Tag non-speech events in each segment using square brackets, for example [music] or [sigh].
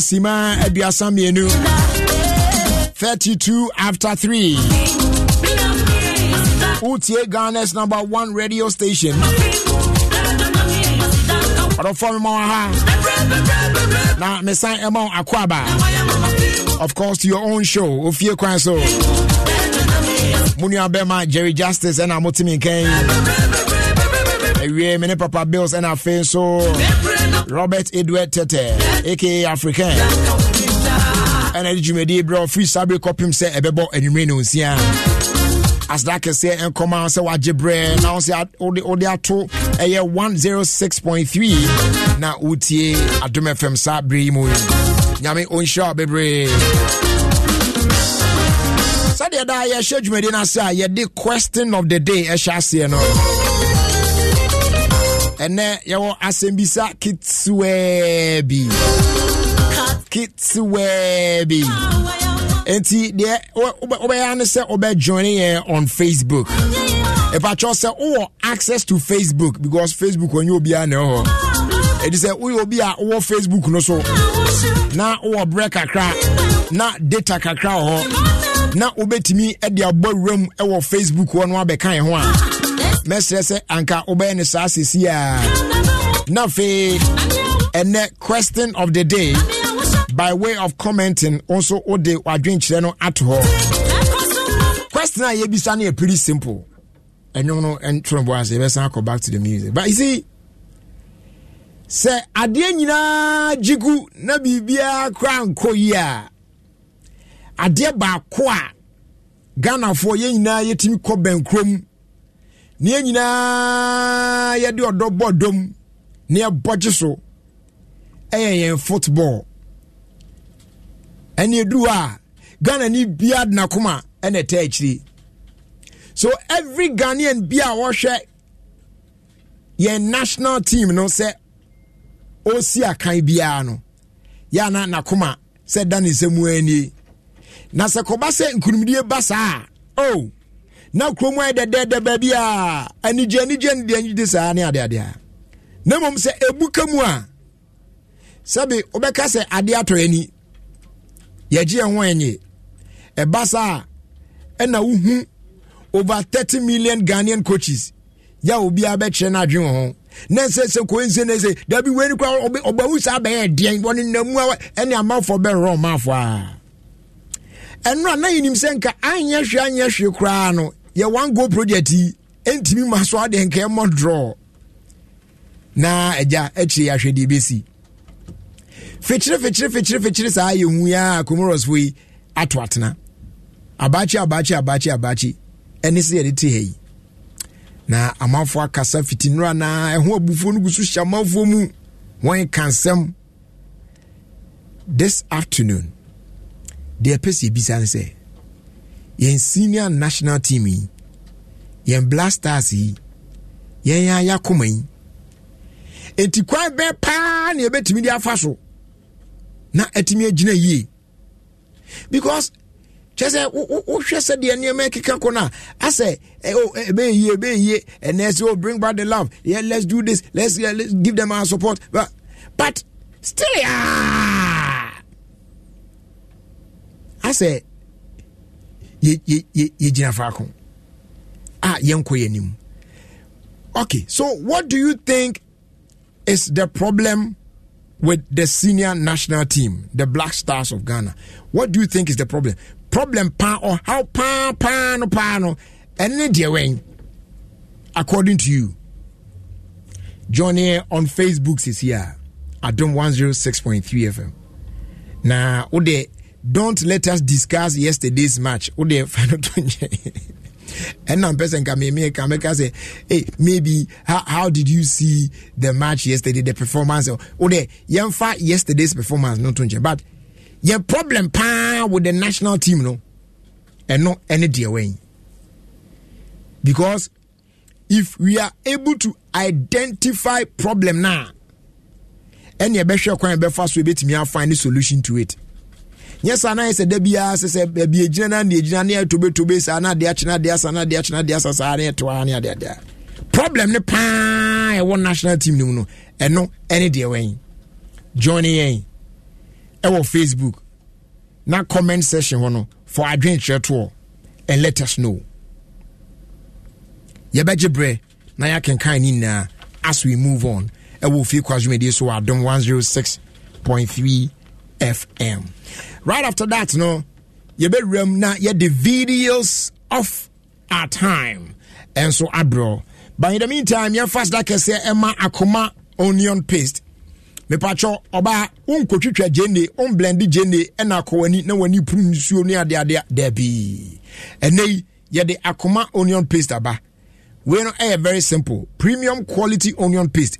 sima aduasa thirty two after three wotie ghana's number one radio station of course to your own show your kwan so mo nua jerry justice and i'm mi nkɛn papa bills ɛna afei Robert Edward Tete, aka African. ɛna de dwumadi berɛ ɔfiri saa bere kɔpem As that anwummere ne nsia asda kɛseɛ nkɔma sɛ wagye berɛ na wo sɛ wode ato ɛyɛ 106.3 na UTA adom fm Sabre berɛ Yami mu nyame ɔnhyira wo bebree sɛdeɛ daa yɛhyɛ dwumadi no ase a yɛde question of the day ɛhyɛ aseɛ no ɛnɛ yɛwɔ asɛmbisa ketewaa bi ketewaa bi enti deɛ wobɛyɛ ne sɛ wobɛjoine yɛ on facebook ɛpatwɛ sɛ wowɔ access to facebook because facebook ɔnyɛ obiaa ne ɛhɔ ɛti e sɛ woyɛ obi a wowɔ facebook no so na wowɔ berɛ kakra na data kakra wɔ hɔ na wobɛtumi e de abɔ e wuram wɔ facebook hɔ no abɛka ɛ ho a mɛsrɛ sɛ anka wobɛyɛ no saa sesi a na afei ɛnɛ question of the day by way of commenting wo nso wode w'adwenkyerɛ no ato hɔ question a yɛbisa no yɛ pretty simple ɛnwom no ntwerɛboa sɛ yɛbɛsan akɔ back to the music but you see sɛ adeɛ nyinaa gyigu na biribiara kora nkɔ yi a adeɛ baako a ghanafoɔ yɛn nyinaa yɛtumi kɔ bɛnkurom neɛ nyinaa yɛde ɔdɔ bɔ dom ne ɛbɔgye so ɛyɛ yɛn football ɛne ɛduru a ghana ni bia denakoma ɛna ɛta akyiri so every Ghanian bi a wɔhwɛ yɛn national team no sɛ ɔsi akan biara no yɛana nakoma sɛ da ne nsɛm ani na sɛ kɔba sɛ nkonimdie ba saa o oh, na kurom ayɛ dɛdɛɛdɛ baabi a anigye anigye ne deɛ anigye saa ne adeadeɛ na mmom sɛ ebu ka mu a sɛbi wobɛka sɛ adeɛ atɔ ani yɛgye yɛn ho ɛnye ɛba saa ɛna wohu over thirty million ghanaian coaches yà obiara bɛkyerɛ no adwene wɔ ho na nsɛ sɛ kò nsɛ na nsɛ dabi wei ni kora ɔbawu saa bɛyɛ deɛn wɔne namu a ɛne amanfoɔ bɛrɛ ɔmanfoɔ a ɛno a na yɛnim sɛ nka anyɛ hwee anyɛ hwee koraa no yɛ one goal project yi ntumi ma so adeɛ nka ɛmɔ draw na ɛgya akyire ahwɛ deɛ ɛbɛsi fikyiri fikyiri fikyiri fikyiri saa yɛ hu ya komoros fo yi ato atena abakye abakye abakye abakye ɛne sɛ yɛde te ha yi na amanfoɔ akasa fitinura na ɛho abufuo no gu so hyɛ amanfoɔ mu wɔn ka nsɛm this afternoon deɛ pɛ sɛ ebisa ne yɛn senior national team yi yɛn blasters yi yɛn yɛn ayɛ akoma yi eti kwan bɛɛ paa na yɛbɛtumi de afa so na ɛtumi agyina yie because kyɛ sɛ wohwɛ sɛ deɛ nneɛma keka kɔ no a asɛ ɛbɛyɛ yie ɛbɛyɛ yie ɛnɛ sɛ oh bring back the love yeah, let's do this let's, yeah, let's give them our support but, but still ah, asɛ yɛgyina faako a yɛnkɔ yɛ anim okay so what do you think is the problem with the senior national team the black stars of ghana what do you think is the problem problem pa or how pa pa no pa no ɛne deɛ wɛn according to you johnny on facebook says here point three fm na wode don't let us discuss yesterday's match wo deɛ fa no to nyɛ ɛna mpɛ sɛ nka ka mɛka sɛ hey, maybe how, how did you see the match yesterday the performance wo deɛ yɛmfa yesterday's performance no to nkyɛ but yɛ problem paa with the national team no ɛno ɛne deɛ wɛn because if we are able to identify problem na ɛne ɛbɛhwɛ kwan ɛbɛfa so ɛbɛtumi afa ne solution to it nyɛ saa na ayɛ sɛ da biara sɛ sɛ baabi egyina na ne egyina ne atobe saa na adeɛ akye na adeɛ asa na adeɛ akye na adeɛ asa saa ne ɛto ara ne adeɛ adeɛ problem ne paa ɛwɔ national team no mu no ɛno ɛne deɛ wɛn join yɛn ɛwɔ facebook na comment section hɔ no for adwenkyerɛ toɔ and let us know yɛbɛgye berɛ na yɛakenkan ne nyinaa as we move on ɛwɔ fie kwasomedie so wɔ adom 106.3 fm right after that no yɛbɛwuram na the videos of our time and so abro. but in the meantime yɛmfa seda kɛseɛ ɛma akoma onion paste Me mepatwɔ ɔbaa wonkɔtwitwa gyene womblende gyene ɛna akɔ w'ani na w'ani puru nsuo ne adeadeɛ daabii ɛnɛ yi yɛde akoma onion paste aba wei no ɛyɛ very simple premium quality onion paste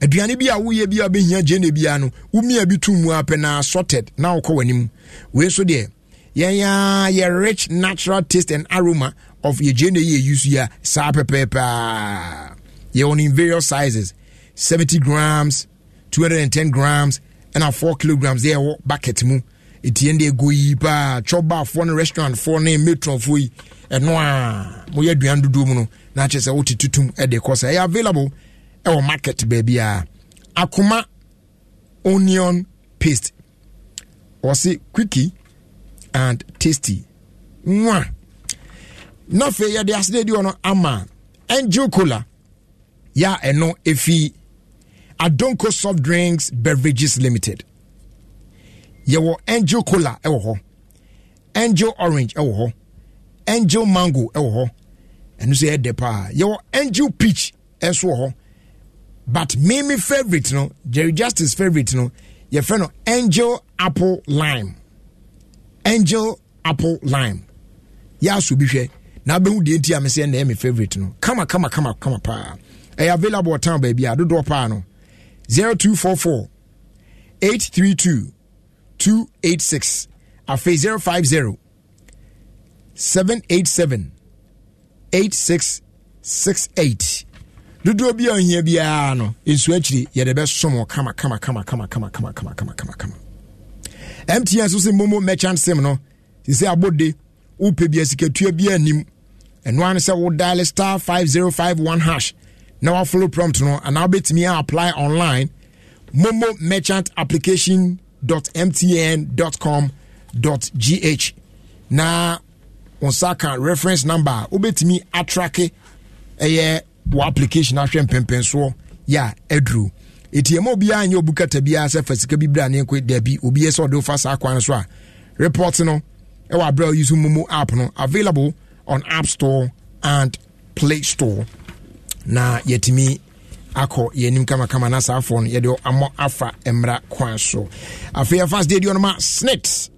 aduane bi a woyɛ bi a wobɛhia gyene bia no womia bi to mu a na sorted na wokɔ w'anim wei nso deɛ yɛyɛ yɛ rich natural taste and aroma of yɛ gyene yɛ use yi a saa pɛpɛɛpɛa yɛwɔ no in various sizes 70 grams 210 grams ɛna 4 kilograms deɛ ɛwɔ bucket mu ɛtien deɛ ɛgo yi paa chɔbaafoɔ no restaurantfoɔ ne matronfoɔ yi ɛno a moyɛ aduane dodoɔ mu no na akyerɛ sɛ wote tutum ɛde kɔ sɛ ɛyɛ available ɛwɔ market baabi a akoma onion paste wɔsi quickie and tasty nwa n'afɛ yɛde asede di ɔno ama angel cola yɛ a ɛno efi adonko soft drinks beverages limited yɛwɔ angel cola ɛwɔ hɔ angel orange ɛwɔ hɔ angel mango ɛwɔ hɔ ɛno nso yɛ dɛ paa yɛwɔ angel peach ɛnso wɔ hɔ but Mimi favorite no Jerry Justice favorite no your friend no Angel Apple Lime Angel Apple Lime yasu bi hwɛ na abɛhu deɛ nti a mesɛ ɛna ɛmi favorite no come kama come kama paa ɛyɛ available wɔ town I a dodoɔ paa no 0244 832 286 afei 050 787 8668 dodoɔ bi a ohia biara no ɛsu akyiri yɛde bɛsom kama kama kama kama kama kama kama kama kama kama mtn so sɛ mmomo merchant sim no sɛ abode wopɛ bi asikatua bi anim ɛno ara ne sɛ wodale star 5051 hash na wafolo prompt no anaa wobɛtumi a apply online momo merchant application MTN mtn.com gh na wɔn sa ka reference number a wobɛtumi atrake ɛyɛ wɔ application ahwɛ mpɛmpɛnsoɔ yɛ a aduro ɛti ɛma obiara nyɛ obu kata biara sɛ fa sika bi bra ne nkɔ daabi obiɛ sɛ ɔde wofa saa kwan so a report no ɛwɔ aberɛ a ɔyi mumu app no available on app store and play store na yɛtumi akɔ yɛnim kamakama na saa afoɔ no yɛde amɔ afa mmara kwan so afei ɛfa sɛ deɛdeɛ ɔnoma snit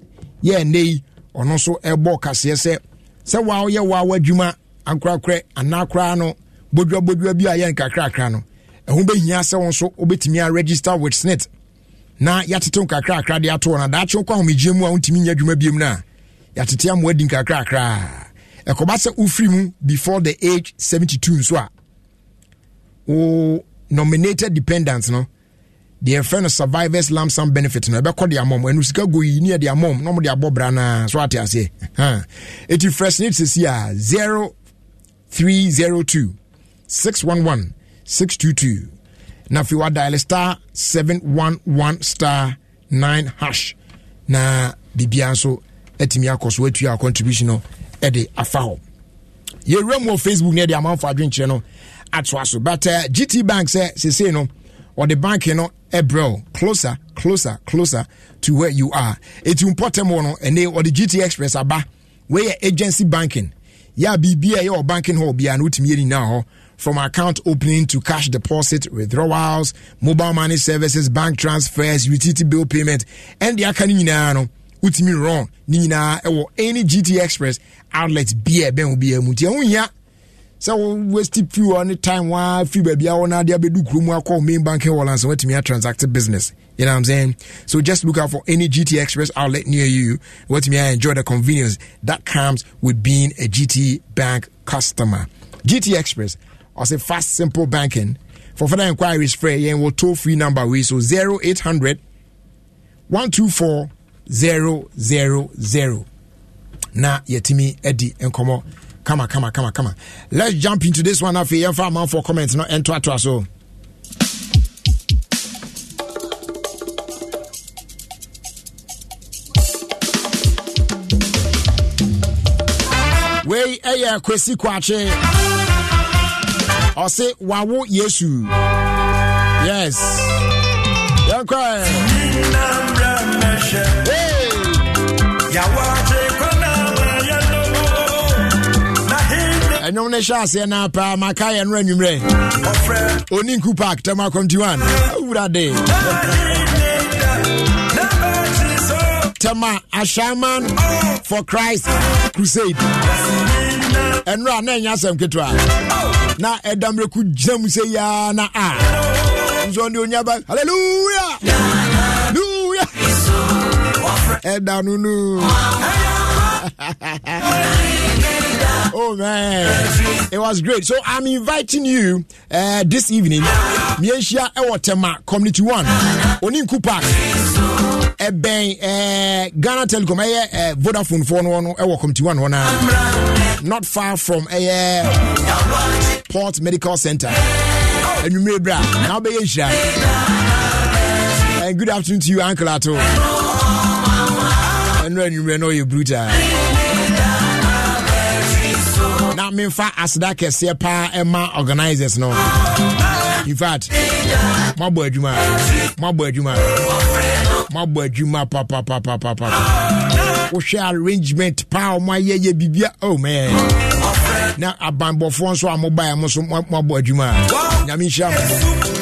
yɛ ɛnɛ yi ɔno nso ɛbɔ kaseɛ sɛ sɛ waa woyɛ waa w'adwuma ankorakorɛ anaa koraa no bodwa bodwa bi a yɛn kakrakra no ɛho bɛhia sɛ wɔn nso wobɛtumi a register with snit na yɛatete nkakrakra de atoɔ no daakye wokɔ ahomegyeɛ mu a wontumi nya adwuma biom no a yɛatete amoa di nkakrakraa ɛkɔba sɛ wofiri mu before the age 72 nso a wo nominated dependent no deɛ yɛfrɛ no survivors lamsam benefit no ɛbɛkɔ de amɔm ɛno sika go yi ne yɛde amɔm na mode abɔ bra noa so ate aseɛ ɛti fresh net sesi a 0302 611 622 na afei wadial star 711 star 9 hash na biribia nso atumi akɔ so atua contribution no de afa hɔ yɛwura mu wɔ facebook no de amanfo adwenkyerɛ no atoa so but uh, eh, gt bank sɛ sesei no ɔde bank no brɛ closer closer closer to where you are ɛti mpɔtam wɔ no ɛne ɔde gt express aba wei yɛ agency banking yɛ a biribi a ɛyɛ wɔ banking hɔ biara na wotumi yɛ nyinaa hɔ from account opening to cash deposit, withdrawals, mobile money services, bank transfers, utility bill payment, and the accounting nyinaa no wotumi wrong, ne or any gt express outlet bia bɛn wo be a nti ɛho So, sɛ wo few on the time waa firi baabi a wɔn ade abɛdu kurom call main bank wallance a transacted business You know what I'm saying? So just look out for any GT Express outlet near you. What me, I enjoy the convenience that comes with being a GT Bank customer. GT Express, or say fast simple banking. For further inquiries, free and will toll free number we so 0800 124 000. Na yetimi edi enkomo. Kama, kama, kama, kama. Let's jump into this one. Afi, yemfa man for comments. No, enter to us. So. wei ɛyɛ eh, kwesi kwakye ɔse wawo yesu yes yɛnkɔ ɛnwom no hyɛ aseɛ no paa maka yɛ no anwummerɛ oninku park tam akɔmtiwan awurade tama ashaman for christ crusade ɛnora na ɛnyɛ asɛm ketewa na ɛda mmerɛku gyina mu sɛ yaa na a nso ɔne ba halleluya luya ɛda no no Oh man, it was great. So I'm inviting you uh, this evening. Mienshia Ewotema Community One, Oninku Park. ɛbɛn ɛɛ ghana telecom ɛyɛ ɛɛ vodafone foɔ no wɔn ɛwɔ kɔmti one wɔn a not far from ɛyɛ port medical center enumere bra na ɔbɛyɛ nhyira ɛn good afternoon to you uncle ato ɛnura enumere na ɔyɛ brutal na mmefa aseda kɛseɛ paa ɛma organisers no in fact mo abɔ adwuma mo abɔ adwuma moabɔ adwuma papapapapapa wohwɛ arrangement paa ɔmo ayɛ yɛ biribia oh man na abanbɔfoɔ nso a mobaeɛ mo so moabɔ adwuma a nyame nhyira mo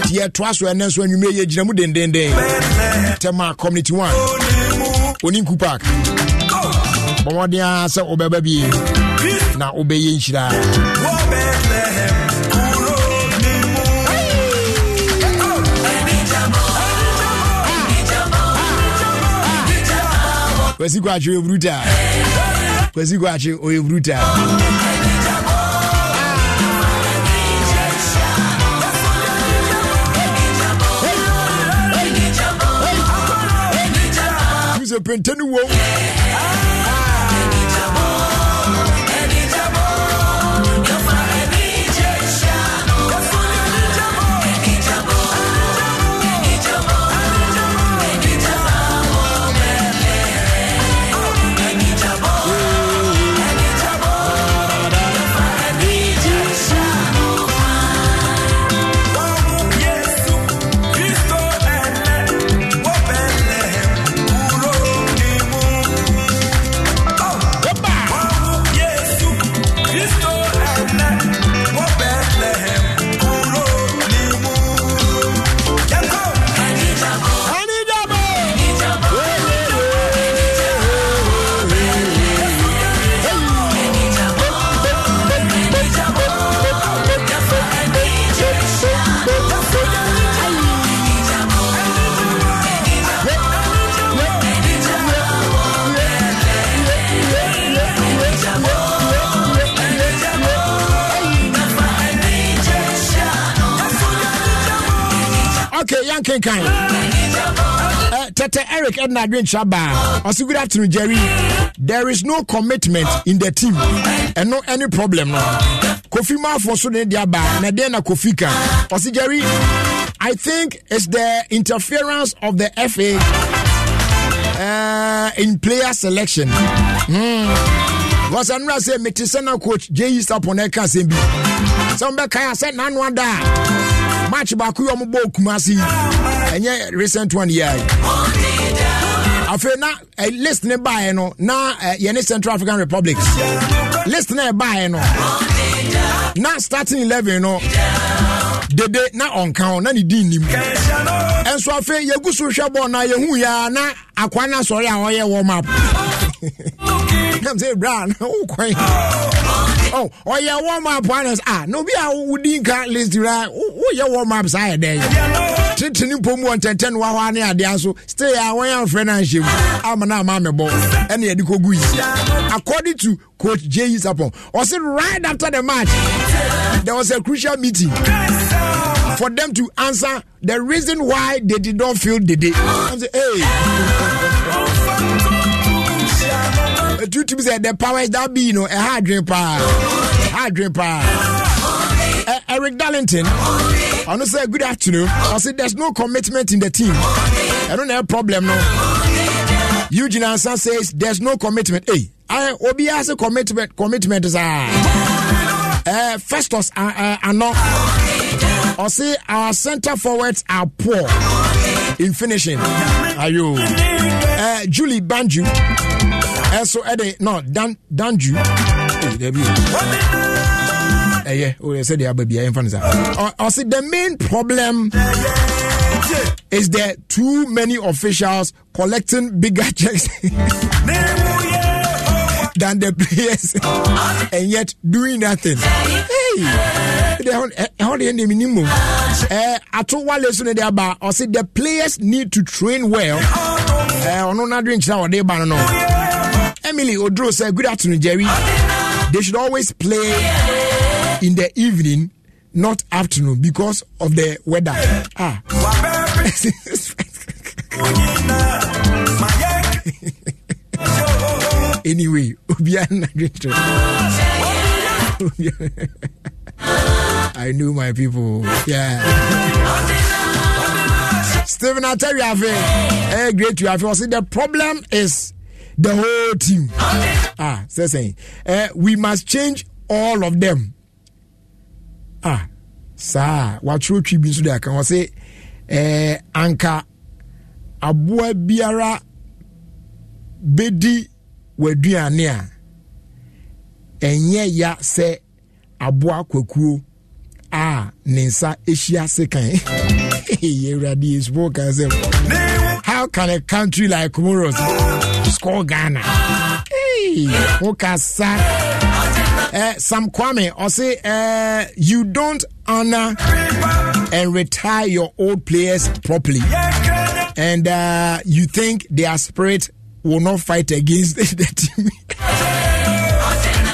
nti yɛtoa so ɛnɛ nso anwummerɛ yɛ gyina mu dendenden tɛma community 1 oninku park bɔmmɔden a sɛ wobɛba bie na wobɛyɛ nhyiraa Kwesi Kwachi oye brutal. Kwesi Kwachi oye brutal. Who's a pentenu? nkenkan eh, tete eric edna adwenkyerɛ baa ɔse good afternoon jerry there is no commitment in the team and eh, no any problem no kofi maafoɔ so ne de abaa na deɛ na kofi ka ɔse jerry i think it's the interference of the fa uh, eh, in player selection mm. because I'm not saying Metisena coach Jay Eastapon Eka Sembi. Some back I said Nanwada. Match back you Kumasi ɛnyɛ recent one yɛ afei na list ne baeɛ no na yɛne central african republic list ne ɛbaeɛ no na starting eleven no dede na ɔnka ho na ne din nim ɛnso afei yɛgu so hwɛ bɔɔl na yɛhu yɛa na akwa no asɔre a [laughs] oh, ɔyɛ warm up nam sɛ bra na wokwan ɔyɛ warm up anes a ah, na obi a wodi nka list ra woyɛ warm up saa yɛ dɛn tentene mpo mu wɔ ntɛntɛn no wahɔ a ne adeɛ nso still a wɔn amfrɛ no anhyɛ mu ama no ama amɛbɔ ɛne yɛde kɔgu yi according to coach j sapon ɔse right after the match there was a crucial meeting for them to answer the reason why they did not feel the day I'm saying, hey. ɛtutumi sɛ the powers that be no ɛha adwen power, ha adwen paa uh, Eric Darlington. I say good afternoon. I said there's no commitment in the team. I don't have problem no. Eugene Ansan says there's no commitment. Hey, I Obi has a commitment. Commitment is ah. Eh, uh, Festus uh, uh, no. I say our centre forwards are poor in finishing. Are you? Uh, Julie Banju. Uh, so Eddie, no Dan Danju. Hey, ɛyɛ sɛdeɛ aba bia yɛmfa no saa ɔse the main problem is there too many officials collecting bigger checks [laughs] than the players and yet doing nothing. Hey, ato wale so ne de aba ɔsi the players need to train well ɔno na drink na ɔde ba no Emily Odro sɛ good afternoon Jerry they should always play in the evening, not afternoon, because of the weather. Ah. [laughs] anyway, [laughs] I knew my people. Yeah. Stephen, I tell you, I feel hey, eh, great. You have You see the problem is the whole team. Ah, so saying, uh, eh, we must change all of them. a ah, saa watwerɛ twi bi nso de aka wɔ se ɛɛ eh, anka aboa biara bɛdi w'aduane a ɛnyɛ ya sɛ aboa kwakuo a ne nsa ahyia se kan [laughs] yɛwurade yɛsupɔ kan sɛ how can a country like comoros score ghana hey, wokasa Uh, Sam Kwame, or say, uh, you don't honor and retire your old players properly. And uh, you think their spirit will not fight against [laughs] the team.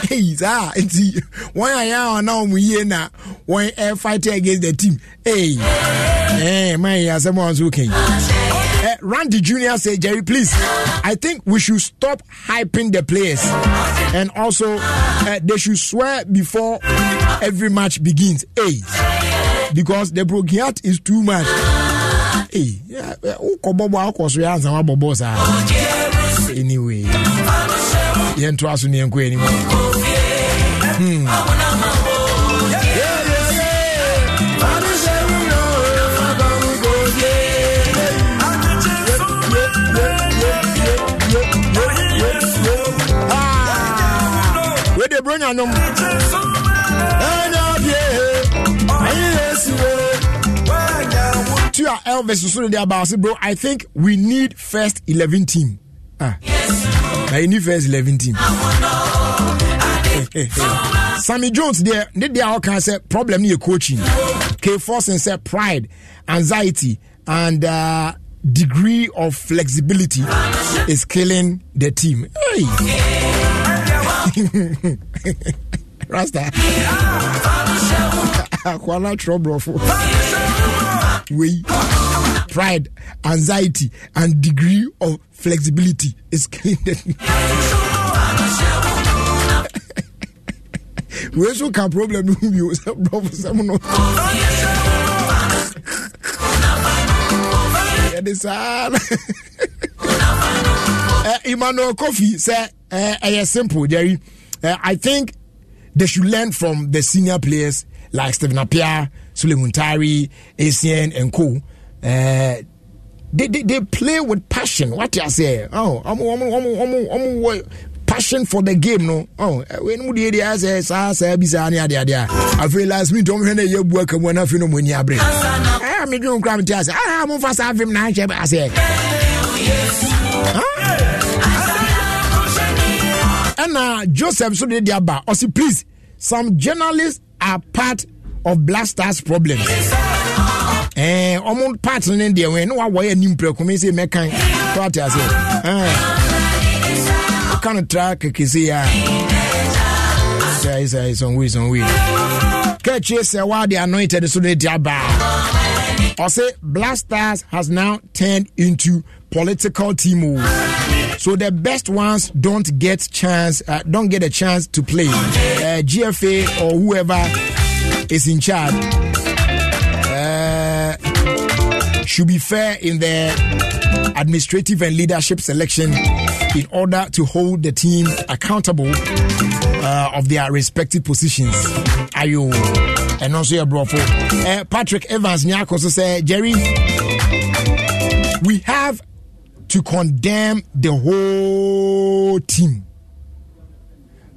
hey, sir, it's why are you now, we eh, na fighting against the team. Hey, hey, my, someone's looking. Okay. Randy Jr. say, Jerry, please, I think we should stop hyping the players. And also, uh, they should swear before every match begins. Hey, because the brogiat is too much. Hey, yeah, uh, anyway, yɛntoa so ne yɛnkɔ anymore hmm. nyanom to our Elvis so they about bro I think we need first 11 team ah yes, I need first 11 team [laughs] Sammy Jones there they they all can say problem Your coaching K force and say pride anxiety and uh, degree of flexibility is killing the team hey. [laughs] rasta [laughs] trouble, trɔborɔfo We pride anxiety and degree of flexibility is cleaned We also can problem no bio sɛ borɔfo sɛm no yɛde saa na emmanuel coffee sɛ ɛyɛ eh, eh, simple jerry uh, i think they should learn from the senior players like stephen apia suleiman tari acn and co uh, they, they, they play with passion what you say oh I'm, I'm, I'm, I'm, I'm, passion for the game no oh when mu dey dey say i saa bi i am ade ade a i am i ɔmo hwɛ i am bu aka mu i am i am ni abere ɛyà mi i kura i am i ah mo fa saa fim na ahyɛ i ɛna joseph nso de de aba ɔsi please some journalists are part of Blasters' problem ɛɛ ɔmo part ne deɛ wɛn ne wa wɔ yɛ nim pɛrɛkumi se mɛkan to ate ase ɛɛ kano tra kekese ya saa yi saa yi sɔn wei sɔn wei kɛkyɛ sɛ waa de anointed nso de de aba ɔsi Blasters has now turned into political team o. So the best ones don't get chance, uh, don't get a chance to play. Uh, GFA or whoever is in charge uh, should be fair in their administrative and leadership selection in order to hold the team accountable uh, of their respective positions. you, and also your brother uh, Patrick Evans Nyako said Jerry. We have to condemn the whole team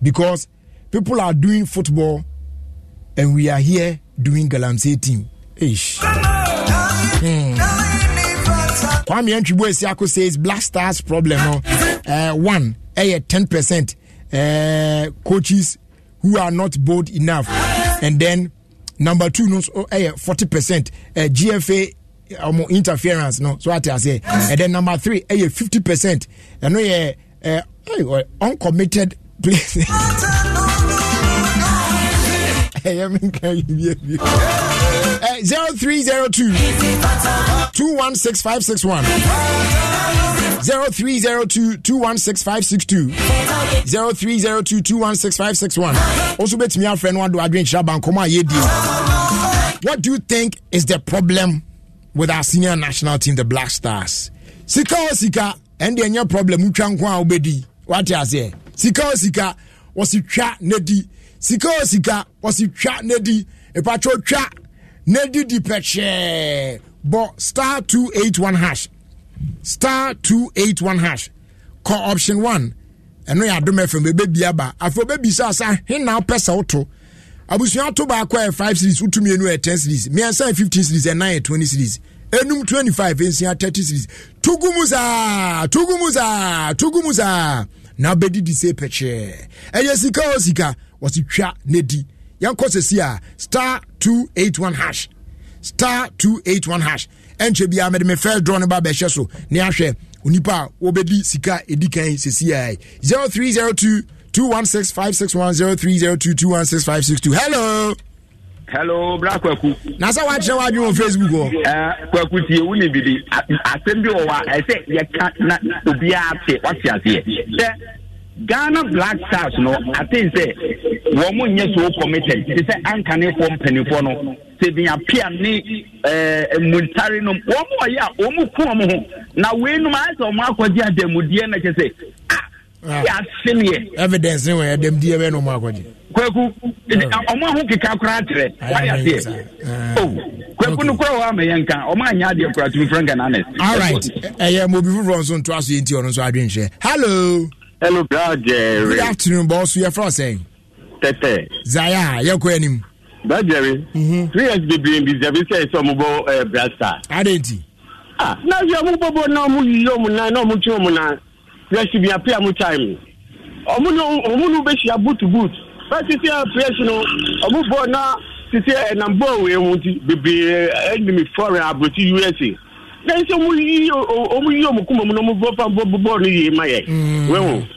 because people are doing football and we are here doing galamsey team. Ish. Hmm. Kwame Ntribu Esiako says Black Stars problem. No? Oh. Uh, one, eh, a ten percent uh, coaches who are not bold enough, and then number two, no, oh, eh, forty percent uh, GFA ɔmo interference no so ate aseɛ and then number three ɛyɛ eh, fifty percent ɛno yɛ ɛɛ uncommitted place. ɛyɛ mi nka yi bi ebi. ɛ zero three zero two two one six five six one. 0302216562 0302216561 also bet me a friend one do adwen shaba nkoma yedi what do you think is the problem with our senior national team, the Black Stars. Sika o sika, and the problem utwa nko a obedi. What you say? Sika o sika, wasi it twa nedi? Sika o sika, wasi it twa nedi? Epatro twa nedi di peche. Bo star two eight one hash, star two eight one hash. Call option one. And we are doing from baby aba. Afro baby sa sa. He now pesa auto abusua ato baako a five series wotu mmienu a ten series mmiɛnsa a fifteen series ɛnan a twenty series enum twenty five nsia thirty series Tugumusa, tugumusa, tugumusa. na bedi di se pɛkyɛɛ ɛyɛ sika o sika wɔsi twa ne yɛn kɔ sɛsi a star two eight one hash star two eight one hash ɛnkyɛ bi a mɛde mɛ fɛn drɔ ne ba bɛhyɛ so ne ahwɛ onipa a wɔbɛdi sika edi kan sɛsi a zero three zero two. 216 561 0302 216 562. Hello. hello bra kwaku na sɛ woakyerɛ woadwe wɔ facebook hɔ uh, kwaku tie wo ne bibi asɛm bi wɔ hɔ a ɛsɛ yɛka na obiaa te wate aseɛ sɛ ghana black stars no aten sɛ wɔn mo nyɛ so committed te sɛ ankanefoɔ mpanimfoɔ no sebiapia ne ɛɛ muntare nom wɔn mo wɔyɛ a wɔn mo kɔn mo ho na wei nom ayɛ sɛ wɔn akɔgye adamudeɛ na kyɛ sɛ Ah. yà sẹ́mi evidence nwere wọn yẹ dẹm di ẹ bẹ ní ọmọ akọji. kweku ọmọ ahụ atịrị waya si yẹ kweku n'okpuru ọwa ama ya nka ọmọ anyị adị ọkụra tụrụ frank and honest. all right ẹ yẹ mọbi foforọ nso ntụ asụ yi ntị ọrụ nso adị nche. hello. hello brajere. good afternoon bọọsụ yẹ fọrọ sẹyìn. tẹtẹ. zaya yẹ kọ ẹni mu. brajere. Mhm. three years bebree bi zabi sẹ ẹsẹ ọmọ bọ brasta. adé ntị. ah n'azụ ọmụ bọbọ yiyi ọmụ tún ọmụ presi bi apia mu time ɔmo no ɔmo no bɛhyia boot boot bɛsi sɛ presi no ɔmo bɔ na sisi ɛnam eh, bɔɔl wei mu ti bebree ɛnimi eh, foreign aburoti usa na nso ɔmo yi ɔmo yi ɔmo kuma mu na ɔmo bɔ fan bɔ bɔɔl no yie ma yɛ wɛwo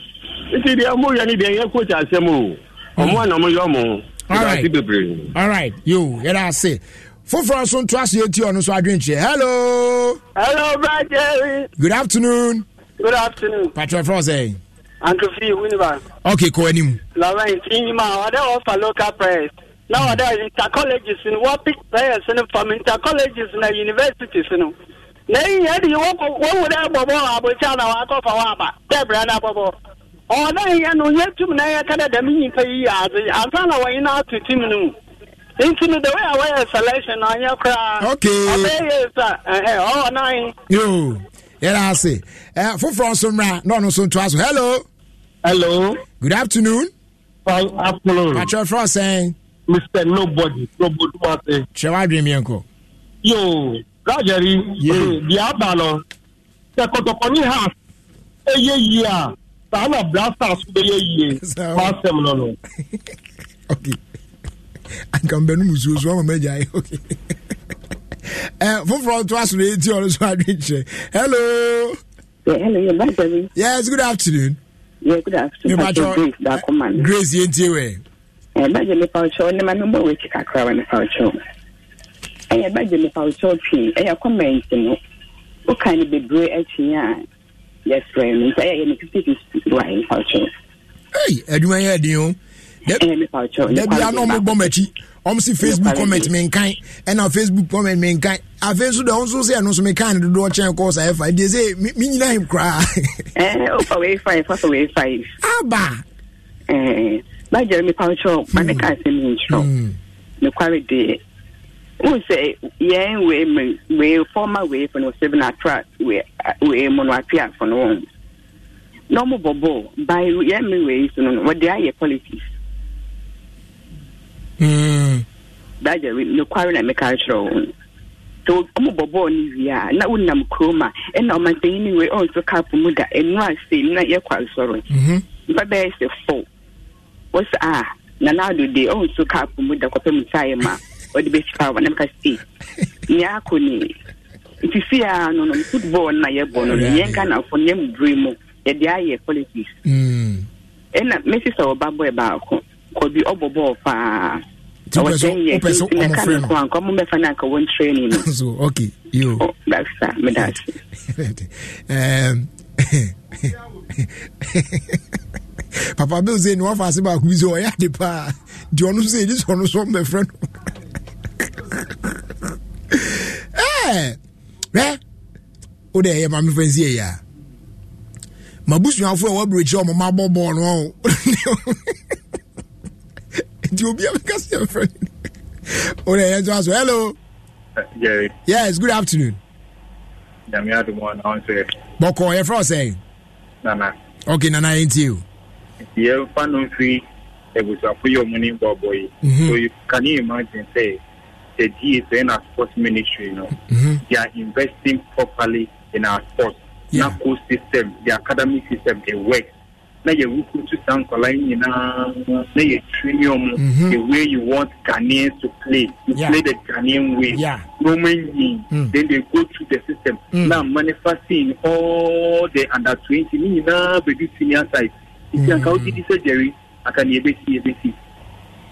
nti deɛ ɔmo yɛ ni deɛ yɛ coach asɛm o ɔmo ana ɔmo yɛ ɔmo ɛdaase bebree. alright yo yɛrɛ ase foforɔ nso nto aso ti ɔno nso adwene hello. hello brother. good afternoon. good afternoon. winiba. ok ẹni mu. ọdẹ ọfà local press náà ọdẹ inter colleges ni pick players ni from inter na universities ni. lẹ́yìn yẹn di wọ́n dẹ́ bọ̀bọ̀ àbòsí àná dẹ́bìrẹ́ náà bọ̀bọ̀. ọ̀nà yẹn yẹn náà yẹn dẹ̀mí yìí pé yìí náà a selection yẹ kura. ok ọbẹ̀ yẹ sà yɛrɛ ase ɛ foforɔ nso mmra na ɔno nso ntoa hello. hello. good afternoon. good afternoon. patro fro sɛn. mr nobody nobody ma se. kyerɛ wa adwene miɛ nkɔ. yoo rajari eh, di aba no sɛ kɔtɔkɔni ha eye yie a saa na blaster so bɛ yɛ yie ma [laughs] sɛm no no. [laughs] okay anka mbɛnum nsuo so ɔmɔ mɛgya ye [laughs] okay foforɔ to aso no ɛti ɔno so adwenkyerɛ hello yeah, hello yes good afternoon yeah, good afternoon Grace, mepakyɛ grace dakoman grace yɛntie wɛ ɛbagye mepawokyɛw ne ma memmɔ wɔkyi kakra wɔ mepawokyɛw ɛyɛ bagye mepawokyɛw pii I comment you know. What kind of no woka no bebree akyi a yɛsrɛ no nti ɛyɛ ne fifty fifty wa mepawokyɛw adwuma yɛ adin o dabi a na ɔmobɔ m'akyi ɔm si facebook comment menkan ɛna facebook comment menkan afei nso deɛ ɔnso sɛ ɛno nso mekan ne dodoɔ kyɛn kɔɔ sa ɛfa deɛ sɛ menyina him koraa aba magyere mepa wokyerɛ hmm. maneka asɛm nkyerɛ mi hmm. deɛ wo sɛ yɛn wei mu wei fɔma wei fo no sɛ bi na atra wei mu no apeafo no wɔ na ɔmobɔbɔ by yɛn me wei so no no wɔde ayɛ politics Hmm. dagya nokware na meka kyerɛ wo so ɔmobɔ bɔɔl no wie a na wonam mm-hmm. kurom a ɛna ɔmantanyi no wei ɔnso kap mu da ɛno a sei na yɛkɔ asɔre mpa bɛyɛ sɛ fo wɔsɛ a nanado de ɔnso kap mu da kɔpɛ mu saeɛ ma ɔde bɛfipa wɔ na meka sei nea akɔ ne nti fie a no no football na yɛbɔ no no yɛn ghanafo no yɛmubere mu yɛde ayɛ politics ɛna mesi sɛ ɔba bɔɛ baako kɔbi ɔbɔ paa wopɛ sɛ ɔmofrɛ no ok yo papa bill sɛ ne wafa ase baako bi sɛ ɔyɛ ade paa deɛ ɔno sɛ ɛdi sɛ ɔno so ɔmmɛfrɛ no ɛ wode ɛyɛ ma mefa nsi ɛyɛ a mabusuafoɔ a wɔabrɛkyi ɔmoma bɔbɔɔ no ɔ nti obi abɛka sɛ yɛmfrɛ wone ɛyɛ nso aso hello uh, Jerry. yes good afternoon nyame adomɔ na ɔn sɛ bɔkɔ yɛfrɛ wo sɛe nana okay nana yɛntie o yɛmfa no mfiri abusuafo yɛ ɔmu ne bɔbɔ yi mhm. so you can you imagine Say, the is in our sports ministry you know mm-hmm. they are investing properly in our sports yeah. school system the academic system they work na yɛwuku to saa nkɔla yi nyinaa na yɛtiri ɔmo mhm. the way you want ghanaians to play you yeah. play the ghanaian way roman yeah. yin mm. then they go through the system mm. now manifesting all the under twenty ne nyinaa bɛdu senior side nti anka wotidi sɛ jerry aka ne yɛbɛsi yɛbɛsi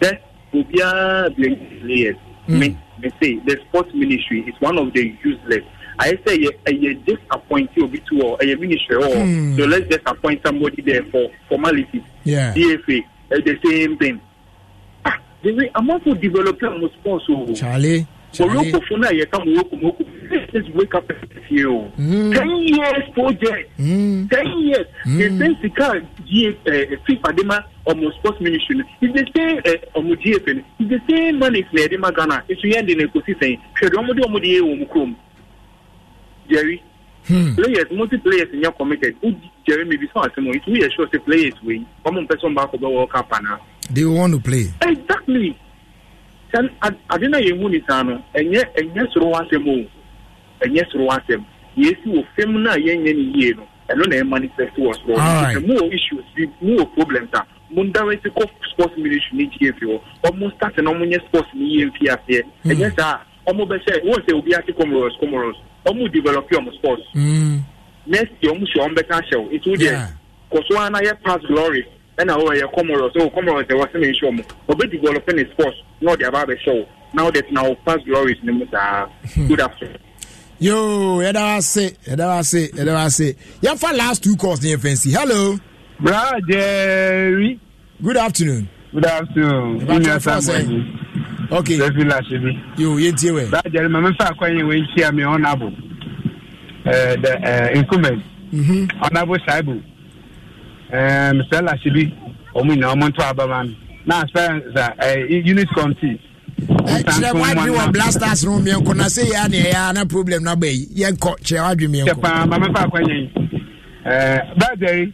then obiara blame players mm. me me say the sports ministry is one of the useless I say a yeah, just appoint you bit or a yeah, ministry or so let's just appoint somebody there for formality. DFA, uh, the same thing. Ah, the way amount of developer was possible. Charlie. Charlie. Let's wake up and feel. Mm. Ten years project. Hmm. Ten years. Hmm. The same Sika GF uh, FIFA Dema or sports ministry. is the same uh, GFN. is the same money in Edema Ghana. It's the end in the ecosystem. Should one more do one more jerry hmm. players multi players nyɛ committed o jerry mi bi sɔn ati mo itu yɛ sure say players wei wɔn mu pɛ sɔn world cup ana. they want to play. exactly sani adi na mu ni san no ɛnyɛ soro wa sɛm o ɛnyɛ soro wa sɛm yɛsi wɔ fɛm na yɛn nyɛ ni yie no ɛno na yɛ manifest wɔ soro wa mu wɔ issues bi mu wɔ problems a mo n dawɛ ti kɔ sports ministry ni gfa hɔ ɔmo start na ɔmo nyɛ sports ni yie nfi aseɛ hmm. ɛnyɛ saa ɔmo bɛ sɛ wɔn obi ati comoros comoros ɔmu develop ɔmu sports. Mm. next year ɔmu sɛ ɔmu bɛka ahyɛw etu deɛ kɔso ana yɛ pass glory ɛna ɔyɛ yɛ comoros o comoros ɛwɔ sɛ mi nsuo mu ɔbɛ develop ne sports na ɔde aba abɛhyɛw now that na o pass glory ne mu saa good afternoon. yoo yɛda ase yɛda ase yɛda ase yɛfa last two calls ne yɛ fɛnsi hello. bra jerry. good afternoon. good afternoon. ìbátan fún ọsẹ okay sẹfì lase bi. yóò yé tiẹ wẹ. bájà ni màmí fà kọ́ yẹn wọ́n kí àmì honourable ẹ̀ the ẹ̀ incumbent mm-hmm. honourable saibu ẹ̀ mr lase bi ọmọ ìnáwó ọmọ ntọ́ àbámá mi náà sẹ́yìn ẹ̀ unit committee. kyerɛ wadwe wɔ blasters no miɛnkɔ na sɛ yɛa ne ɛyɛa na problem no aba yi yɛnkɔ kyerɛ wadwe miɛnkɔ baagyɛri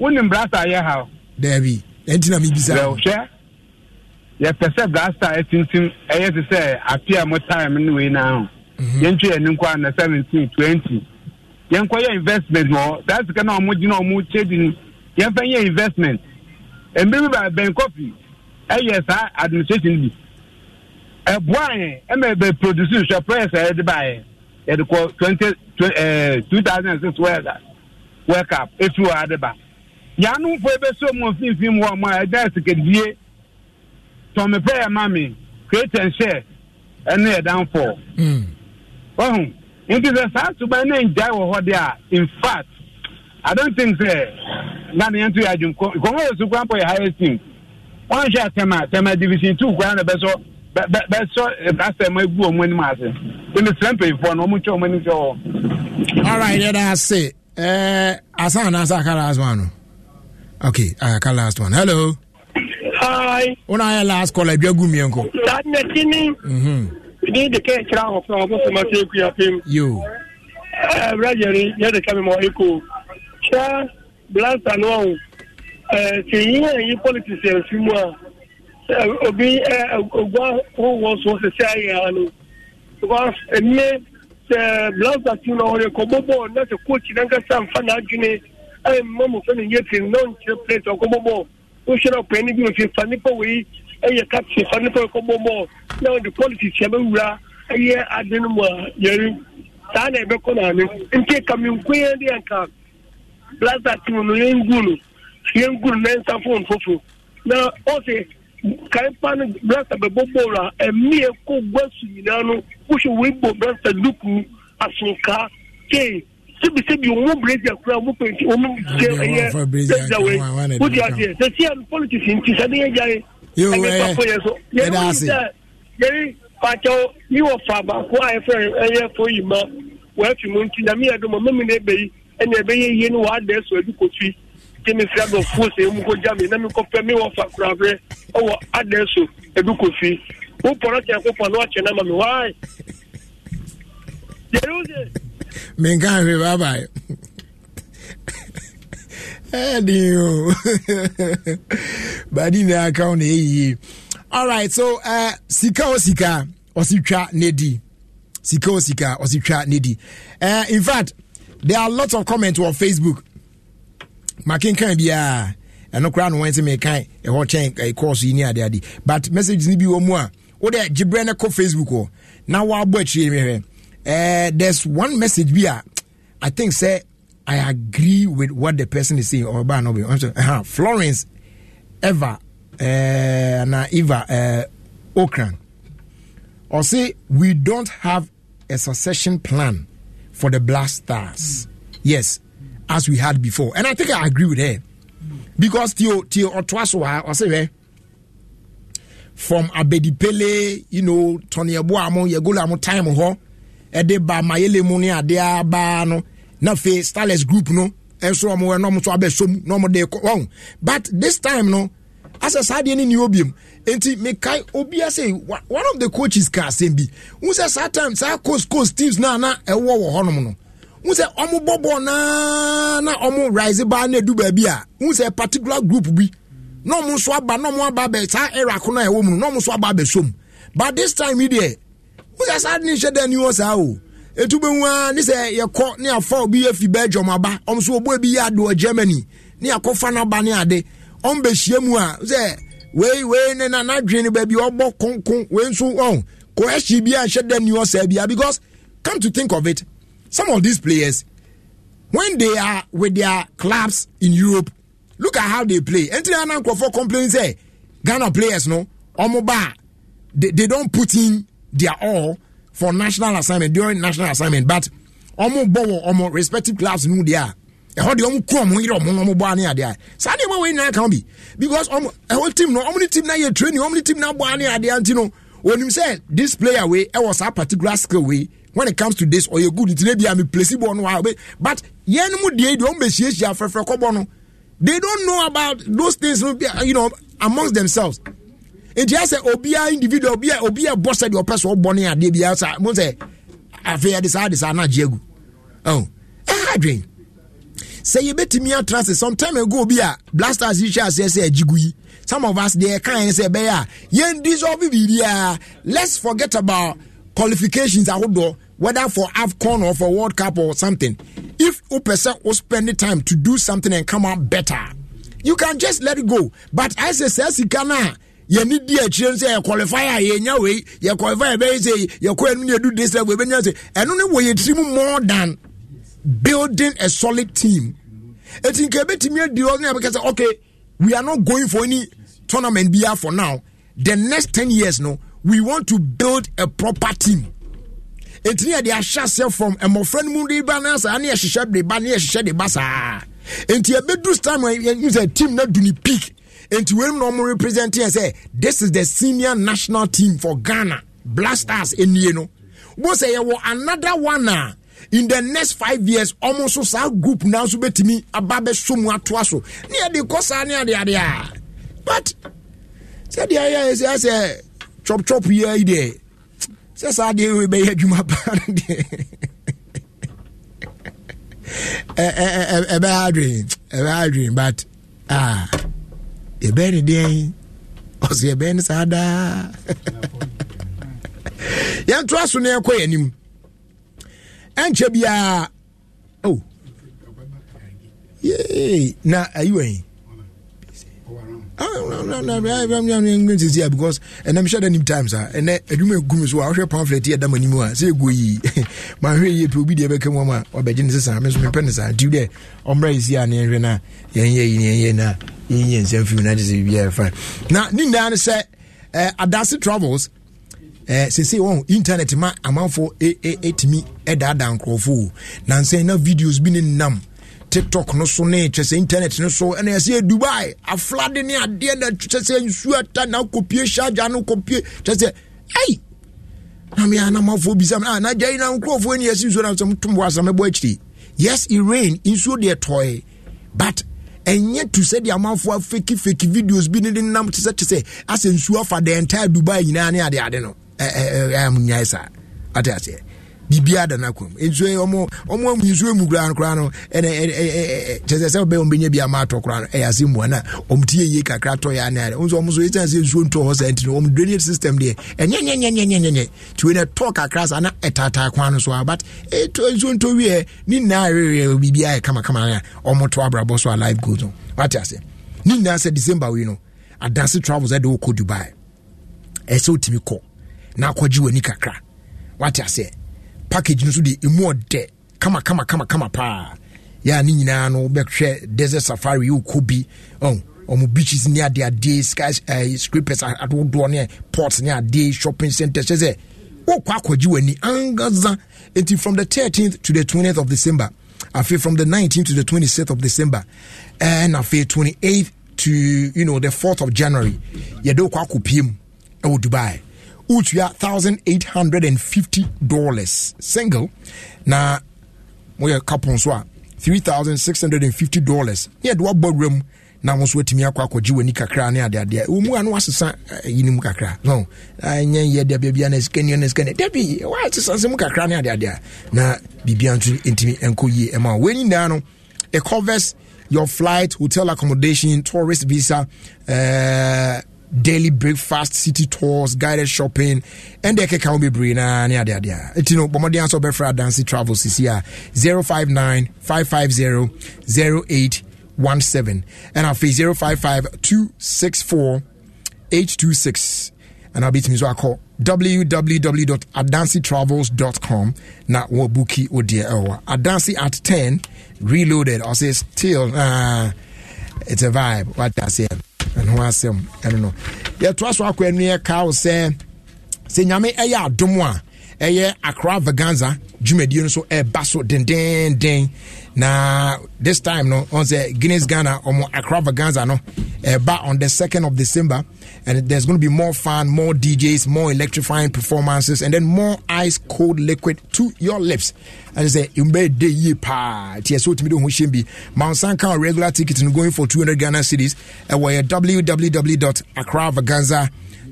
wonim blaster yɛ haw daabi ɛnti na mebisa hwɛ yɛpɛ sɛ blaster atintim ɛyɛ te sɛ apia mo time no wei naa ho mhm. yɛntwe yɛn nkɔ ana seventeen twenty yɛnkɔ yɛ investment wɔ saa sika na ɔmo gyina ɔmo kyedi no yɛmfa yɛ investment mbiri ba bɛn kɔfi ɛyɛ saa administration bi ɛboa yɛ ɛmɛ bɛ produce nhwɛ press a yɛde ba yɛ yɛde kɔ twenty ɛɛ eh, two thousand and six world world cup efi wɔ ade ba yanu fo ebe so mo mfimfin wɔ mo a ɛda sika die tɔn mepɛ yɛ ma mi kreten hyɛ ɛne yɛ danfo ɔhu nti sɛ saa suban ne ngyae wɔ hɔ de a in fact i don't think sɛ ghanaian to yɛ adwum nkɔmɔ yɛ sukuu ampɔ yɛ highest team wɔn hyɛ atɛm a division two kura na bɛsɔ bɛsɔ asɛm egu wɔn anim ase ɛnna sɛ mpanyinfoɔ no wɔn twɛ wɔn anim twɛ hɔ. alright yɛ da ase ɛɛ asan na asan aka last one okay aka uh, last one hello. Hi. When I last call, I be a gumianko. That machine. Mm-hmm. Need the case round from what the material we have him. You. Uh, Rajari, you had to come more equal. Sure, blast and all. Uh, see, you and you politics and few more. Uh, Obi, uh, what was was the say, I know. Because, and uh, me, the uh, blast that you know, the Kobobo, not the coach, and I got some fun, I can't. I'm Mamma, and you're not your place or Kobobo. wohwɛrɛ ɔpɛni bi ofie fa nipa wei ɛyɛ captain fa nipa kɔbɔ na wɔde politics yɛbɛwura ɛyɛ ade no mu a yɛre saa na ɛbɛkɔ naane nti kaminkoyɛ de yɛnka blaster team no yɛngu no yɛngu no na nsa foforo na ɔsɛ kaipa no blaster bɛbɔ bɔɔl a ɛmmea kɔ gua su nyinaa no wohwɛ wei bɔ blaster duku asonkaa kee. sebi sebi omo brazil kura omo penti omo jẹ ẹyẹ brazil wẹ o di ase ẹ sẹsi ẹnu politics nti sani yẹn jẹ ẹ ẹgbẹ eh, papọ yẹn so yẹn wọ́n yìí dẹ yẹn pàtó mi wọ fa baako a yẹ fẹ ẹyẹ fọ yìí ma wọ́n e fi mu nti na mi yẹ e dùn mọ́ mímu n'ebe yìí ẹni ẹbẹ yẹ yie ni wàá dẹ ẹsọ ẹbi kò fi kí mi fi abẹ fún ọsẹ emu kó já mi náà kọ fẹ mi wọ fa kura fẹ ọwọ e adẹ ẹsọ ẹbi kò fi wọ́n pọ̀rọ̀ kí ẹ kó pọ̀ ní wàá kyẹn náà ma mi wáyé menka hwɛ babae ɛdeo bade nyinaa ka wo na ɛyie alright so uh, sika o sika ɔsi twa ne di sika o sika ɔsi twa ne di uh, in fact there are lots of comments on facebook makenkan biara ah, a koraa no wɔn ti mekan ɛhɔ kyɛn ɛyɛ kɔɔso yi ne ade ade but messages ni bi wɔ mu a wɔde gyebrɛ ne kɔ facebook hɔ na wɔabɔ akyire mehwɛ Eh, there's one message bi a i think say i agree with what the person is saying ọba anobi uh-huh. florence eva uh, na eva uh, okran or say we don't have a succession plan for the black stars mm. yes as we had before and i think i agree with her because till till otwasoa or say from abedipele you know tony ebo amon yegolo amon time ho ɛde ba mayele mu ne adeɛ baa no na afei starless group no nso wɔn wɛ na wɔn nso abɛsom na wɔn de kɔ wɔn but this time no asɛ saa adeɛ ne ni obi mu nti mekae obi ase one of the coaches ka asɛm bi n sɛ saa time saa coast coast teams na na ɛwɔ wɔ hɔnom no n sɛ wɔn bɔ bɔɔl naa na wɔn rise baa na edu baabi a n sɛ particular group bi na wɔn nso aba na wɔn aba abɛ saa era ko na ɛwɔ mu no na wɔn nso aba abɛsom but this time yi deɛ. woyɛ saa ne nhyɛ da ni hɔ saa o ɛtu bɛhu a ne sɛ yɛkɔ ne afa obi yɛ fi belgium aba ɔm so ɔbɔ bi yɛ adoɔ germany ne akɔfa no aba ne ade ɔm bɛhyia mu a sɛ wei wei ne na n'adwene no baabi ɔbɔ konkon wei nso ɔn kɔɛhyi bi a nhyɛ da ni hɔ saa bia because come to think of it some of these players when they are with their clubs in europe look at how they play ɛnti na nkurɔfoɔ complain sɛ ghana players no ɔmo ba they, they don put in their all for national assignment during national assignment but wɔn bɔ wɔ wɔn respective clubs nu deɛ a ɛhɔ deɛ wɔn kuro wɔn yere wɔn wɔn bɔ ani adeɛ saa nneɛma wɔn nyinaa kan bi because wɔn ɛhɔ team no wɔn team na yɛ training wɔn team na bɔ ani adeɛ nti no wɔnim sɛ eh, this player wei ɛwɔ saa particular skill wei when it comes to this ɔyɛ good ntina bi a mi place bɔ no wa but yɛn mu deɛ deɛ wɔn bɛ siesie afɛɛfɛ kɔbɔ no they don't know about those things you know amongst themselves nti asɛ obiara individual obia obia bɔ sɛ deɛ ɔpɛ so ɔbɔ ne adeɛ biara sa mo sɛ afei yɛde saa de saa na agye agu ɛho ɛha adwen sɛ yɛbɛtumi atena se some time ago bi a blasters yi hyɛ aseɛ sɛ agye yi some of us deɛ ɛka yɛn sɛ ɛbɛyɛ a yɛn dissolve biribiara let's forget about qualifications ahodoɔ whether for AFCON or for World Cup or something, if Upesa will spend the time to do something and come out better, you can just let it go. But I say, Sessi Kana, yɛne di akyire sɛ yɛ qualify a yɛnya wei yɛ qualify bɛyɛ sɛ yɛkɔ ɛnu ne yɛdu this level yɛbɛnya sɛ ɛno ne wɔ yɛ tirim more than building a solid team eti nka ebetumi adi hɔ ne abɛka sɛ okay we are not going for any tournament bia for now the next ten years no we want to build a proper team ntini yɛ de ahyɛ aseɛ from mmɔfra no mu de ba na saa ne yɛhyehyɛ de ba ne yɛhyehyɛ de ba saa nti ebedu time yɛ n sɛ team na du ne peak nti wɔn na wɔn represent yɛn sɛ this is the senior national team for ghana blasters enie no bó sɛ yɛwɔ another one a in the next five years ɔmo nso saa group náà nso bɛtumi aba abɛso mu atoa so ne yɛde kɔ saa ne yɛde ade a but sɛdeɛ ayɛ yɛ sɛ sɛ chop chop yɛ yi deɛ sɛ saa deɛ yɛ bɛyɛ adwuma paa no deɛ ɛbɛyɛ adwene ɛbɛyɛ adwene but ah yɛbɛn ne deɛn ɔsɛ yɛbɛn ne saa daa yɛntoa so na yɛkɔ yɛanim ɛnkyɛ biaa o yee na ayiwa yi sisi a because ɛnam hyɛ da nim times a ɛnɛ adwuma egu mi so a ɔhwɛ pamphlet yɛ dama nimu a sɛ egu yi maa hwɛ yie pe obi deɛ bɛka mu ama ɔbɛgye ne sisan mi nso mi pɛ ne sisan tiw dɛ ɔmra yi si a ne yɛn hwɛ na yɛn yɛ yi ne yɛn yɛ na yɛnyɛ nsɛm fim na gyesɛ biribiaa fine na ne nyinaa no sɛ eh, adase travels eh, sesei wɔn internet ma amanfoɔ ɛtumi e, e, eh, ɛdaadaa nkurɔfoɔ nansɛn na videos bi ne nam tiktok no so ne kyɛ sɛ internet no so ɛna yɛsɛ yɛ dubai aflade ne adeɛ na kyɛ sɛ nsuo ata na kɔpie hyagya no kɔpie kyɛ sɛ ɛi na me anamafoɔ bisa m ah, na gya yi na nkurɔfoɔ ni yɛsi nsuo na sɛ mtom wɔ asɛm ɛbɔ akyiri yes it rain nsuo deɛ tɔe but ɛnyɛ tu sɛdeɛ amanfoɔ fake fake videos bi ne de nam te sɛ te sɛ asɛ nsuo afa the entire dubai nyinaa ne adeade no ɛɛ ɛɛ ɛɛ mo nyae saa ate aseɛ biribiaa da e, no akwam nsuo ɔmo ɔmo nsuo mu koraa no koraa no ɛnɛ ɛɛ kyerɛ sɛ ɔbɛn ɔmo bɛnya bi ama atɔ koraa no ɛyɛ ase mua na ɔmo tie yie kakra tɔ yɛ anayɛ nso ɔmo so ɛkyɛn sɛ nsuo ntɔ hɔ saa nti ɔmo drainage system deɛ ɛnyɛ nyɛ nyɛ nyɛ nyɛ nyɛ tiwe na tɔ kakra saa na ɛtaataa kwan no so a but ɛtɔ nsuo ntɔ wiɛ ne nyinaa ayɛyɛ biribiaa yɛ kamakama na ɔmo to abrabɔ so a life goes on wate ase ne nyinaa sɛ december wei no adanse travels ɛde wokɔ dubai ɛsɛ otumi kɔ na akɔgye w'ani kakra wate aseɛ package no so de ɛmu ɔdɛ kama kama kama kama paa yɛa ne nyinaa no wobɛhwɛ desert safari wokɔ bi ɔn ɔmo beaches ne ade adeɛ sky uh, scrapers adodoɔ ne port ne adeɛ shopping centers kyɛ sɛ wokɔ akɔgye w'ani angaza nti from the 13th to the 20th of december afei from the 19th to the 26th of december ɛna uh, afei 28th to you know the 4th of january yɛde wokɔ akɔpiem ɛwɔ dubai wotua thousand eight hundred and fifty dollars single na moyɛ couple nso a three thousand six hundred and fifty dollars yɛ de wabɔ wura mu na wɔn nso atumi akɔ akɔgye wɔn ani kakra ne adeadeɛ wɔn mu ano asesa eh, yi ne mu kakra no nyɛ yɛ deɛ beebi ana sika nneɛ na sika nneɛ debi wɔasesa nsɛm kakra ne adeadeɛ na biribi nso ntumi nkɔ yie ɛma wɔn nyinaa no it covers your flight hotel accommodation tourist visa. Uh, daily breakfast city tours guided shopping ɛnde ɛkeka ho bebree naa ne adeadeɛ ɛti no bɔmmɔden asɛ wobɛfrɛ adanse travel sisi a 059 550 0817 ɛna afei 055 264 826 ɛna wobɛtumi so akɔ www.adansetravels.com na wɔbuki odeɛ ɛwɔ eh, adanse at 10 reloaded ɔsɛ still uh, it's a vibe what I say ɛno asɛm ɛno no yɛtoa so akɔ ɛno yɛ kaw sɛ sɛ nyame ɛyɛ adom a ɛyɛ akra vaganza dwumadie no so ɛba so dendenden na this time no on say Guinness Ghana or Accra Vaganza no uh, on the 2nd of December and there's going to be more fun more DJs more electrifying performances and then more ice cold liquid to your lips as I say umbe de ye pa tia so timi do ho bi Mount Sanka regular ticket no going for 200 Ghana cities and eh, where www.accravaganza.com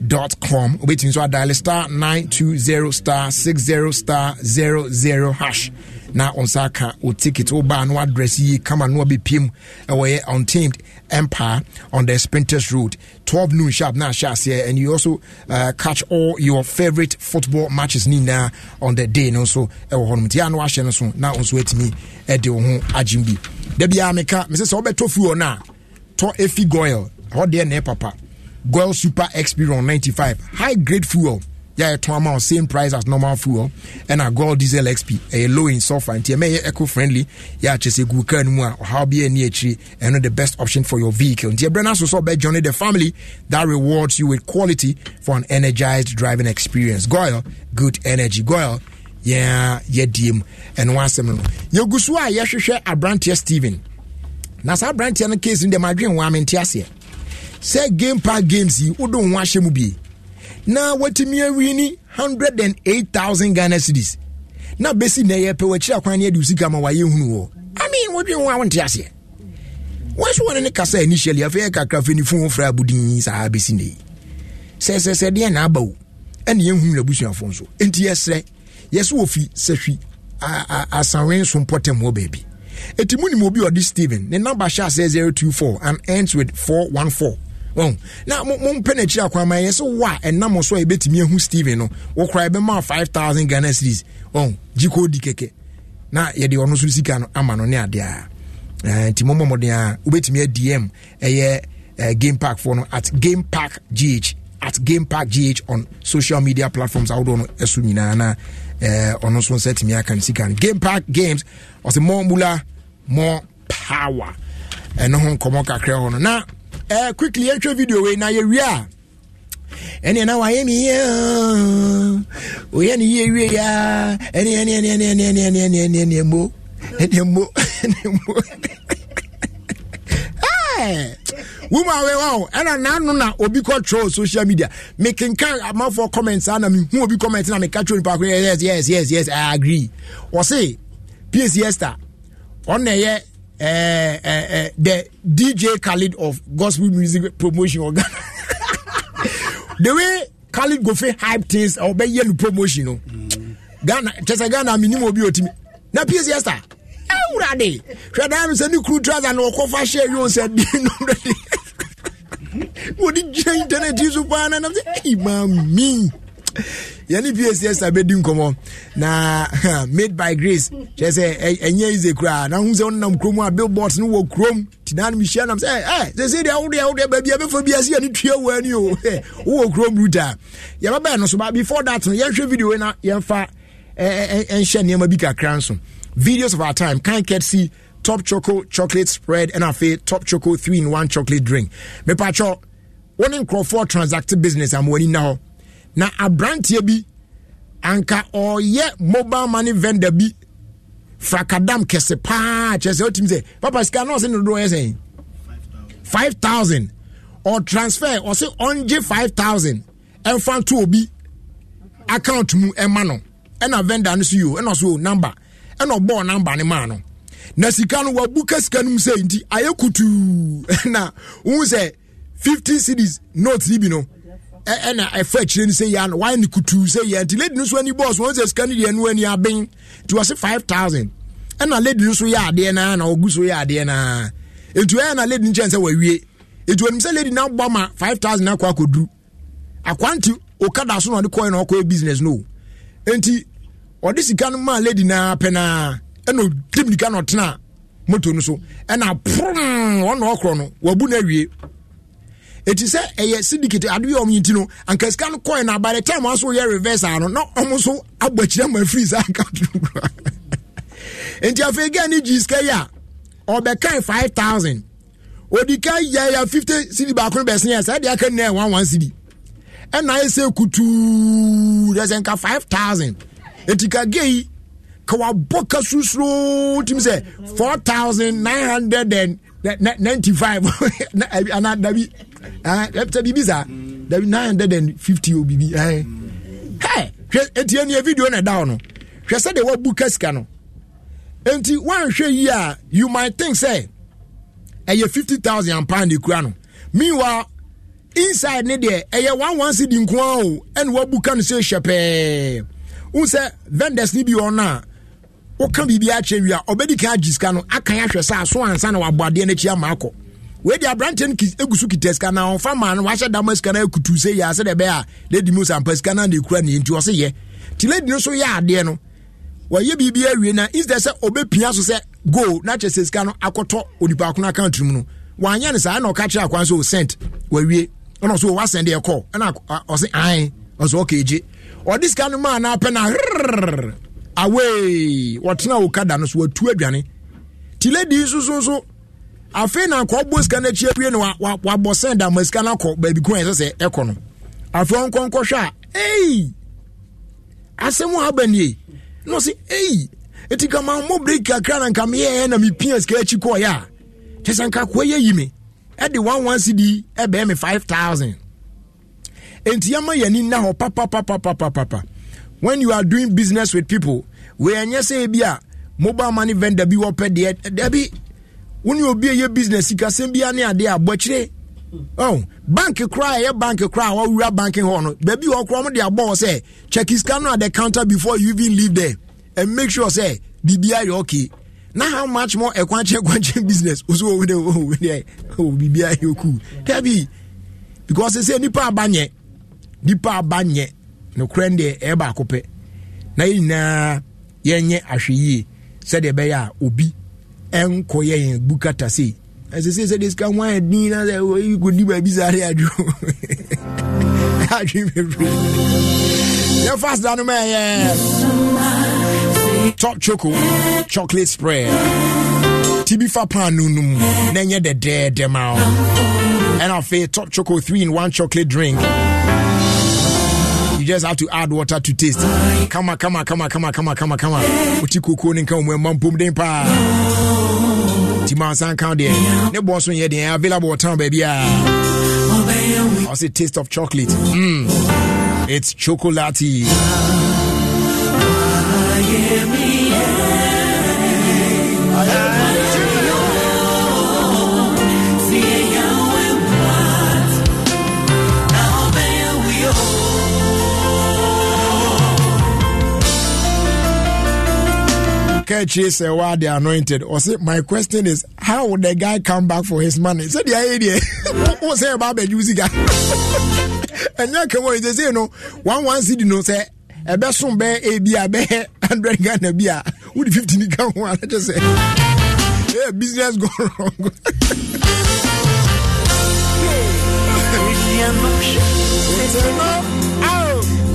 dot com waiting so I dial star 920 star 60 star 00 hash na ɔnsa ka wo ticket wo baa no wadress yi kama no wabɛpiem ɛwɔyɛ untamed empire on the sprinters road Twelve noon sharp na ahyɛ aseɛ and you also uh, catch all your favorite football matches ne nyinaa on the day no nso ɛwɔ hɔ nom nti a na wahyɛ no so na wo nso atumi ɛde wo ho agyem bi da biaa meka mesɛ sɛ wobɛtɔ fuo no a tɔ ɛfi goil hɔ deɛ ne papa goil super Run ninety five. high grade fuel yɛayɛ tɔn ama same price as normal fuel ɛna gold diesel xp ɛyɛ low in sulfur nti ɛmɛ yɛ eco friendly yɛakyɛ sɛ gu car no mu a ɔhaw bi ani akyiri ɛno the best option for your vehicle nti ɛberɛ no so sɛ ɔbɛjoine the family that rewards you with quality for an energized driving experience goil good energy goil yɛa yɛdie mu ɛno asɛm no yɛgu so a yɛhwehwɛ aberanteɛ steven na saa aberanteɛ no case no deɛ madwen ho amente aseɛ sɛ game park games yi wode wo ho ahyɛ mu bie na watumi awie ni 108000 ghana cities na bɛsi na ɛyɛ pɛ wakyiri akwan ne ade sika ma wayɛ hunu wɔ ame wɔdwen ho a wonte aseɛ wɔnso wɔne ne kasa initially afei yɛ kakra fɛ nifu ho fra abodin saa bɛsi ne yi sɛsɛsɛ deɛ na aba o ɛne yɛhunu n'abusuafoɔ nso enti yɛsrɛ yɛsɛ wɔfi sahwi asanwe nso mpɔtam hɔ baabi ɛti mu nim obi ɔde steven ne namba hyɛ asɛ 024 and ends with 414 wɔn na mo mo mpɛ n'akyiri akɔ ama yɛ wa ɛnam so a ebetumi ehu steven no wɔkura ɛbɛma five thousand ghana series wɔn jiko di kɛkɛ na yɛde ɔno so sika no ama no ne adeɛ a ɛɛ nti mo mɔmɔden a wobetumi adm ɛyɛ ɛɛ game park foɔ no at game park gh at game park gh on social media platforms ahodoɔ no ɛso nyinaa na ɛɛ ɔno so nsa tumi aka ne sika no game park games ɔsɛ more mula more power ɛno ho nkɔmɔ kakra hɔ no na. Eh, eh, uh, quickly yɛhwɛ video wei na yɛwie a ɛneɛ na wayɛ me yɛ woyɛ ne yie wie a ɛneɛneɛneɛneɛneɛneɛneɛneɛ mo ɛneɛ mo ɛneɛ mo womu awewa o ɛna naano na obi kɔtwerɛ social media mekenka amanfoɔ comments ana mehu obi comment na meka kyerɛ nipa yes yes yes yes i agree ɔse ps yester ɔnna ɛyɛ uh, uh, the DJ Khalid of gospel music promotion [laughs] the way Khalid Gofe hype things or be yellow promotion, you know. Mm. Ghana, just a Ghana minimum be otimi. Na PS yesta. Awurade. Hwɛ dan mi sɛ ne kuru trouser na ɔkɔ fa hyɛ yi o sɛ [laughs] di nom de de. Wɔde gyina internet yi so paa na nam sɛ ɛyi maa [laughs] yɛne pcs abɛdi nkɔmmɔ na made by grace kyerɛ sɛ ɛnyɛ ise koraa na hu sɛ wonam kurom a billboard no wɔ kurom tinaa no mehyia nam sɛ ɛ sɛsei deɛ wodeɛ wodeɛ baabi a bɛfa biase yɛne tua wo ani o wowɔ kurom route a yɛbɛbɛɛ no so ba before that no yɛhwɛ video na yɛmfa ɛnhyɛ nneɛma bi kakra nso videos of our time kan ketsi top choco chocolate spread ɛna afei top choco 3 in 1 chocolate drink mepatwɔ wo ne nkurɔfoɔ transact business a mawani nna hɔ na aberanteɛ bi anka ɔyɛ mobile money vendor bi frakadam kɛse paa kyerɛ sɛ wotumi sɛ papa sika na ɔse no dodoɔ yɛ sɛn 5000 or transfer ɔse ɔngye 5000 ɛmfa nto obi account mu ɛma no ɛna vendor no so yo ɛna ɔso number ɛna ɔbɔɔ number ne maa no na sika no wabu ka sika no mu sɛ nti ayɛ kutuu [laughs] na wohu sɛ 15 cities notes yi bi no ɛna ɛfa akyire no sɛ yɛ no wae ne kutuu sɛ nti lady no so ani bɔs wɔn sɛ sika no deɛ no ani aben nti wɔse 5000 ɛna lady no so yɛ adeɛ naa na ɔgu so yɛ adeɛ naa etu ɛyɛ na lady no kyɛn sɛ wawie ɛtu anim sɛ lady no abɔ ma 5000 akɔ akɔduru akwanti okada so na ɔde kɔɛ na ɔkɔɛ business no nti ɔde sika no maa lady naa pɛ naa na ɔtena moto no so ɛna ɔkorɔ no na awie eti sɛ ɛyɛ syndicate adeɛ a ɔmo yɛ ti no anka sika no kɔɛ na by the time wɔn nso yɛ reverse ano na ɔmo nso abɔ akyire ma firi saa account no kura [laughs] nti afei gɛɛ ni gyi sika yi a ɔbɛkan five thousand odika yɛyɛ fifty cd baako bɛsɛn yɛ sɛ ɛde aka nnɛ one one cd ɛna ayɛ sɛ kutuu dɛsɛ nka five thousand eti ka gɛɛ yi ka wabɔ ka susuro tim sɛ four thousand nine hundred and ninety five [laughs] ana dabi. sɛ eh, eh, biribi saa nine hundred and fifty o biribi hɛ eh. hwɛ etie ni video na ɛda hɔ no hwɛ sɛ de wabu kasika no nti wanhwɛ yi a you might think say ɛyɛ fifty thousand pound ekura no meanwhile inside ne deɛ ɛyɛ one one cedi nkoa o ɛna wabu ka no sɛ hyɛ pɛɛ n sɛ vendors ni bi wɔn na wɔka biribi akyerɛ wi ɔbɛdi kan agye sika no akan ahwɛ sɛ aso ansa na wabɔ adeɛ n'akyi ama akɔ. wedi de aberanteɛ no ɛgu kita sika na ɔmfa ma no wahyɛ dama sika no akutu sɛ yɛ sɛdeɛ ɛbɛyɛ a lady mu sampa sika no ana ɛkura ne nti ɔse yɛ nti lady no so yɛ adeɛ no wɔyɛ biribi awie na instead sɛ ɔbɛpia so sɛ go na kyɛ sɛ sika no akɔtɔ onipa ko no account mu no wanyɛ no saa na ɔka kyerɛ akwan sɛ ɔsent wawie ɛna ɔso wasɛn deɛ kɔ ɛna ɔse ae ɔsɛ ɔka gye ɔde sika no maa naapɛ na awei wɔtena okada no so watu aduane ti lady nso so nso afei na nkɔ bɔ sika no akyi awie wabɔ sɛn da sika no baabi ko ɛsɛ sɛ ɛkɔ no afei ɔnkɔ nkɔhwɛ a ei asɛm a aba nie na ɔsɛ ei ka ma mmɔ break kakra na nka meyɛɛ na mepia sika akyi kɔɔyɛ a kyɛ sɛ nka yɛ yi me ɛde 11 cd ɛbɛɛ me 5000 enti yɛma yɛni nna hɔ papapapapapapa when you are doing business with people wei ɛnyɛ sɛ bi a mobile money vendor bi wɔpɛ deɛ dabi wone obi yɛ business sikasɛm bia ne adeɛ abɔkyerɛ oh, bank koraa ɛyɛ bank koraa a wawura banking hɔ no baabi hɔ koraa mde abɔ hɔ check his scanner at the counter before you even leave there and make sure sɛ biribiaa yɛ okay na how much more ɛkwankye ɛkwankye business ɔso ɔwde ɔwde biribiaa yɛ cool tabi because sɛ nipa aba nyɛ nipa aba nyɛ nokorɛ deɛ ɛyɛ baako pɛ na yɛ nyinaa yɛnyɛ ahwɛ yie sɛdeɛ ɛbɛyɛ a obi ɛnkɔ yɛn bukata sei ɛsɛ sɛ sɛ de sika ho ayɛ din na sɛ kɔdi baabi saa de adwo [laughs] adwe bebree yɛ fast da no ma ɛyɛ top choco chocolate spread tibi fa pan no mu na ɛnyɛ dɛdɛɛdɛ ma wo afei top choco 3 in one chocolate drink just have to add water to taste. Come come come come on, on, on, Kama kama kama kama kama kama kama. Uti koko ni nka umwe mampum den pa. Timansan ka de. Ne bon so ye de available town baby. Ah. I say taste of chocolate. Mm. It's chocolatey. chase say eh, why they anointed. Or say, my question is, how would the guy come back for his money? Said the idea. [laughs] What's say about the music guy? [laughs] And now come on, they say, you know, one one city, the note say, eh, a best one bear, a beer, a bear, hundred [laughs] gun, a beer, with fifteen come one. I just say, yeah, business go wrong.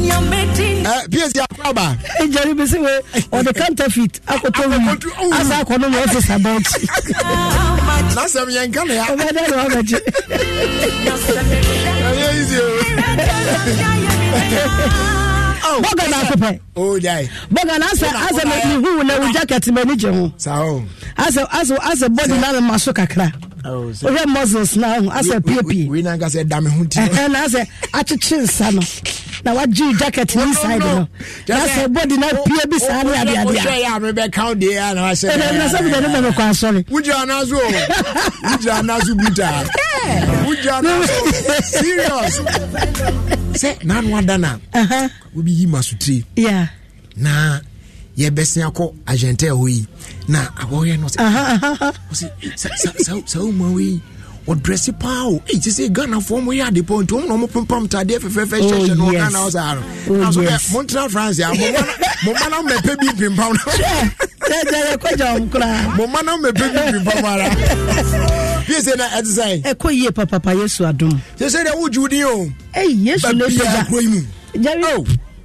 Eh, psd akoraba. jerry bisi we ọdẹ counterfeit akoto wi asa akọni mi ọfiisa bọọki. n'asẹm yẹn nkan ya. ọba dẹ́rẹ́ wa bẹ̀jẹ̀. ọyẹ izi o. bọ́gà náà kò pẹ́. bọ́gà náà ihu na ewu jacket mẹ ni jẹ oh, ho. asẹ asẹ asẹ bọ́dì náà ma so kakra. ohwẹ muscles náà asẹ pie pie. wíwí náà nkà sẹ dàmí hu ti. ẹ ẹ náà sẹ nsa náà na wagye jacket oh, no inside no na sɛ body na oh, pie bi oh, saa ne ade ade ɛnɛsɛ mede ne bɛmɛkɔ asɔre wogya anaso wogya anaso butaa [laughs] wogya anaso serious sɛ naano ada no a wobɛyi ma sotire na yɛbɛsen akɔ agente hɔ yi na abɔyɛ no sɛ sɛ wo ma wei ɔdrɛse paa o ɛyi sɛ sɛ ghanafoɔ mo yɛ ade pɔ nti ɔmu na ɔmo pempam tadeɛ fɛfɛɛfɛ hyɛhyɛ no ghana ɔsa ano nanso ɛ mo ntena france a mo ma na mɛpɛ bi pimpam na mo ma na mɛpɛ bi pimpam ara fie sɛ na ɛte sɛn ɛkɔ yie papapa yesu adom sɛ sɛ deɛ wogye wodin o ɛyi yesu ne pɛgya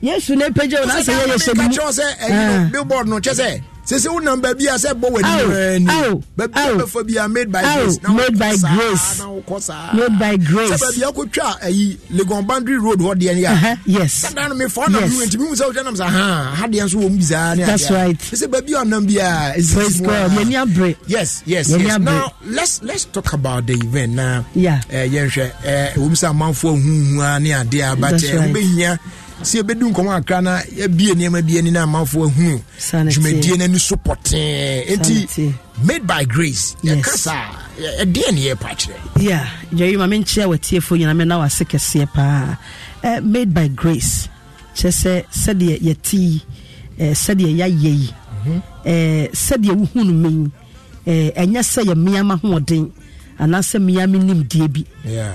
yesu ne pɛgya o na sɛ yɛ yɛ hyɛ mu billboard no kyɛ sɛ eh, sese wo nam baabi a sɛ bɔ w'ani ani baabi a bɛfa bi a made by oh, grace na ah, ah. made by grace na wokɔ saa made by grace sɛ baabi akɔtwa ayi legon boundary road hɔ deɛ uh-huh, Yes. a yes sɛdaa no mefa nam yes. nti mehu sɛ wotwa nam sɛ ha ha deɛ nso wɔ mu bisaa ne that's right sɛ baabi a ɔnam bi a praise god yɛni abere yes yes yes, yes. now let's let's talk about the event na yeah. uh, yɛnhwɛ ɛwɔ mu sɛ amanfoɔ huhua ne adeɛ a but ɛwobɛhia uh, sɛ yɛbɛdi nkɔmmɔ akra na yɛbie nneɛma bi ani na amanfoɔ ahunu dwumadie no ani so pɔtee enti made by grace yɛka saa ɛdeɛ ne yɛpa kyerɛ ya gyaima menkyea watiefoɔ nyina mena wase kɛseɛ paa uh, made by grace kyerɛ sɛ sɛdeɛ yɛtii eh, sɛdeɛ yɛayɛ yi mhm. eh, sɛdeɛ wohunu me yi ɛnyɛ sɛ yɛ mmeama hoɔden anaasɛ mmea me nimdeɛ bi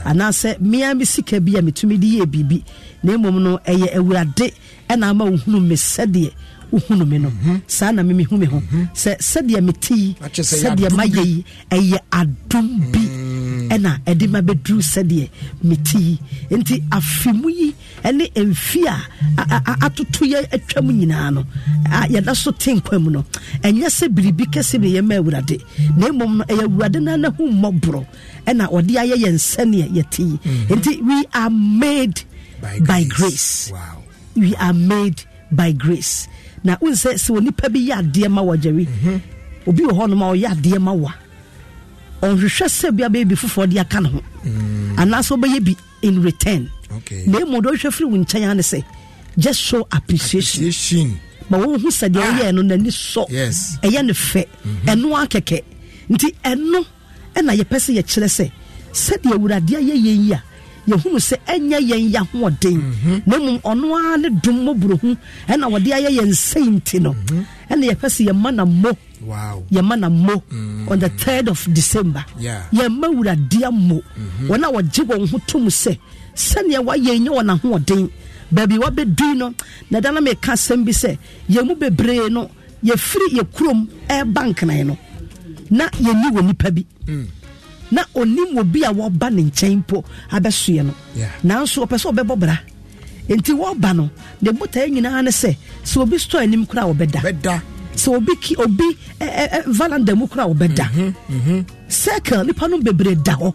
anaasɛ mmea me sika bi a metumi de yɛ biribi na mmom no ɛyɛ awurade ɛna ama wohunu me sɛdeɛ wohunu me no mhm. saa na memehu me ho mhm. sɛ sɛdeɛ mete yi sɛdeɛ mayɛ yi ɛyɛ adom bi ɛna ɛde ma bɛduru sɛdeɛ meti yi nti afe mu yi ne mfi a atoto yɛ atwa mu nyinaa no yɛda so te nkwa mu no ɛnyɛ sɛ biribi kɛse ne yɛma awurade na mmom no ɛyɛ awurade no anaho mmɔborɔ ɛna ɔde ayɛ yɛn sɛneɛ yɛte yi nti we are made by, by grace, Wow. we are made by grace na wonsɛ sɛ onipa bi yɛ adeɛ ma wɔ gyeri mm-hmm. obi wɔ hɔ nom a ɔyɛ adeɛ ma wa ɔhwehwɛ sɛ bia bɛyɛ bi foforɔ de aka ne ho mm. anaasɛ wobɛyɛ bi in return na mmɔde ɔhwehwɛ firi wo nkyɛn ane sɛ just show appreciation, appreciation. ma wɔhu sɛ deɛ ɔyɛɛ ah. no n'ani sɔ ɛyɛ ne fɛ mm-hmm. ɛno akɛkɛ nti ɛno ɛna yɛpɛ sɛ yɛkyerɛ sɛ sɛdeɛ awurade ayɛ yɛn yi a yɛhunu sɛ ɛnyɛ yɛn yɛahoɔden mm-hmm. na mmom ɔno ara ne dom mmɔborɔhu ɛna wɔde ayɛ yɛn sɛi nti no mm-hmm. ɛna yɛpɛ sɛ yɛma na mmɔ wow. yɛma na mo mm. on the third of december yeah. yɛma wurade amo wɔn a mm-hmm. wɔgye wɔn ho tom sɛ sɛnea wayɛ nyɛ wɔn ahoɔden baabi wabɛdui no na da na meka asɛm bi sɛ yɛn mu bebree no yɛfiri yɛ kurom ɛreba nkenan no na yɛni wɔ nipa bi mm. na onim wɔ bi a wɔba ne nkyɛn mpo abɛsoɛ no yeah. nanso ɔpɛ sɛ ɔbɛbɔ bra nti wɔba no ne botaeɛ nyinaa ne sɛ sɛ obi stɔ anim koraa wɔbɛda sɛ obi ki obi valanda mu kora wɔbɛda circle mhm, mhm. nipa no bebree da hɔ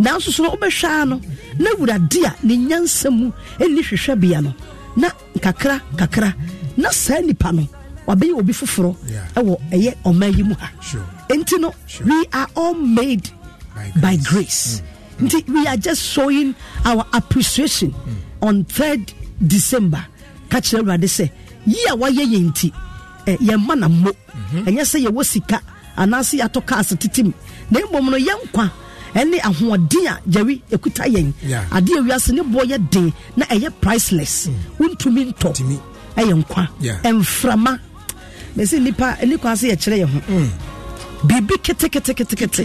nanso so no wobɛhwɛ a no na a ne nyansa mu ɛnni hwehwɛbea no na kakra kakra na saa nipa no wabɛyɛ obi foforɔ ɛwɔ ɛyɛ ɔma yi mu ha enti no we are all made by grace mm, mm. nti we are just showing our appreciation mm. on 3rd december ka kyerɛ awurade sɛ yi a wayɛ yɛ nti Eh, yɛmma na mmo mhm. ɛnyɛ sɛ yɛwɔ sika anaasɛ yɛatɔ cars tetem na mmom no yɛnkwa ɛne ahoɔden a gyawi ɛkuta yɛn adeɛ awiase ne boɔ yɛ den na ɛyɛ priceless mm. wontumi ntɔ ɛyɛ nkwa ɛmframa mɛsɛ nipa ne kwan sɛ yɛkyerɛ yɛ ho mm. biribi keteketeketekete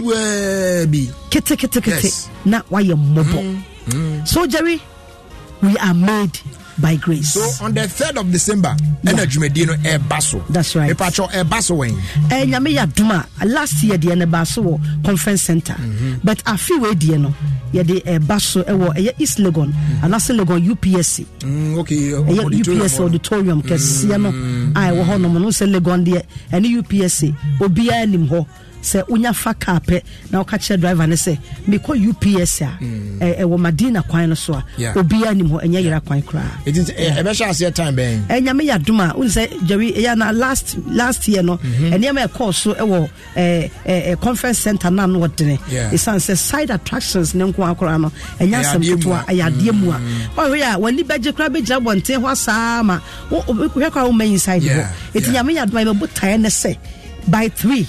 keteketekete na wayɛ mmɔbɔ mm. so gyawi we are made by grace. So on the third of December, yeah. and adwumadi no ɛba so. That's right. Mepatsɔ ɛba so wɛn. Ɛ nyame yɛ aduma last year deɛ no baso so conference center. Mm-hmm. But afi wei deɛ no yɛde ɛba eh, so ɛwɔ ɛyɛ East Legon mm Legon UPSC. Mm, okay. Ɛyɛ UPSC auditorium kɛseɛ no a ɛwɔ hɔ nom no sɛ Legon deɛ ɛne UPSC obiara nim hɔ sɛ wonya fa kaa pɛ na woka kyerɛ driver no sɛ mekɔ ups a hmm. ɛwɔ madina kwan no so a obiaa nim hɔ ɛnyɛ yera kwan koraa time bɛn ɛnyame yɛ adom a wonu sɛ gyawi ɛyɛ last last year no mhm. ɛnneɛma ɛkɔɔ so ɛwɔ conference center no ano ɔdene ɛsiane sɛ side attractions ne nko akoraa no ɛnyɛ asɛm kotoa ɛyɛ adeɛ mu a mm. ɔhwɛ a w'ani bɛgye koraa bɛgyina bɔnten hɔ asaa ma wohwɛ kora woma inside hɔ ɛti nyame yɛ adom a yɛbɛbo taeɛ ne sɛ by three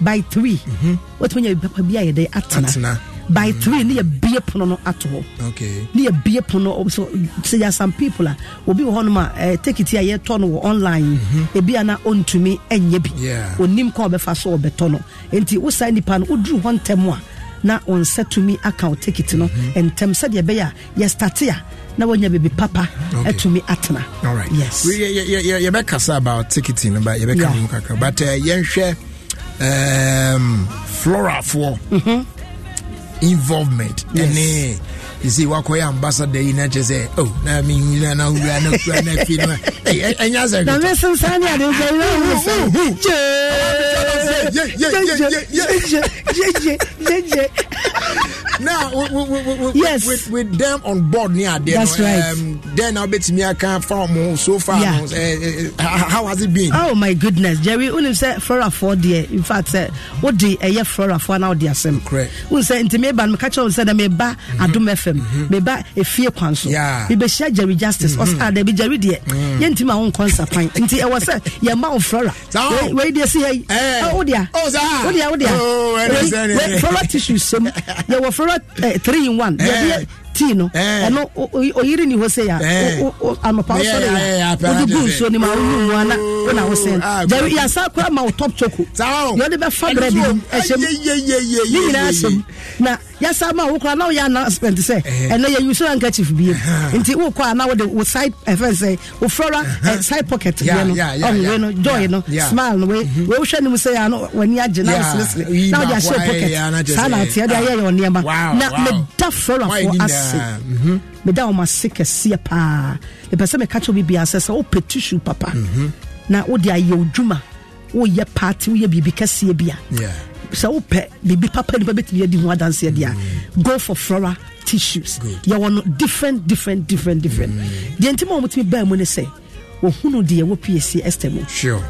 by three mhm. wotumi nya papa bi a yɛde atena by mhm. three ne yɛ bie pono no ato hɔ ne yɛ bie pono so sɛ yɛ some people a obi wɔ hɔnom a eh, tikiti a yɛtɔ no wɔ online mhm. ebi a na ɔntumi ɛnyɛ bi onim kɔn ɔbɛfa so ɔbɛtɔ no nti wosan nipa no oduru hɔ ntɛm a na ɔnsa tumi aka o tikiti no ntɛm sɛdeɛ ɛbɛyɛ a yɛstate a na wanya baby papa atumi okay. atena all right yes We yɛbɛkasa about ticketing no ba yɛbɛka ho kakra but eh, yɛnhwɛ uh, um, for mm -hmm. involvement yes. ɛsɛ wakɔyɛ ambassador yi na sɛ o now [laughs] with, them on board near yeah, that's right um, then i'll bet me i can't farm so far yeah. Eh, eh, eh, how, has it been oh my goodness jerry when you say for a four dear in fact uh, what the a year for a four now dear sam correct who said to me but catch said i may buy i do my fm mm-hmm. meba efie kwan so mebɛhyia jerry justice ɔsɛ a dɛbi jerry deɛ mm. yɛntumi a wonkɔ nsapan nti ɛwɔ sɛ yɛma wo flora wei deɛ si ha yi wodea wodea wodea flora tissue sɛm [laughs] yɛwɔ flora eh, three in one eh. yɛdeɛ tea no eh. ɛno oyiri ni hɔ se ya anɔpa sɔrɔ ya odi gu nsuo ni ma o nu mua na o na o sɛn yasa kura ma o top choko yɔde bɛ fa brɛ bi ɛhyɛ mu ni nyinaa ɛhyɛ mu na yasa ma wo kora na woyɛ announcement sɛ eh. ɛnɛ yɛ usual handkerchief bie eh. nti wokɔ a na wode wo side ɛfɛ eh, sɛ wofrɛra side pocket deɛ no ɔhwe no joy no smile no wohwɛ mm-hmm. no mu sɛ a no w'ani agye na woseresere na wode ahyɛ pocket saa na ateɛ de ayɛyɛ ah. wɔ nneɛma na meda frɛrafoɔ ase mm-hmm. meda wɔn ase kɛseɛ paa mepɛ sɛ meka kyɛ obi bia sɛ sɛ wopɛ tissue papa mm-hmm. na wode ayɛ odwuma woyɛ party woyɛ biribi kɛseɛ bi a sɛ wopɛ biribi papa nipa bɛtumi adi ho adanseɛ deɛ a mm. go for flora tissues yɛwɔ no different different different different mm. deɛ nti a wɔmutumi baa mu ne sɛ ohunu deɛ wɔ psc ɛstɛ mu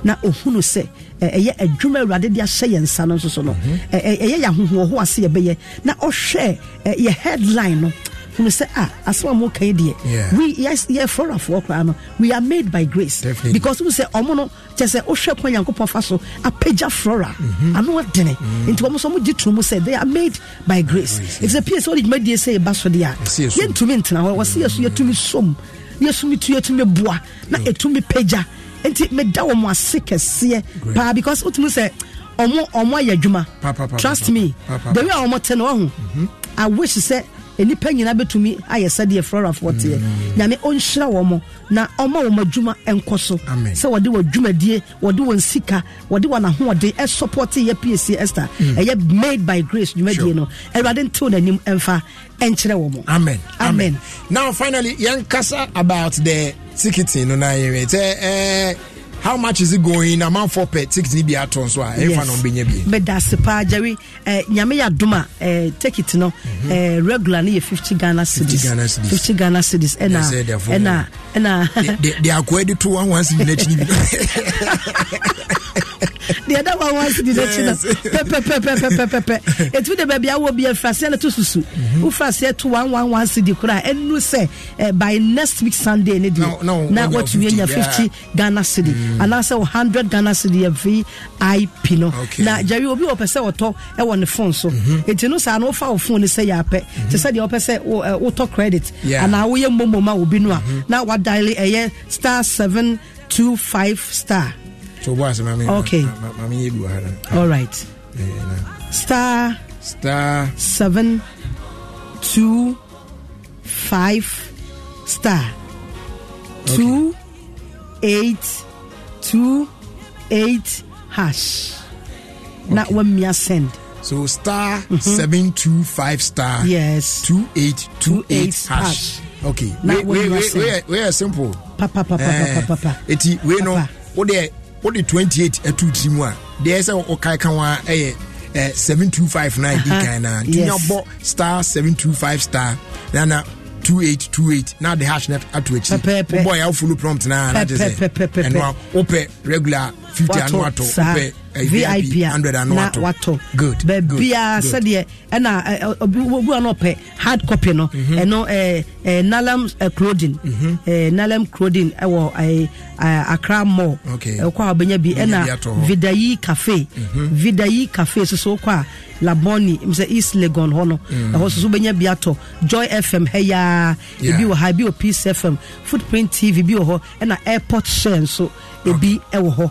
na ohunu sɛ ɛyɛ adwuma awurade de ahyɛ yɛn nsa no nso so no mm-hmm. ɛyɛ yɛ ahohoɔ ho ase yɛbɛyɛ na ɔhwɛ yɛ headline no hunu sɛ ah asɛm a mo kan deɛ we yes yɛ florifoɔ koraa no we are made by grace Definitely. because hunu sɛ ɔmo no kyɛ sɛ wohwɛ kwan nyankopɔn fa so apagya flora ano adene nti ɔmo so ɔmo gye to mu sɛ they are made by grace ɛti sɛ pie sɛ wode dwumadie sɛ yɛba so deɛ a yɛntumi ntena hɔ wɔse yɛ so yɛtumi som yɛsumi tu yɛtumi boa na ɛtumi mm. pagya nti meda wɔ mo ase kɛseɛ paa because wotumi sɛ ɔmo ɔmo ayɛ adwuma trust me the way a ɔmo te no ɔho i wish sɛ nipa nyinaa bɛtumi ayɛ sɛdeɛ florafoɔ teɛ mm. nyame ɔnhyira wɔ na ɔma wɔn adwuma nkɔ so sɛ wɔde wɔ dwumadie wɔde wɔn sika wɔde wɔn ahoɔden ɛsɔpɔte yɛ psc esther mm. ɛyɛ made by grace dwumadie no awurade ntew n'anim ɛmfa ɛnkyerɛ wɔ mo amen amen now finally yɛn kasa about the ticketing no na yɛn how much is it going amanfoɔ pɛ ticket ni bi ato nso a ɛfa na ɔbɛnya bi. bɛda ase paa jari nyame yɛ adum a ticket no mhm. regular no yɛ fifty ghana cedis fifty ghana cedis ɛna ɛna ɛna. de akɔ ɛde to one one cedi n'akyi ni bi the other one wants to do that. Pepe, pepe, pepe, pepe. It would have been our be a facility to Susu. Mhm. Who facility to one one one city di and no say by next week Sunday. No, no, now what you mean fifty Ghana city mm. and also hundred Ghana city every IP. No, now Jerry will be up a cell or phone. So mhm. it's no sign of our phone say ya pe to say the upper say auto credit and now we are momo will be no mhm. now what dial a year star seven two five star so ase maame okay maame yɛ bi all right star star seven two five star two eight two eight hash okay. na wamia send. So star mm-hmm. seven two five star yes two eight two, two eight, eight hash. hash. Okay. Na we we we we, we, we, we are simple. Papa papa eh, papa papa. Eti we papa. no. Wo wode 28 ato tiri mu a deɛ sɛ wokae ka ho a ɛyɛ eh, 7259 di kan na ntumi abɔ star 725 star nana 2828 na de hash net ato akyi wobɔ yɛ wofolo prompt naa na gye sɛ ɛnoa wopɛ regular fifty ano ato wopɛ vip hundred ano ato wato good baabia sɛdeɛ ɛna obi a no ɔpɛ hard copy no ɛno mm-hmm. mm-hmm. nalam clothing nalam clothing ɛwɔ accra mall ɛwɔkɔ a wobɛnya bi ɛna mm-hmm. vidayi cafe vidayi cafe soso wokɔ a laboni msɛ east legon hɔ no ɛhɔ mm. soso wobɛnya bi atɔ joy fm hɛyaa ebi wɔ ha ebi wɔ peace fm footprint tv bi wɔ hɔ ɛna airport share nso ebi ɛwɔ hɔ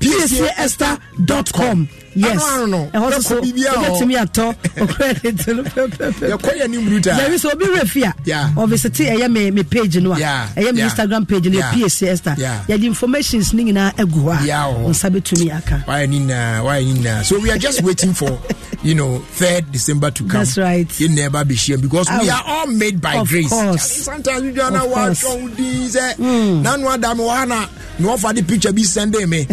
pcaester.com yes ɛhɔ soso wobɛtumi atɔ okradɛbi sɛ obi werɛ fi a Obviously, I am a page no I am me instagram page no yɛ pcaester yɛde informations no nyinaa agu hɔ a oh. nsa Why aka so we are just [laughs] waiting for you know 3rd december to come that's right in never be shame because we are all made by of grace course. sometimes you don't know what now no adam wana no offer the picture be sending [laughs] me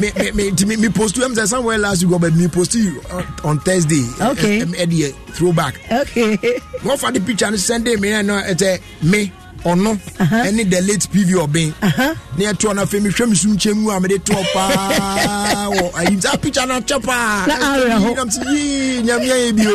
me me me me, me post to MZ somewhere last week, but me post you on, uh, on Thursday. Okay. Uh, um, Eddie, throwback. Okay. Go for the picture and send me and uh, eh, eh, me. ɔno ɛne the late pv ɔben ne yɛtoɔ no afei mehwɛ me so nkyɛ mu a mede toɔ paa wɔ ayim saa picture no kyɛ paanamsyi nyameayɛ bio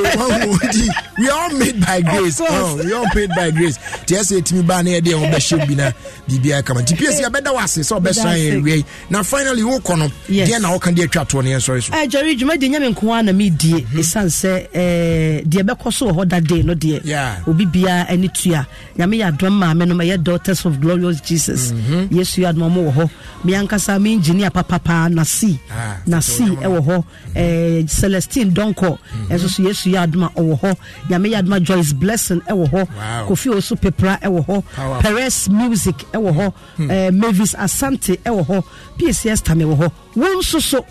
we oh, all made by grace we all made by grace nti ɛsɛ ɛtumi baa ne yɛde ɛho bɛhyɛ bi na biribiaa kama nti piesi yɛbɛda wo ase sɛ wobɛsra yɛ wiei na finally wokɔ no deɛ na woka de atwa toɔ no yɛnsɔre so gyare dwuma deɛ nyame nko a na medie ɛsiane sɛ deɛ bɛkɔ so wɔ hɔ da day no deɛ obi biaa ani tua nyame yɛ adɔm maa maame no daughters of glorious jesus mm-hmm. yesu adoma mo wɔ hɔ meankasa me engineer papapa nasi ah, nasi ɛwɔ hɔ mm-hmm. eh, celestine donko ɛnso mm-hmm. so yesu yɛ adoma ɔwɔ hɔ nyame yɛ adoma joyce blessing ɛwɔ hɔ kofi osu pepra ɛwɔ hɔ perez music ɛwɔ hɔ hmm. eh, mavis asante ɛwɔ hɔ pcs tam ɛwɔ hɔ wɔn nso so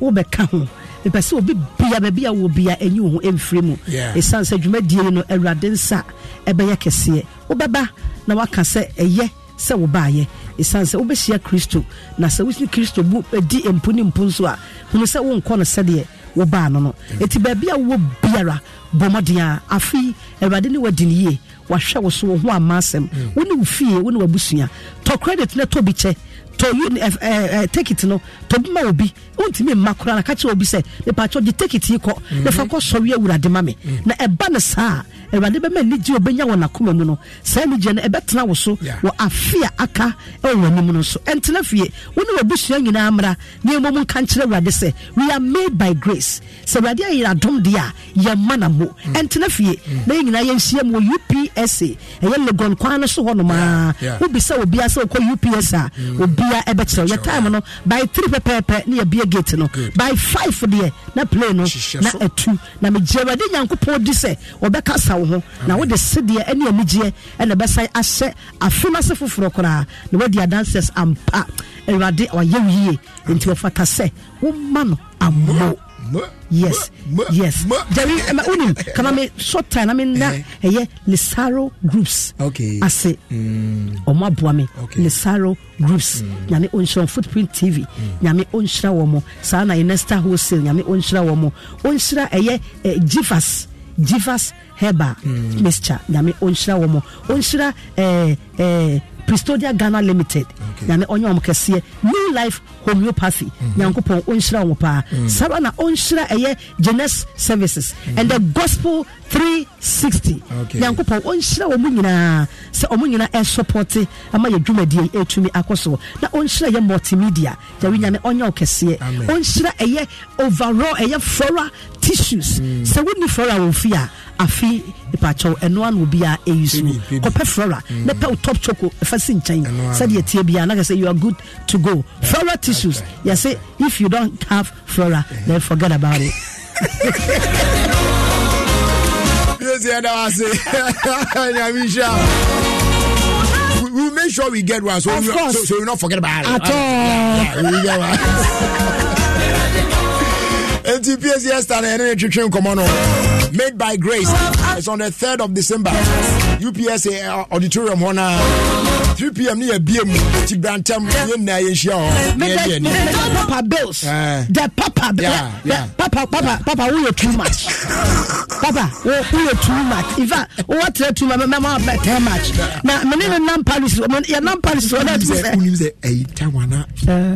wobɛka ho mepɛ sɛ obi bia baabi a wɔbia ɛnyi wo ho ɛmfiri mu ɛsiane sɛ dwumadie no awurade nsa ɛbɛyɛ kɛseɛ wobɛba na waka sɛ ɛyɛ sɛ wobaayɛ ɛsiane sɛ wobɛhyia kristo na sɛ wosini kristo bu ɛdi eh, mpo ne mpo nso a hunu sɛ wonkɔ no sɛdeɛ wobaa no no ɛti baabi a wowɔ biara bɔ mmɔden a afei awurade ne wadi ne yie wahwɛ wo so wo ho ama asɛm mm. wo ne wo fie wo ne wabusua tɔ credit na tɔ bi kyɛ to you uh, uh, take it no to bi ma obi wontumi mma koraa na ka kyerɛ obi sɛ mepakyɛ gye take it yi kɔ mhm. na fa kɔ sɔre awurade ma me mhm. na ɛba no saa awurade bɛma ani gye obɛnya wɔ n'akoma mu no saa ani gye no ɛbɛtena wo so wɔ afe a aka ɛwɔ w'anim no so ɛntena fie wo ne w'abusua amra mmra na mmom nka nkyerɛ awurade sɛ we are made by grace Se awurade ayɛ adom deɛ a yɛmma na mo mm. ɛntena fie mm. na yɛ nyinaa yɛnhyia mu wɔ upsa ɛyɛ legon kwan no so hɔ nomaa wobisa obiaa sɛ wokɔ ups a mm. obi biribiara ɛbɛkyerɛw yɛ time no by three pɛpɛɛpɛ ne yɛbie gate no by five deɛ na plane no na atu eh, na megye awurade nyankopɔn di sɛ wɔbɛka sa wo ho na wode sedeɛ ne anigyeɛ ɛna ɛbɛsan ahyɛ afe no ase foforɔ koraa na wadi adanses ampa awurade ɔyɛ wo yie enti wɔfata sɛ woma no ammo yes yes jẹbi ẹma unim. nim kama mi short time na mi na eh. ẹyẹ lesaro groups Okay. ase mm. ọmọ aboa mi lesaro groups nyame o n ṣe wọn footprint tv mm. nyame o n ṣe saa na inesta wholesale nyame o n ṣe wọn ẹyẹ jifas jifas herbal mm. mixture nyame o n ṣe wọn mo Pristodia Ghana Limited nyame ɔnyɛ ɔmo kɛseɛ New Life Homeopathy nyankopɔn mm-hmm. ɔnhyira wɔn paa mm-hmm. saa na ɔnhyira ɛyɛ Genes Services mm-hmm. and the Gospel 360 nyankopɔn ɔnhyira wɔn nyinaa sɛ wɔn nyinaa ɛsopɔte ama yɛ dwumadie ɛtumi akɔ so na ɔnhyira yɛ multimedia yɛwi nyame ɔnyɛ ɔkɛseɛ ɔnhyira ɛyɛ overall ɛyɛ flora tissues hmm. sɛ you flora wɔ fie a afe nipakyɛw ɛno ano biaa ɛyi so kɔpɛ flora na hmm. pɛ wo top choco ɛfa si nkyɛn sɛdeɛ tie biaa na kɛ you are good to go flora tissues say if you don't have flora then forget about it [laughs] [laughs] We'll make sure we get one so, we, so, so we not forget about it. At all. Yeah, yeah, we get one. [laughs] NTPS psc e ɛsta no ɛne ne twetwe nkɔmmɔ no made by grace it's on the 3rd of december upsa auditorium hɔ na 3 pm ne yɛbie mu kyibrantem yɛnna yɛnhyia hɔ papa bills eh. the papa yeah, yeah. papa papa papa woyɛ too much papa woyɛ too much in fact wowatrɛ too much mɛma wabɛtɛ much na mene ne nam Palace. you palis yɛnam palis ɔne atumi sɛ wonim sɛ ɛyi time ana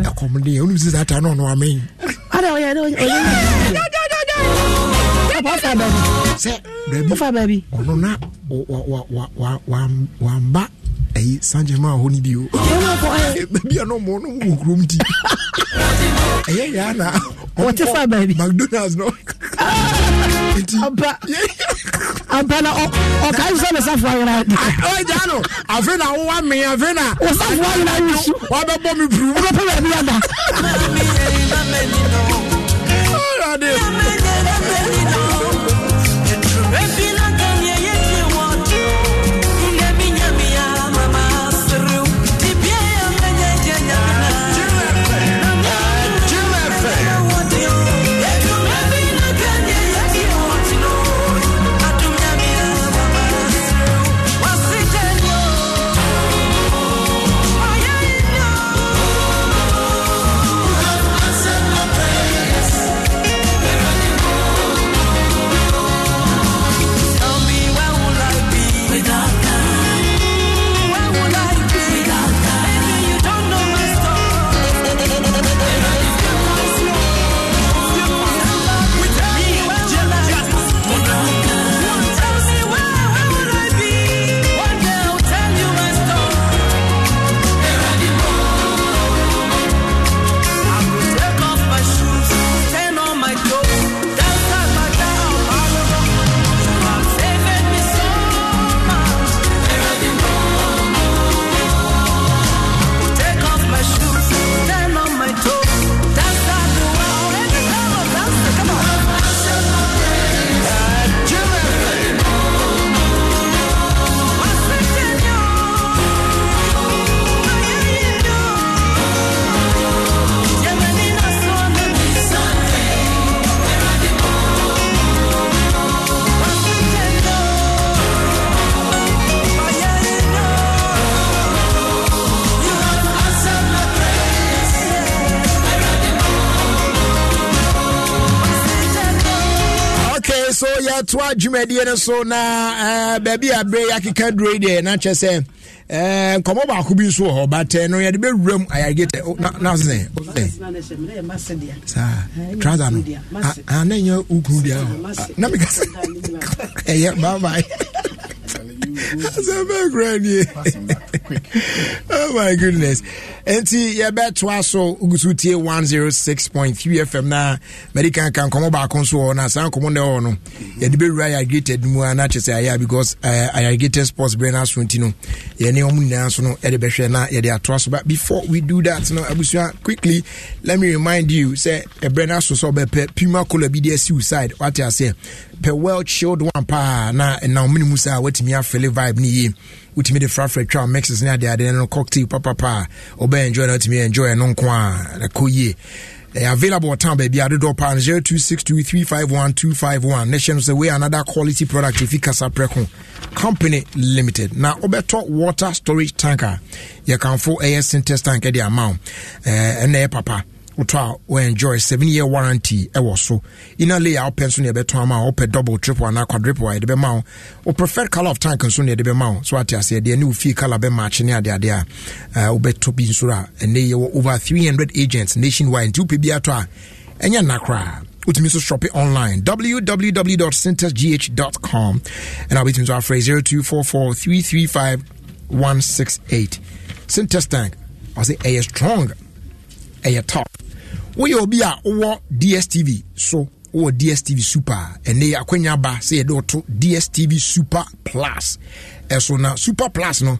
ɛkɔmdeɛ wonim sɛ saa ta no I amɛn not ɔyɛ ɔyɛ ɔfa baabi sɛ baabi ɔfa baabi ɔno na wamba ɛyi sanjɛma hɔ ni bi o baabi a na ɔmɔ no wɔ kurom ti ɛyɛ yɛ ana wɔte fa baabi mcdonalds no ampa na ɔkae sɛ ne safoɔ ayera ɔgya no afe na wowa me afe na wo safoɔ ayera ne su wabɛbɔ me puru wobɛpɛ baabi ada ɔrade yɛtoa dwumadie no so na eh, baabi a berɛ yɛakeka duroi deɛ na kyɛ sɛ eh, nkɔmmɔ baako bi nso wɔ hɔ batɛ eh, no yɛde bɛwura mu ayargetɛ oh, trouser no ah, ah, na ɛnyɛ wo kunu deɛ na meka sɛ [laughs] ɛyɛ babae [laughs] asɛ bɛkura nie [laughs] quick. [laughs] oh my goodness. And see, Enti yɛbɛtoa so gusu tie 106.3 FM now. American can come baako nso wɔ na saa nkɔmɔ nɛ wɔ no mhm. yɛde bɛwura yɛ aggregated mu a na kyɛ sɛ ayɛ a because eh, ayɛ aggregated sports brɛ no aso nti no yɛne ɔmo nyinaa so no yɛde bɛhwɛ na trust. but before we do that no abusua quickly let me remind you Say, ɛbrɛ no aso sɛ ɔbɛpɛ pima kola bi de asi wo side wate aseɛ pɛ well chilled one paa na ɛnam mene mu saa watumi afɛle vibe no yie wotumi de frafra twa mixes ne adeade no cocktail papa a ɔbɛ enjoy no wotumi enjoy no nko a ɛkɔ yie ɛyɛ eh, available ɔtan baabi adodoɔ paa no 0262351251 ne hyɛ no sɛ away. another quality product ɛfi kasaprɛko company limited Now, na top water storage tank a yɛkamfo ɛyɛ syntex tank ɛde ama wo eh, ɛnɛ ɛyɛ papa wotɔ a wɔenjoy seven year warranty ɛwɔ so inner layer wopɛ nso ne yɛbɛtɔn ama wopɛ double triple anaa quadruple a yɛde bɛma wo wo preferred colour of tank nso ne yɛde bɛma wo so wate aseɛ deɛ ne wo fie colour bɛmaakye ne adeade a eh, wobɛtɔ bi nso a ɛnɛ yɛwɔ over 300 agents nationwide nti wopɛ bi atɔ a ɛnyɛ nna koraa wotumi nso shopping online www.centersgh.com and I'll be to our phrase 0244 168 tank I say a strong ɛyɛ top woyɛ obi a wowɔ dstv so wowɔ dstv super ɛnɛ akwanya ba sɛ yɛde woto dstv super plus ɛso na super plus no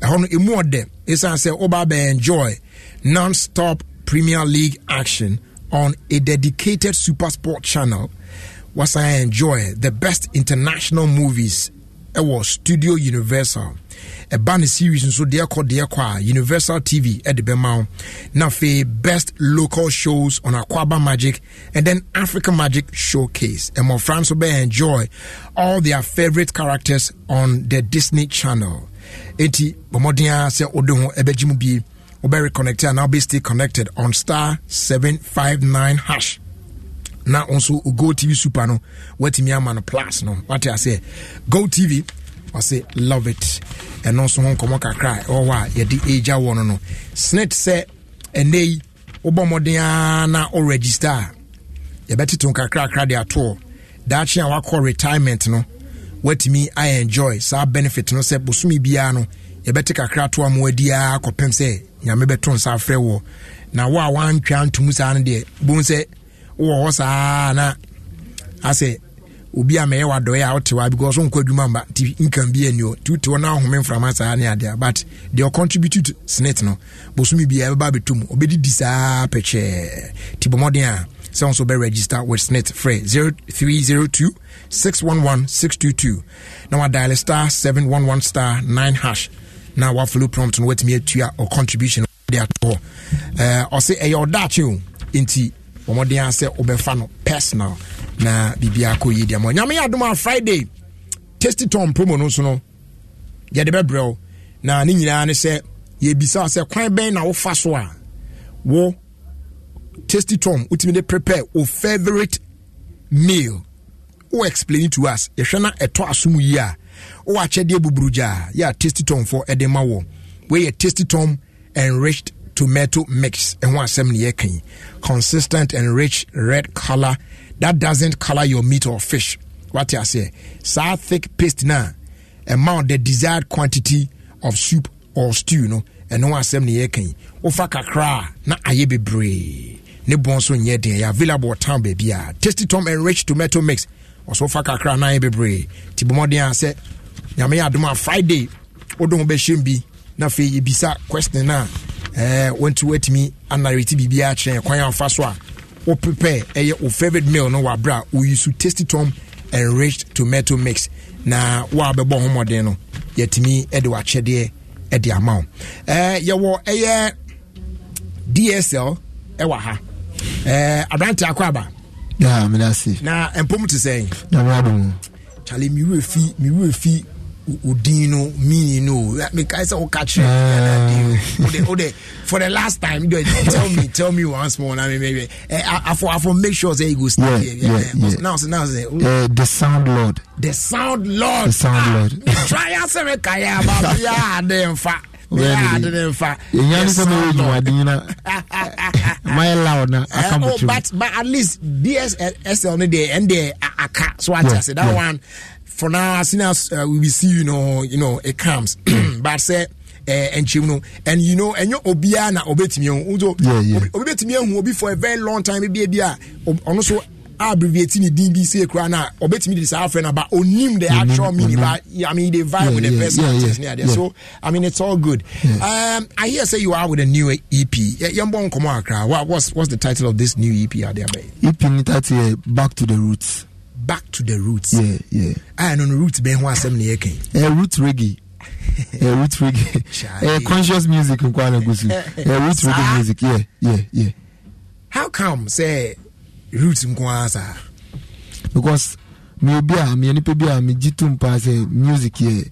ɛhɔ no ɛmu ɔdɛ ɛsiane sɛ woba bɛ enjoy non-stop premier league action on a dedicated super sport channel wasan enjoy the best international movies ɛwɔ studio universal ɛba ne series nso deɛ kɔ deɛ kɔ a universal tv ɛde bɛma wo na afei best local shows on aquaba magic and then africa magic showcase mmɔfra nso bɛ enjoy all their favorite characters on the disney channel eti bɔmmɔden a sɛ wode ho ɛbɛgye mu bie wobɛreconnect a na wobɛ stay connected on star 759 hash na nso go tv super no woatumi ama no plus no wate aseɛ go tv wɔse love it ɛno nso ho nkɔmmɔ kakra ɛwɔ hɔ a yɛde agya wɔ no no snit sɛ ɛnɛ yi wobɔ mmɔden a na woregister a yɛbɛteto kakrakra de atoɔ daakye a wakɔ retirement no watumi ayɛ enjoy saa benefit no sɛ bosome biara no yɛbɛte kakra to a ma wadi ara kɔpem sɛ nyame bɛto nsa afrɛ wɔ na wo a woantwa ntom saa no deɛ bohu sɛ wowɔ hɔ saa na asɛ obi a mɛyɛ wadɔɛ a ɔte hɔ because ɔnkɔ adwuma mba nti nkan bi ani o tu te hɔ na ɔhome mframa saa ne adeɛ but deɛ ɔcontribute to senate no bosomi biara ɛbɛba abɛtɔ mu ɔbɛdidi saa pɛkyɛɛ ti bɔmmɔden a sɛ nso bɛ register with senate frɛ 0302 611 622 na wadial star 711 star 9 hash na wafolo prompt no watumi atua ɔcontribution de atɔ hɔ ɔse ɛyɛ ɔdaakye o nti ɔmɔden a sɛ wobɛfa no personal na biribiaa kɔ yi deɛ ma nyame yɛ adom a friday tasty tom promo no nso no yɛde bɛbrɛ na ne nyinaa ne sɛ yɛbisa sɛ kwan bɛn na wofa so a wo tasty tom wotumi de prepare wo favorite meal wo explain it to us yɛhwɛ na ɛtɔ asom yi a wo akyɛdeɛ buburu gyaa yɛ tasty tom fo ɛde ma wɔ wei yɛ tasty tom enriched tomato mix ɛho asɛm ne yɛka consistent and rich red color that doesn't color your meat or fish What wate say? saa thick paste now, amount the desired quantity of soup or stew no ɛno ho one ne yɛka yi wofa kakra a na ayɛ bebree ne bɔn nso nyɛ den ɛyɛ available town baabi a tasty tom and rich tomato mix ɔso fa kakra na ayɛ bebree ti bɔmmɔden a sɛ nyame yɛ adom friday wode ho bɛhyɛm na fe yɛbisa question na wɔnti eh, woatumi anarete biribiaa kyerɛ kwan amfa so a wo oh, prepare ɛyɛ eh, wo favorite meal no wɔaberɛ a woyi so tasty tom enriched tomato mix na wo a bɛbɔ ho mmɔden no yɛtumi eh, de wakyɛdeɛ de ama wo yɛwɔ ɛyɛ dsl ɛwɔ ha aberante akɔ aba na mpom te sɛ chale mewerɛ fi mewerɛ fi odin no meaning no mekae sɛ woka kyerɛ for the last time tell me tell me once more na memɛwɛ afo eh, afo make sure sɛ igo stay yeah, yeah, yeah. Oh. Eh, the sound lord the sound lord the sound ah, lord try asɛ mekaeɛ aba biaa de mfa but, but at least DSL no deɛ ɛn deɛ aka so ate ase that one for now, as soon as uh, we see, you know, you know, it comes. [clears throat] but say. Eh, and you know, and you know ɛnyɛ obiara na ɔbɛtumi ɛhu nso obi bɛtumi ɛhu obi for a very long time Maybe ebi a ah, ɔno so abbreviate ne din bi se kura na ɔbɛtumi de saa afɛ na ba onim the actual meaning But i mean they vibe yeah, with the yeah, person yeah, yeah, yeah, yeah. so i mean it's all good yeah. um, i hear say you are with a new ep yɛmbɔ nkɔmmɔ akra what's, what's the title of this new ep adeɛ there? ep ne title eh, back to the roots back to the roots. Yeah, yeah. I ah, know roots been one some year king. Uh, root reggae. uh, [laughs] eh, root reggae. uh, conscious music in Kwana Gusu. Uh, eh, root reggae music. Yeah, yeah, yeah. How come say roots in Kwanza? Because me obia me nipa bia me jitu pa say music yeah.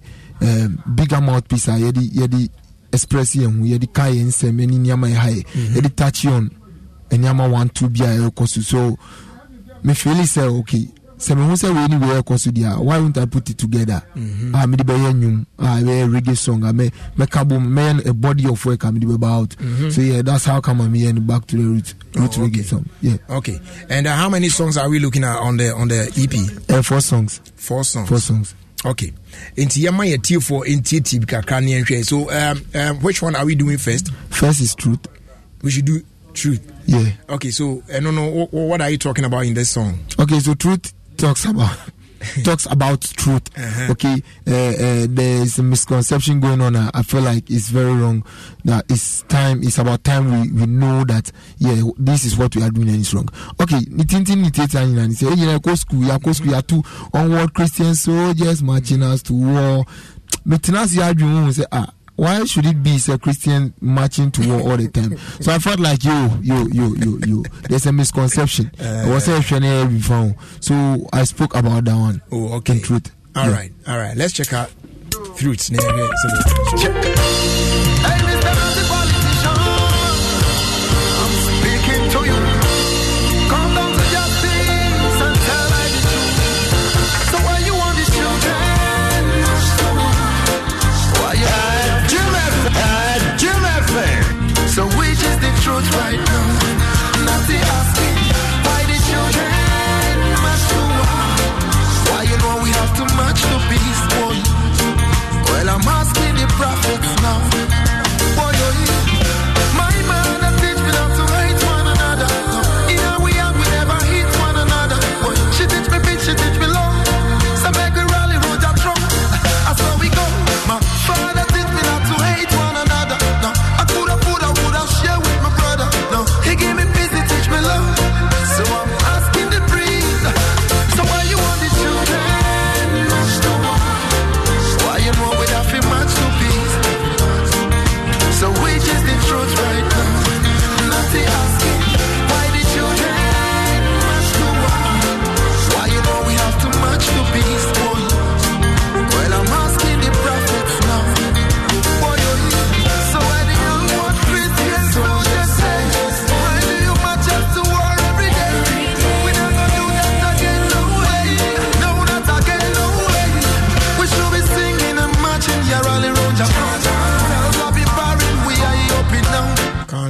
Um, bigger mouthpiece a ah, ye di express yɛn ho ye di yɛn nsɛm ɛne nneɛma ye ha yɛ mm-hmm. yɛde touch on nneɛma one two bi a yɛrekɔ so so me feel sɛ okay sɛ mehu sɛ wei ne wei ɛkɔ so why wont i put it together mm -hmm. a ah, mede bɛyɛ nnwom a ah, ɛbɛyɛ reggae song a mɛka bom mɛyɛ a body of work a mede bɛba out mm -hmm. so yeah that's how come I'm here and back to the root root oh, okay. reggae song yeah okay and uh, how many songs are we looking at on the on the EP uh, eh, four songs four songs four songs okay nti yɛma yɛ tiefoɔ ntiatie kakra ne yɛnhwɛ so um, um, which one are we doing first first is truth we should do truth yeah okay so I uh, eh, no, no what are you talking about in this song okay so truth talks about [laughs] talks about truth. Uh-huh. Okay, uh, uh, there is a misconception going on. Uh, I, feel like it's very wrong. That it's time. It's about time we, we know that yeah, this is what we are doing and it's wrong. Okay, nitintin nitatan and say you know, go school, you go school, you two onward Christian soldiers marching us to war. But now see, I dream say ah why should it be a Christian marching to war all the time? so I felt like yo, yo, yo, yo, yo. There's a misconception. Uh, eh. I was saying before, So I spoke about that one. Oh, okay. In truth. All yeah. right, all right. Let's check out fruits.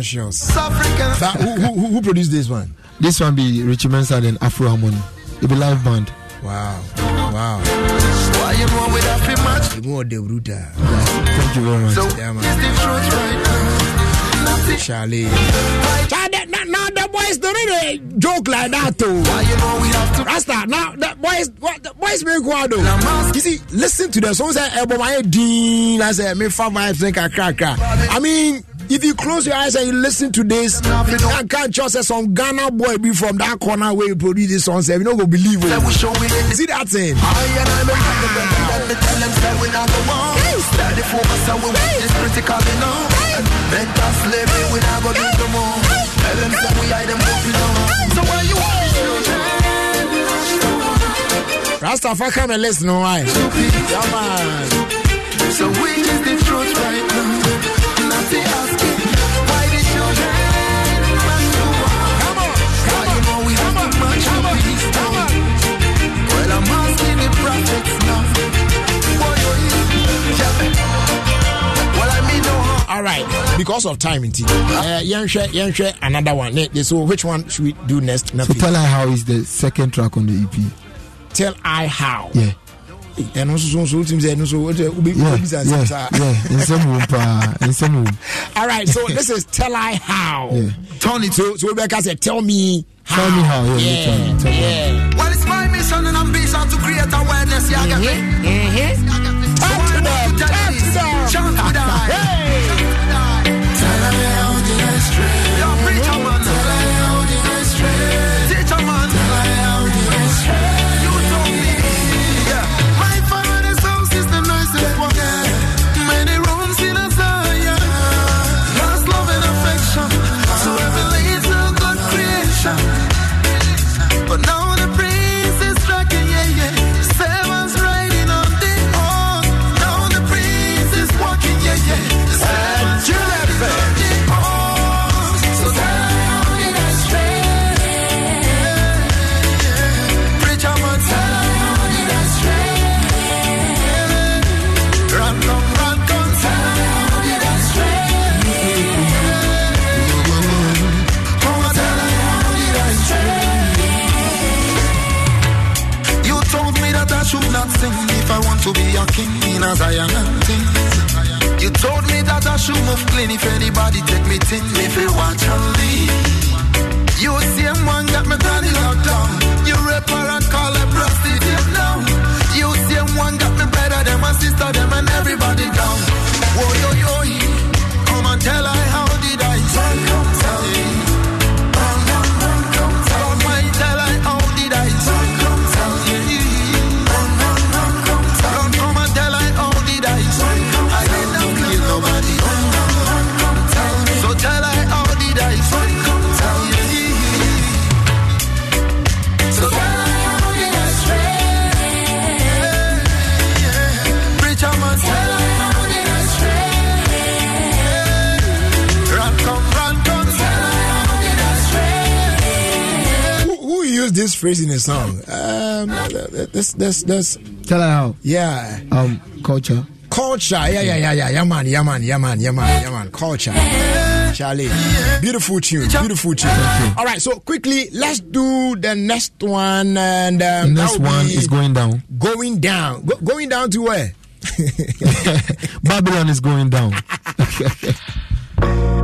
Productions. That, who, who, who, produced this one? This one be Richie Mensah and Afro Harmony. It be live band. Wow. Wow. The more the brutal. Thank you very much. So, yeah, man. Charlie. Charlie, now, now the boys don't even joke like that too. Rasta, now the boys, what the boys make what though? You see, listen to the songs that album I did. I said, me five my think I crack. I mean. If you close your eyes and you listen to this, I can't trust that some Ghana boy be from that corner where you produce this song. You don't go believe it. See that thing? Rastafa come and listen, alright. So we just the truth right now all right because of time indeed. uh, Yenche, yɛnhwɛ another one ne so which one should we do next so tell i how is the second track on the ep tell i how yeah ɛno nso so wotumi sɛ ɛno so wobɛbisa nsɛm saa nsɛm wom paa nsɛm alright so this is tell i how yeah. turn it so so wobɛka sɛ tell me how. tell me how yeah, yeah, me, me, well it's my mission and ambition to create awareness yeah, mm-hmm. to be a king in a Zion things. You told me that I should move clean if anybody take me thing, if you watch and leave. You same one got me granny locked down. You rape her and call her prostitute now. You same one got me better than my sister, them and everybody down. Whoa, phrasing a song. Um, that's that's that's. Tell her how. Yeah. Um, culture. Culture. Yeah, yeah, yeah, yeah. Yaman, yeah, Yaman, yeah, Yaman, Yaman, Yaman. Culture. Charlie, beautiful tune, beautiful tune. All right, so quickly, let's do the next one, and um, the next one is going down. Going down. Go- going down to where? [laughs] Babylon is going down. [laughs]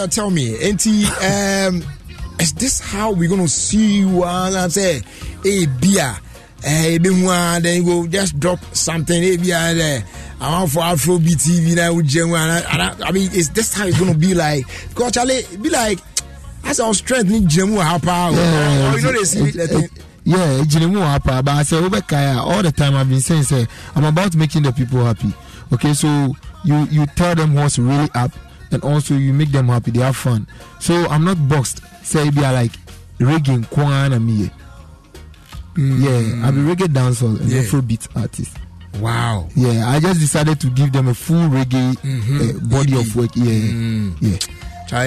Lisa, uh, tell me, Auntie, um, is this how we're going to see you? And I say, hey, beer. Hey, eh, be one. then you go just drop something. Hey, beer there. Eh, I want for Afrobeat TV now with Jemu. And I, I mean, is this how it's going to be like? Because Charlie, be like, that's our strength. Need Jemu how power. Yeah, you know, how power. But I say, Kaya. all the time I've been saying, say, I'm about making the people happy. Okay, so you you tell them what's really up and also you make them happy they have fun so i'm not boxed say they be like reggae kwan and me yeah i'm hmm. a reggae dancer and yeah. afrobeat artist Wow. Yeah, I just decided to give them a full reggae mm-hmm. uh, body of work. Yeah, mm. yeah.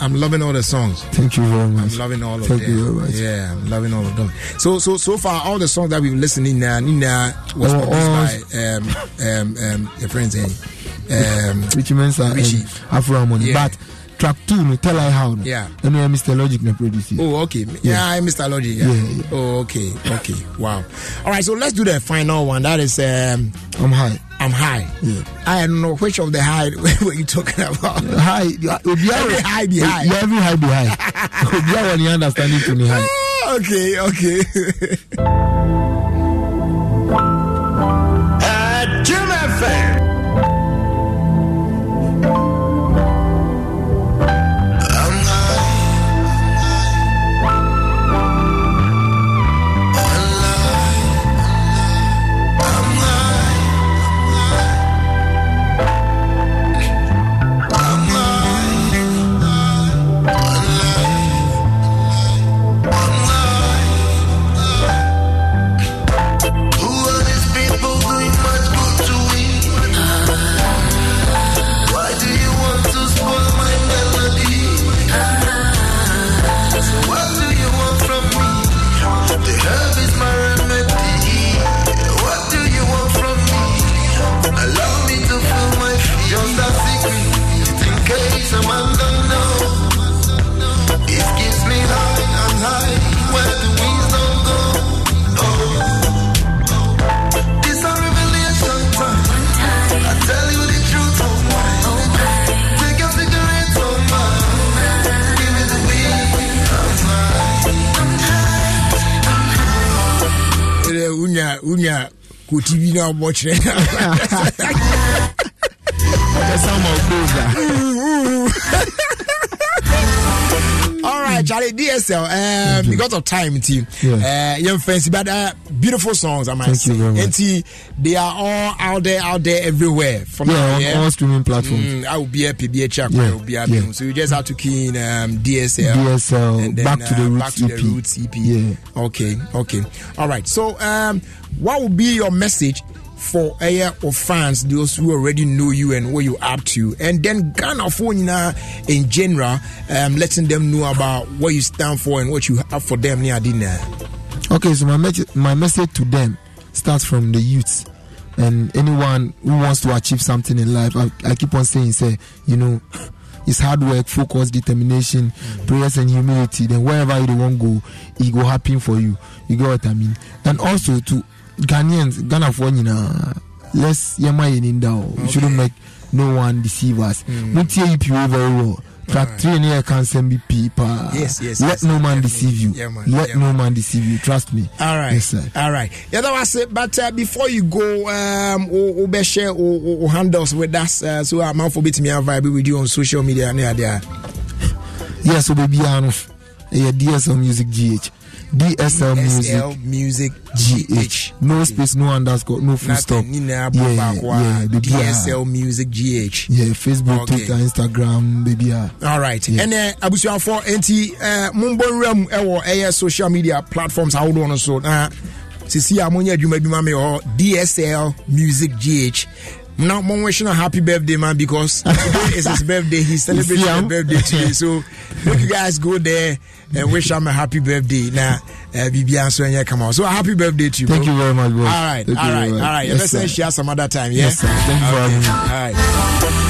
I, am loving all the songs. Thank you very much. I'm loving all of Thank them. Thank you very much. Yeah, I'm loving all of them. So, so, so far, all the songs that we've listened in, uh, in uh, was oh, produced oh, by um, um, um, your friends. Eh? um, Richie Mensa Richie. Afro Harmony. Yeah. But track two no tell I how no. Yeah. And yeah, Mr. Logic na produce. Oh, okay. Yeah, yeah Mr. Logic. Yeah. Yeah, yeah. Oh, okay. Okay. Wow. All right. So let's do the final one. That is. Um, I'm high. I'm high. Yeah. I don't know which of the high [laughs] were you talking about. High. Every high be high. Every [laughs] high be high. Obiara one you understanding to me high. Okay. Okay. [laughs] a wonya kɔti bi na ɔbɔ kyerɛ [laughs] [laughs] All right, Charlie DSL. Um, because of time, team. Yeah. Uh, young fancy, but uh, beautiful songs. I might Thank say. And see, they are all out there, out there everywhere. From yeah, now, on yeah. all streaming platforms. Mm, I will be a PBH. Yeah. I will be a yeah. So you just have to key in um, DSL. DSL. And then, back to the uh, roots. Back to EP. the roots EP. Yeah. Okay. Okay. All right. So, um, what would be your message for air uh, fans those who already know you and what you're up to and then ghana for in general um, letting them know about what you stand for and what you have for them near dinner okay so my, my message to them starts from the youths and anyone who wants to achieve something in life i, I keep on saying say you know it's hard work focus determination mm-hmm. prayers and humility then wherever you want go it will happen for you you get what i mean and also to Ghanians, Ghana for you know, let's yama in down. Okay. We shouldn't make no one deceive us. Mutie mm. EPO very well. Track three near can send me people. Yes, yes. Let no man deceive you. Let no man. deceive you. Trust me. All right. Yes, sir. All right. Yeah, that was it. But uh, before you go, um, we we'll share we'll handles with us. Uh, so I'm uh, man for bit me and vibe with you on social media. Near there. [laughs] Yes, we'll be on. Yeah, DSO Music GH. DSL, DSL Music, GH. No space, no underscore, no full Nothing. stop. Yeah, yeah, yeah, DSL Music GH. Yeah, Facebook, okay. Twitter, Instagram, baby. Yeah. All right. Yeah. And then, uh, Abusuan for NT, uh, Mumbo Rem, our social media platforms, how would you want to so? Uh, Sisi amonya adwuma bi ma me DSL Music GH now, mom wishing a happy birthday, man, because today is his birthday. He's celebrating his birthday today. So, make you guys go there and uh, wish him a happy birthday. Now, uh, Bibian so yeah, come on. So, happy birthday to you. Bro. Thank you very much, bro. All right, Thank all right, all right. Yes, Let's share some other time. Yeah? Yes, sir. Thank you for having me. All right.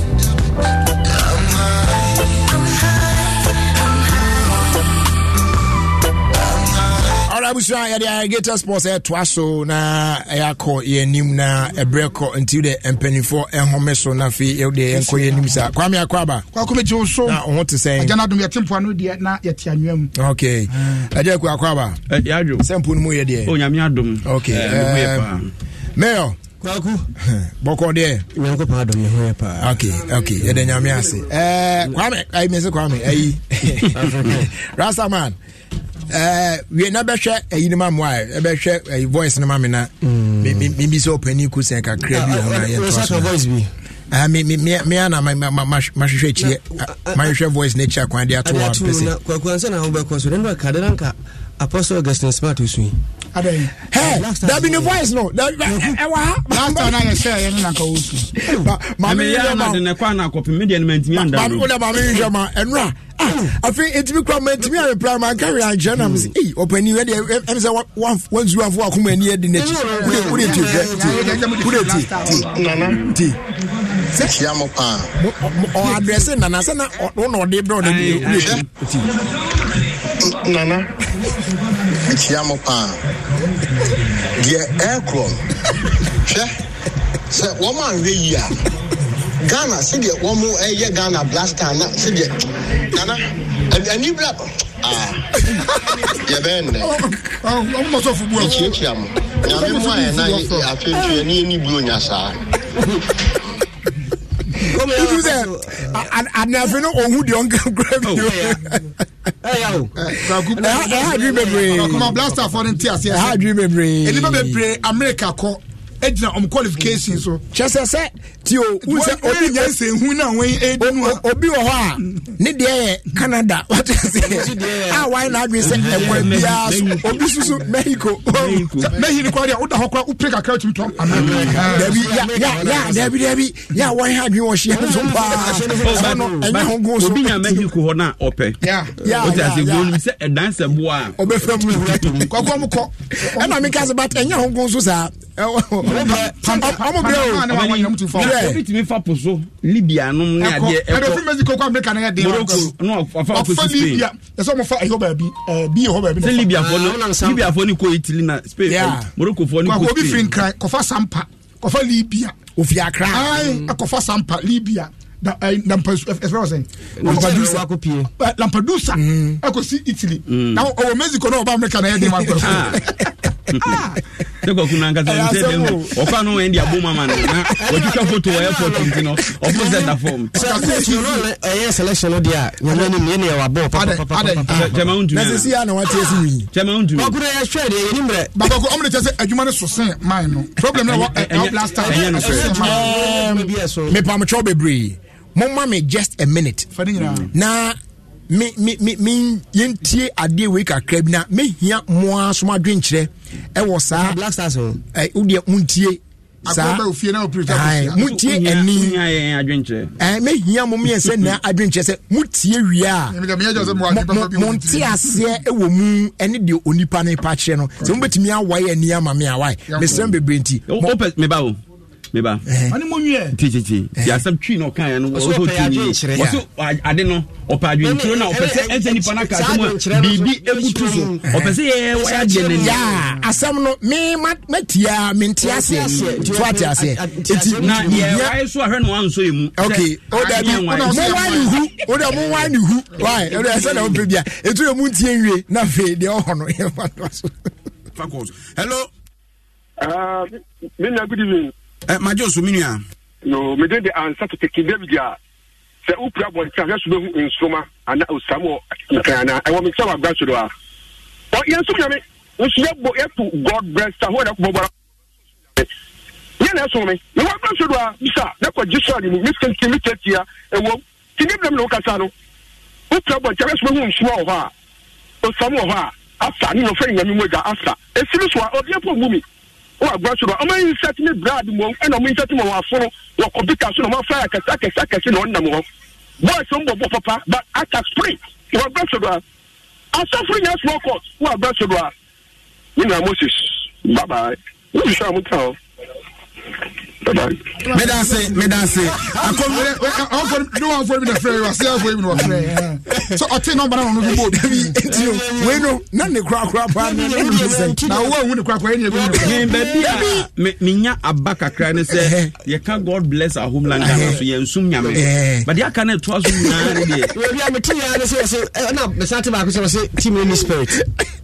abusua yɛde ayɛgata sports ɛtoa so na ɛyɛakɔ yɛanim na ɛberɛ kɔ nti de mpanimfoɔ ɛhome so na afei yɛwode yɛnkɔ yɛanim saa kwame akɔ aba kwakɔbɛgye so na wo ho te sɛn agya no adom yɛte mpoa no deɛ na yɛte anwea mu ok ah. agya aku akɔ aba sɛ mpo no mu yɛ deɛ onyame adom ok mayor kwaku [laughs] bɔkɔ deɛ nyankopɔn adom ne ho yɛ paa ok ok yɛda nyame ase kwame ayi me sɛ [laughs] kwame ayi rastaman Eh, wie na bɛhwɛ ayi eh, no ma mmoa ɛbɛhwɛ eh, voice no ma me na hmm. mebi sɛ ɔpani ku sɛ kakra bi ɔhonaɛ meana mahwehwɛ kyiɛ mahwehwɛ voice no akyi akwan de atoa pɛsɛ apostle augustine smart osun yi. adayi dabi ni voice no ɛwɔ ha. last time na yɛ sɛ yɛn nana ka o sun. maami yi yɛ ma ɛmi yɛ anadɛnɛ kɔ anakɔpi mi deɛ ni ma ntumi anda do. maami o da maami yi yɛ ma ɛnura afei etimi kura ma etimi ayɛ pra ma nka wi ankyɛn na mi sɛ eyi ɔpɛni wɛ deɛ ɛmi sɛ wɔn nsu afɔ akoma ani ɛdi n'akyi wúde wúde ti fɛ ti wúde ti ti sɛ hyia mo paa. ɔ adrɛsɛ nana sɛ na ɔno ɔde brɛ ɔde bi wúde ti nana mekyia mo paa deɛ ɛɛkorɔ hwɛ sɛ wɔn anwɛ yi a ghana sɛdeɛ wɔn ɛyɛ ghana blaster na sɛdeɛ nana ani bra yɛbɛn dɛ mekyiakyia mo nyame mu a ɛna atwentwe ani ani buo nya saa wotu sɛ anafe no ɔhu deɛ ɔnkakora bio ɛyɛ adwiri bebree ɛha adwiri bebree ɛnipa bebree amerika kɔ gyina ɔm um, qualification so. kyerɛ sɛ sɛ ti o wusɛ obi nyɛ nsɛ ehun na wɔn edi nu a. obi wɔ hɔ a ne deɛ yɛ canada wata se a wɔn na adwene sɛ ɛkwan biara so obi soso mexico. mexico [laughs] ni kwan de a woda hɔ kora wopere kakra tumi tɔm america. dabi ya ya ya dabi dabi ya wɔn ha adwene wɔ hyia so paa ɛno ɛnyɛ ho gun so. obi nya mexico hɔ na ɔpɛ. ya ya ya o ti a se gbolo sɛ ɛdansɛ bu a. ɔbɛ fɛn mu kɔkɔ mu kɔ ɛna mi ka se ba ɛnyɛ ho gun so saa. [laughs] Oh, oh, oh ọmọ bẹrẹ o ọmọ bẹrẹ o obi tìmí fa poso libya num ní adiẹ ẹkọ ẹdọ fún mexico kọ america náà dín morocco náà ọfà ọfà libya ẹsọ mo fa ẹyọ baabi ẹbi ẹhọ baabi. ṣé libya fọ ni libya fọ ni ko italy na spain morocco fọ ni ko spain. kò obi fi nkran kọfà sampa kọfà libya òfì àkàrà akọfà sampa libya lampedusa ɛkɔsi italy na ɔwɔ mexico na ɔba america na yɛ den wa nkɔrɔ sɛ kwaku no ankasa sɛ ɔfa no ɛnde abo mama no na wɔtwitwa photo eh, wɔ airport nti no ɔfo sɛ da fam ɛyɛ selection no deɛ a nyame no mmiene yɛ wabɔ gyama wontumiɛhwɛ sɛ adwuma no so sen man no problem no last time bebree momma eh, me just a minute na me me me me yɛntie adeɛ wei kakra bi na mehia mmoa soma adwenkyerɛ ɛwɔ saa ah, black stars o ɛ wodeɛ muntie saa mutie ani eh, mehia mo mmiɛnsa na adwenkyerɛ sɛ mutie wie eh, a monte aseɛ ɛwɔ mu ɛne deɛ onipa no pa kyerɛ no sɛ mobɛtumi awae ani ama me awae mesrɛ m bebree nti meba o meba ɔne mo wiɛ tititi yasɛm twi na ɔka yɛ no ɔsɛ ɔtwi ni ɔsɛ ade no ɔpɛ adwentiro na ɔpɛ sɛ ɛnsɛ nipa na kaa sɛ biribi ebutu so ɔpɛ sɛ yɛyɛ wɔyɛ agye ne ya asɛm no me ma ma tia me nti aseɛ so ate aseɛ eti na yɛ wae so ahwɛ no wanso yɛ mu okay o da bi mo wa ne hu o da mo wa ne hu why o da sɛ na ɔpɛ bia etu yɛ mu ntie nwie na afei deɛ ɔhɔ no yɛ fa to so hello uh, good evening magye so me nua no mede de ansa teteke david a sɛ wopira bɔnkyɛ hwɛ so bɛhu nsoroma ana osiam wɔ nkaana ɛwɔ me kyɛ wagba so do a yɛnso nyame nso yɛbɔ yɛto god bresta hɔ ɛna kobɔbɔra yɛ na ɛsom me na wagba so do a bisa na kɔgye sɔre mu me sɛnti me tatia ɛwɔ nti ne bnam na wokasa no wopira bɔnkyɛ hwɛ so bɛhu nsoroma wɔ hɔ a osiam wɔ hɔ a asa ne nɔfɛ nyame mu agya asa ɛsiri so a ɔdeɛ pɔ mu mi wọ́n àgbà sọ̀rọ̀ ọmọ yìí nsẹ́tì ní brad mu wọn ẹ̀nà ọmọ yìí nsẹ́tì mu wọn afọ́rọ́ wọ́n kọ̀mpútà sọ̀rọ̀ wọ́n afọ́ akẹ́sẹ́ akẹ́sẹ́ akẹ́sẹ́ náà ọ̀nàm wọn bọ́ọ̀sì ń bọ̀ bọ̀ papa but attack spray wọ́n àgbà sọ̀rọ̀ a asọ́fúnni yẹn small court wọ́n àgbà sọ̀rọ̀ a nínú Moses bye bye wọ́n ti sọ àwọn mú ta ọ́ medase medase ɔfɔ mi na fɛ wase afɔ mi na fɛ so ɔte nɔmba na ɔno bɔ dabi nti o wei no na ne korakora paa na ne ne sɛ na wo ahu ne korakora ɛni ebi ne baabi a menya aba kakra ne sɛ yɛka god bless our homeland Ghana eh. so yɛn sum nyame but yɛ aka ne to aso nyinaa ne deɛ. wɛbi a mi ti yɛn ara ne sɛ ɛna mɛsan te baako team any spirit.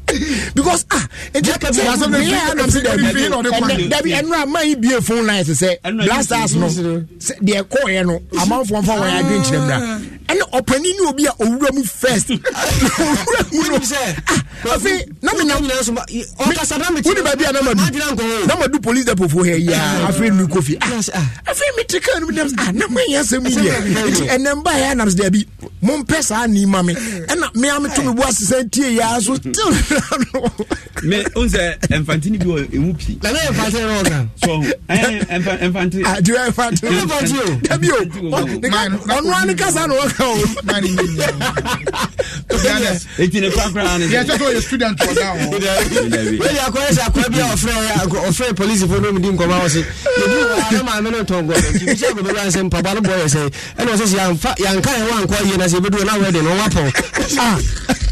[laughs] because ah nti ẹ kẹsẹ ẹnu mi yẹ ẹnu mi dẹbi dẹbi ẹnu a maa yi bie phone line sisẹ blasters no deɛ kɔ yɛ no amanfoɔ nfa wɔn adi nkyɛn mu na ɛna ɔpanin ni obi a owura mu first owura mu no ah afei na mi nam wuli baabi a nama du nama du police depo fo hɛ yia afei nu kofi ah afei mi ti kaa nu mi dɛm ah na mo yɛ sɛ mi yɛ nti ɛnɛm ba yɛ anam sɛ dɛbi mo n pɛ saa ni ma mi ɛna eh. ah, mi a mi to mi bu asesɛ tie yɛ aso still. [laughs] mɛ o sɛ ɛnfantini bi wɔ emu pi. nana yɛ fante yɛrɛ kan. sɔɔ ɛɛ ɛnfantini. a ti yɛ ɛnfantini. ɛnfantini o dabi o ɔnua ni kasa ni wɔn kan o. naani mi ni yɛrɛ. eti ne kura kura ni. yɛrɛ tɛ o ye student wɔ gan o. o de akɔyɛ sɛ akɔyɛ bi a ɔfrɛ ɔfrɛ polisi fo n'omi di nkɔmɔ awɔ se. ebi wɔ ale maa mi n'o tɔn gɔdɔ k'i bi se gbɛdɔ yan sɛ papa ni bɔ yɛ sɛ ɛna o sɛ yan fa yan ka yɛ wa nkɔ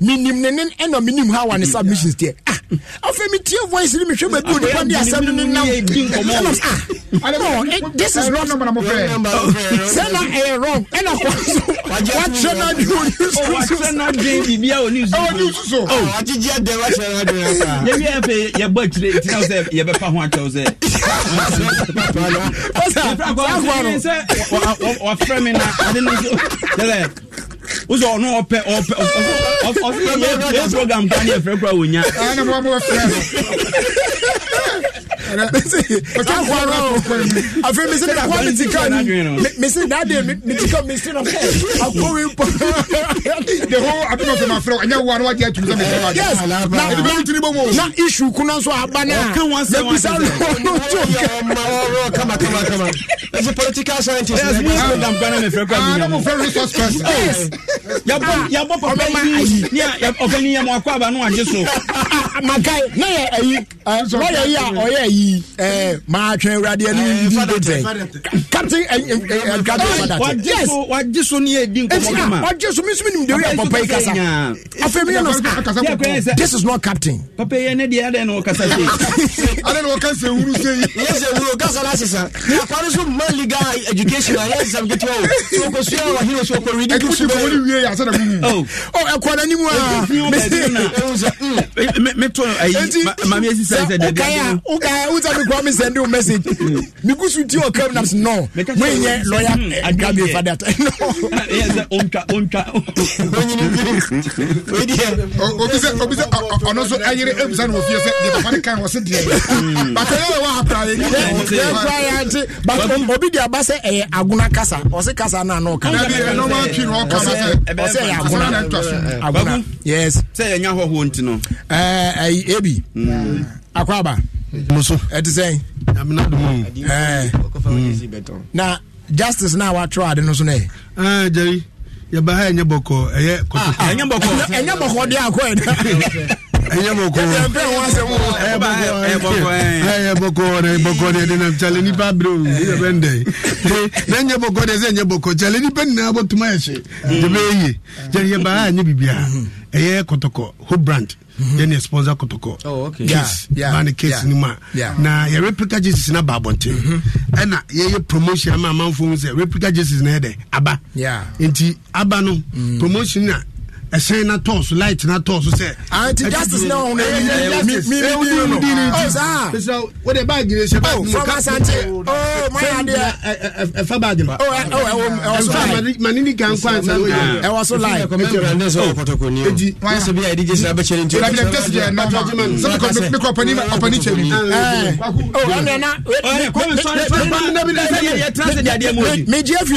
minim ne ne ɛna minim ha wa ne submissions deɛ ah afei mi tie voice ni mi hwɛ ma bi o nipa asɛm ne nam ɛna ah, no this is wrong sɛna ɛyɛ wrong ɛna kɔ oh, so oh, wakyerɛ na di o ni susu wakyerɛ na di bibi a o ni susu o ni susu o agyegye ɛdɛ wakyerɛ na di o sa yɛ bi ɛfɛ yɛ bɔ akyire ti na sɛ yɛ bɛ fa ho akyɛw sɛ ɔsa akɔ ano sɛ wafrɛ mi na ade ne so wosɛ ɔno ɔpɛ ɔpɛ program ka ne ɛfrɛ kora wɔnya afei mese na quality ka mese na de metika mese na akowe mpo the whole adom of my friend anya wa no wagye atum sɛ mese na yes na ebi bɛ ntini bɔ mu na issue kuna nso aba na ka wan sɛ wan sɛ no to kama kama kama as a political scientist ah, yes mo program kana me fɛ kwa mi na mo fɛ resource yabɔ ah, papa yi ni ɔfɛn yi yamu akɔ aba no so. Ah, makae na yɛ ayi ah, na yɛ yi a ɔyɛ ayi ɛɛ eh, maa twɛn awurade ɛni eh, di ko tɛ captain ɛɛ eh, ɛɛ captain fadate yes wagye so ni yɛ di nkɔmɔ kama wagye so misimi ni mudewuri yɛ papa yi kasa afɛ mi yɛ no sa this is not captain. papa yi ne deɛ adan na ɔkasa se. adan na ɔkasa ewuru se yi. yɛ sɛ ewuru ɔkasa la sisan akɔri so man legal education a yɛ sisan bi o so wa hinɛ so ko reading wọ́n wíyẹ yà sẹ́dá mímu ọ ẹ̀kọ́ náà ni mu a. mi tọ ayi maami esi sa ẹsẹ dẹbi. ọkàyà ọkàyà ọkàyà ọkàyà ọkàyà mi send you [laughs] message mi kú sùn tí o kẹ́ mi nà sí nọ mo n yẹ lọ́yà gabi fada tẹ. obi sẹ obi sẹ ọ̀nà sọ ayẹrẹ ebusa ni wọ́n fi ẹsẹ̀ ní papa ni kan wọ́n sẹ diẹ. bàtà yẹ wà hàpà yẹ yẹ kura yà ti bàtà obi di abasẹ ẹ eh, yẹ eh, aguna kasa ọsẹ kasa náà nọ kàn. ọ̀nà bí ẹ̀ nọ́ọ̀mà kiri ọ̀kà náà. ebi mm. akwaba muso ɛte sɛn mm. mm. na justice na watwerɛ ade no so no ah, ah, ɛ yɛba ha ɛnyɛ bɔkɔɔ ɛyɛ ɛnyɛ bɔkɔɔ deɛ akɔɛ ɛyɛ bɔkɔɛyɛ bɔkɔɛ bɔkɔ ne ɛde nam kyale nipa berɛ ɛyɛ bɛndɛ na ɛnyɛ bɔkɔ deɛ sɛ ɛnyɛ bɔkɔ kyale nipa nyinaa bɔtoma ɛhye gye bɛɛye gyɛne yɛ baa anyɛ biribiaa ɛyɛ kɔtɔkɔ ho brand yɛne sponsor kɔtɔkɔ case bane case no mu a na yɛreplica jesus no aba abɔnten ɛna yɛyɛ promotion ama amanfo hu sɛ replica jesus no ɛdɛ aba nti aba no promotion a ɛhyɛn na tɔɔ so light na tɔɔ so sɛ. anti justice náà wọn yìí mi mi mi mi mi o saa. o de baagi de se baagi mu ka o ma yà adiɛ. ɛfɛ baagi ma. o ɛwɔ ɛwɔ so light. mani ni gan kwan san kan. ɛwɔ so light. ɛti ne sɔ kɔtɔkɔ ni o ne sɔ bi a yɛ di jesi abɛ cɛli nti. ɛbi tɛsi jɛ n'a tɔ jima sani kɔ ne kɔ pɔni ɔpɔni cɛ mi. o ɛnɛ na. ɔyɛ kɔmi sɔɔni sɔɔni ne bi ne yɛ yɛ tiransi di adiɛ mu. mi jɛ fi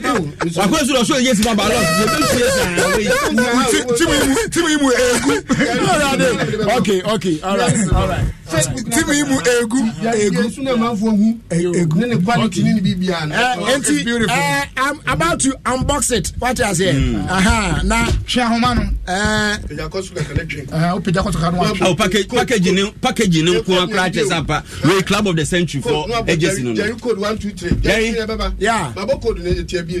wakɔ esu lɔ so eye si baba lɔ ebi fie saa. timu imu timu imu egu ok ok alright alright. timu imu egu egu egu ne ni quality ni ni bi bi ana. eti ɛɛ i'm about to unbox it wati ase. na hwɛ ahoma no. opagya kɔsɔ kanu wa. awo package ni package ni nkun akura kyɛ sapa wey club of the century for agency ninnu. jerry code one two three. jerry ya. mabɔ code ne de tiɛ bi ye.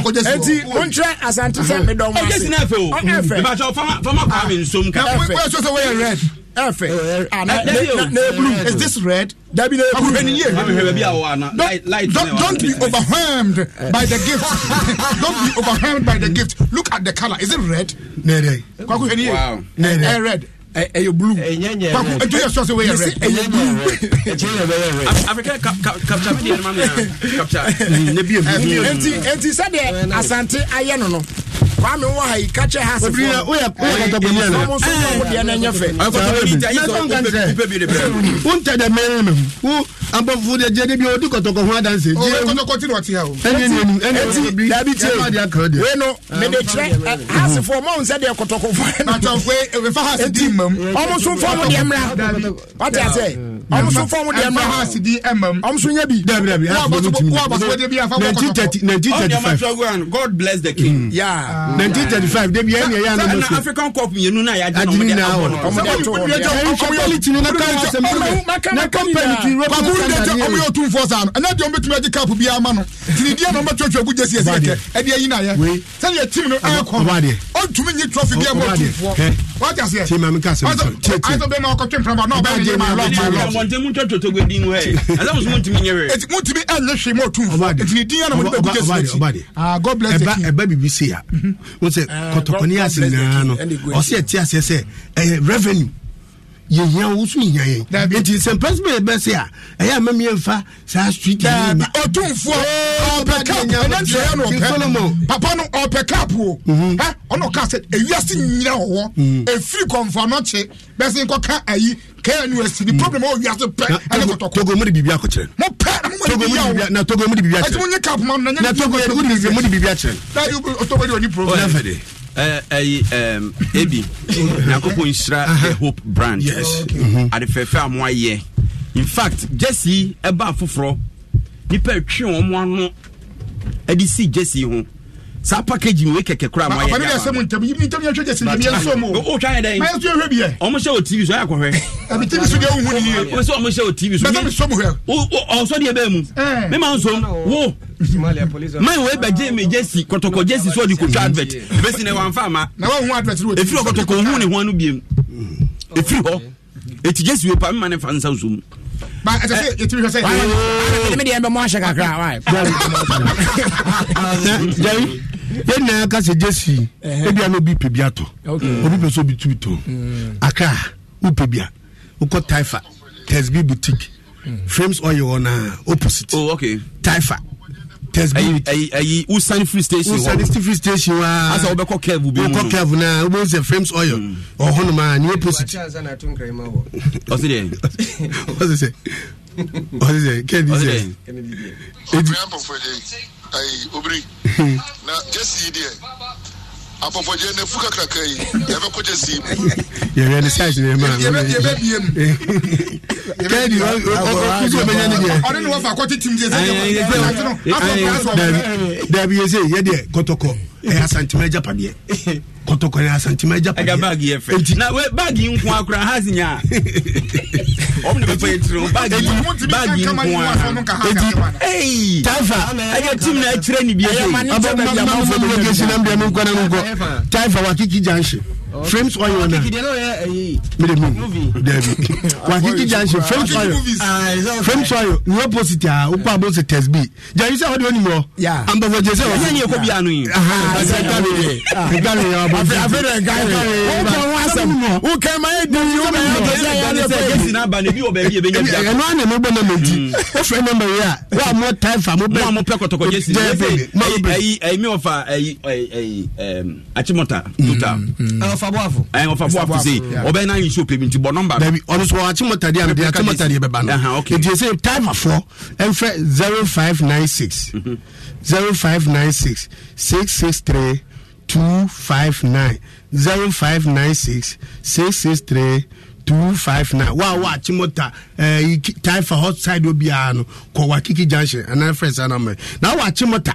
kɔtɔkɔjɛ si wɔ. eti o n tẹ asante sẹ mi dɔn wọn se. ɔjɛ sinɛ fɛ o ɛfɛ ìbàjɔ fama fama kɔ mi nsom kan. ɛfɛ ɛfɛ sɔsɔ wɔyɛ red. ɛfɛ ana ne blue is this red. dabi ne blue. ahun ye. ami hɛrɛ bi awɔ ana light ne wa. don't be overwhelmed by the gift don't be overwhelmed by the gift look at the colour is it red. nɛɛrɛ kwaku hɛrɛ ye. nɛɛrɛ red ɛyɛ blue baako ɛtu yɛ sɔsɔ wɛyɛ rɛ ɛyɛ blue afrika kapcha mi ni yɛn ma mi kapcha ne bi ye blue nti nti sɛdeɛ asante ayɛ no no kwame wɔ ha yi kakyɛ ha si fɔ ɔyɛ kɔtɔbɔni yɛn na ɔmo sɔ ɔmo deɛ na ɛnyɛ fɛ o ntɛ dɛ mɛrin mɛ o abɔfo de jɛ de bi o di kɔtɔkɔ ho adanse. o ye kɔtɔkɔ ti na ɔti ah, ha o. ɛni ɛni ɛni ɛni bi dabi tiɲɛ ɛni adi akɔrɔ de. wenu mɛ de kyerɛ haasi fɔ ɔmɔ nsɛ de kɔtɔkɔ fɔ. batɔn fɛ efa haasi di ma mmom ɔmo so mfa mo deɛ mmra wate ɔmu so fɔmu deɛ mɛ haasi di ɛmɛm ɔmu so nya bi dabi dabi ɛfɔ ɔmu tumi wa bɔsɔ de bi afa kɔkɔ nineteen thirty nineteen thirty five god bless the king ya nineteen thirty five de bi ɛni ɛyà ni mo so african cup mienu na yà di na ɔmu de abɔ no ɔmu de to wɔn yɛ kɔpɔliti ni naka yɛ sɛmɛ na kɔmpɛni ti yɛ kɔpɔli de jɛ ɔmu yɛ tun fɔ san ɛnɛ deɛ ɔmu bɛ tuma ɛdi kapu bi ama no tiri diɛ na ɔmu bɛ tɔ tɔ ɛgu jɛsi ɛsi ɛkɛ ɛdi ɛyi na yɛ sani yɛ tim no ɛyɛ kɔ ɔntumi nyi trɔfi bi ɛmɔ tu fɔ wɔn ti a seɛ ɔtɔ bɛ ma ɔkɔ twɛ mpɛrɛba n'ɔbɛ yi ma lɔ ma lɔ. [laughs] Ah, god bless you. ɛba ɛba bibi se ya o sɛ mm-hmm. kɔtɔkɔni y'a sinɛ naanu ɔsi ɛti ase sɛ ɛyɛ revenue yɛhia wo so hia yɛn nti sɛ mpɛ bɛyɛ bɛse a ɛyɛ ama miɛmfa saa street ɔtomfoɔ papa no ɔpɛ cap o ɔna ɔka sɛ awiase nyina wɔwɔ ɛfiri kɔmfano kye bɛse nkɔka ayi knus ne problem a ɔwiase pɛ ɛne kɔtɔkɔtogomode biribi akɔkyerɛ mopɛ togomode biribi akyerɛ na togomode biribi akyerɛ ɛyi eh, eh, ebi nyankopɔn nhyira the hope brand mhm. mhm. adefɛɛfɛ a mo ayɛ in fact jesse ɛba afoforɔ nipa atwi wɔn ano ɛde si jesse ho saa package wei kɛkɛ kora ma yɛ dɛ sɛm ntam yi ntam yɛhwɛ gyɛ sɛ ntami yɛnsɔ mu o twa yɛ dɛ ma yɛsɛ hwɛ biɛ ɔmo hyɛ o tv so ayɛ akɔhwɛ ɛbi eh, tv so deɛ wohu ne yie ɔmo sɛ ɔmo hyɛ o tv so bɛsɛ mesɔ mu hwɛ eh. ɔsɔ deɛ bɛɛ mu me ma nsom wo mayi wo eba gye me jesi kɔtɔkɔ jesi so ɔde kotwa advert bɛsi na wamfa ama na wahu advert no ɛfiri ɔkɔtɔkɔ ohun ne ho ano biem ɛfiri mm. hɔ ɛti mm. jesi wei pa mema ne fa nsa nsom ba ɛsɛ sɛ yɛtumi hwɛ sɛ medeɛ bɛmɔ ahyɛ kakra gyai yɛnna ka sɛ gyesi ebia na obi pɛ bi ato obi pɛ sɛ obi tumi to akra wopɛ bi a wokɔ tifa tesbi boutique frames oil wɔ na opposite Taifa ayi usan free station usan free station wa asa wobɛkɔ kev bi mu wokɔ kev na wobɛhu sɛ frames oil mm. ɔhonom a ne yɛposit ɔse deɛ [laughs] ɔse sɛ ɔse sɛ kennedy sɛ ɔbɛn apɔfɔ de ayi obiri [laughs] na jesi deɛ apɔfɔgye ne fu kakraka yi yɛbɛ kɔgye si yɛbɛ ne size yɛ maa yɛbɛ yɛbɛ mu. kɛdi ɔkú sọ bɛ yanni yɛ. ɔne ni wɔn kɔti tim jɛ sɛ yɛ wɔn fa kɔti tim jɛ sɛ yɛ wɔn fa kɔti tim jɛ sɛ yɛ wɔn fa kɔti tim jɛ sɛ yɛ wɔn fa kɔti tim jɛ sɛ yɛ wɔn fa kɔti tim jɛ sɛ yɛ wɔn fa kɔti tim jɛ sɛ yɛ wɔn fa kɔti tim jɛ sɛ yɛ wɔn fa kɔti ɛyɛ asantima agya padeɛ kɔtɔkɔ ɛyɛ asantima agya padeɛ ɛga baagi na wɛ baagi nko akora ha nya ɔmu de bɛ fɔ etiri o baagi baagi nko a eti taifa ɛyɛ tim na ɛkyerɛ ni bi ɛyɛ ɔbɛ mu na mu na mu na mu na mu na mu na mu na mu na mu na mu na mu na mu na mu na mu na frames wine wọn na mede mu dabi wakiki junction frames wine frames wine ni wọn posit a wọkọ abo se test bi jayi sẹ ọdi onim rọ ambafo jẹ sẹ ọdi yẹn kọ bi anu yi ẹgbẹrún yẹn abo fi afẹrẹ ẹgbẹrún yẹn ọkọ wọn asẹm o kẹ ma ye den yi o bẹ yà jẹ sẹ yà lẹ fẹ gẹsi n'a ban ebi o bẹ bi ebi yẹ bi a. ẹnu àná mi gbọ́ náà mẹ́tì o fẹ́ nọmba yẹ a wà mọ táì fà mọ bẹ́ẹ̀ mọ pẹ́ kọ̀tọ̀kọ̀ jẹ si ẹ ẹ mi ò fa ẹ ẹ ẹ ẹ atimọta tuta ɔfaboafo ɛn eh, ɔfaboafo se ɔbɛn na nsuo pɛmi nti bɔ nɔmba no ɔno so akyemɔtadeɛ amede akyemɔtadeɛ bɛba no nti ɛsɛ timafoɔ ɛmfrɛ 0596 0596 663 259 0596 663 259 wa wa akyi mota ɛɛ eh, taifa hot side obiara no kɔ wa kiki junction ɛnna fɛn sanamɛ na wa akyi mota.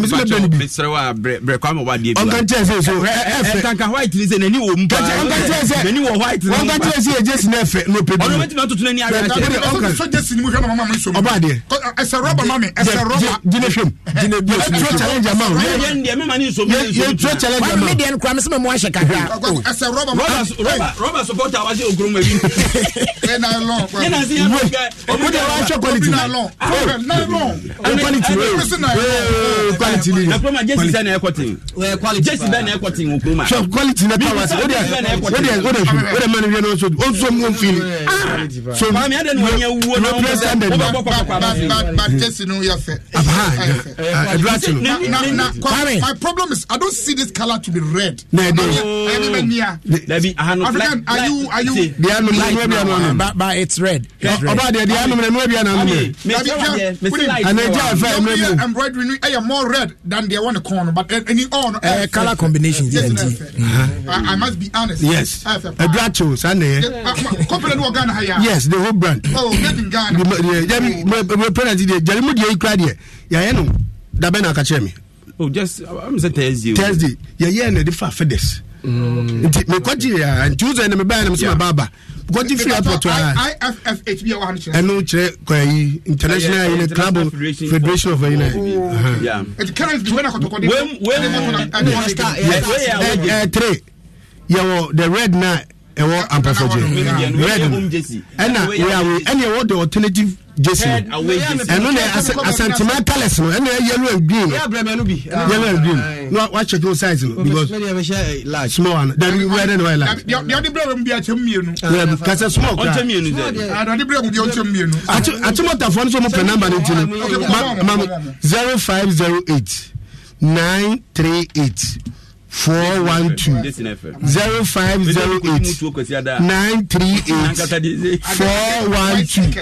misi bɛ bɛn ni bi. wa brɛ brɛ kɔ ama wa die bi ni se nani wo ni mu paa. ɔnkan tiɛ se jesi n'ɛ fɛ n'o pe bi. ɔlɔwɛ ti ni mu mama mi so mu. ɔba adiɛ. ɛsɛ rɔba ma mi ɛsɛ rɔba. jinɛ fɛm jinɛ bi o sunu so. challenge ama o. Oh. [laughs] yɛn diɛ mi ma ni so mi ni so. yɛn turo challenge ama. wa mi diɛ nkura mi sɛ mɛ mu quality ni ɛkuroma jesi sɛ na ɛkɔten jesi bɛ na ɛkɔten ɛkuroma sɛ quality na tawa se o de o de o de o de mɛni wiye n'oso o nso mu nfili so maami adi ni wɔnyɛ wuo na wɔn bɛ bɔ kɔkɔ kɔ abafin. ba jesi nu yɛ fɛ. aba ɛdura ti no. my problem is i don't see this colour to be red. na ɛdi ɛdi bɛ niya. dabi ahanu african are you are you. di anum na nua bi anu anu. ba it's red. ɔba de di anum na nua bi anu anu. dabi kɛ wuli anaja afɛ ɛmɛ mu. embroidery ni eh, ɛyɛ more red than the one corn, but any on uh, eh, eh, color combination. Yes, uh-huh. I, I must be honest. Yes, a eh, bracho, Sunday. Uh, yes, the whole brand. Oh, nothing. in Ghana. Oh. My parents did Jeremy Day Cradia. Yeah, I know. Dabena Kachemi. Oh, just I'm saying Thursday. Thursday. Yeah, yeah, and the far fedes. Nti mekɔgyeɛ a nti wosɛ ne mebaa ne m sɛ mababa gɔgye firi airport wa ɛno kyerɛ kɔyi international yine club federation of yine tre yɛwɔ the red na ɛwɔ ampafɔgye red ɛna ɛne ɛwɔ the alternative jesu ɛno ne asantema colours no ɛna yellow and green yellow and green no wa check no size no because eh, small one that we wear no large the other brother bi akyɛ mmienu yeah because small kra ɔkyɛ mmienu dɛ the other brother bi ɔkyɛ mmienu atumɔtafoɔ no so mo pɛ number no ti no ma ma zero five zero eight nine three eight four one two zero five zero eight nine three eight four one two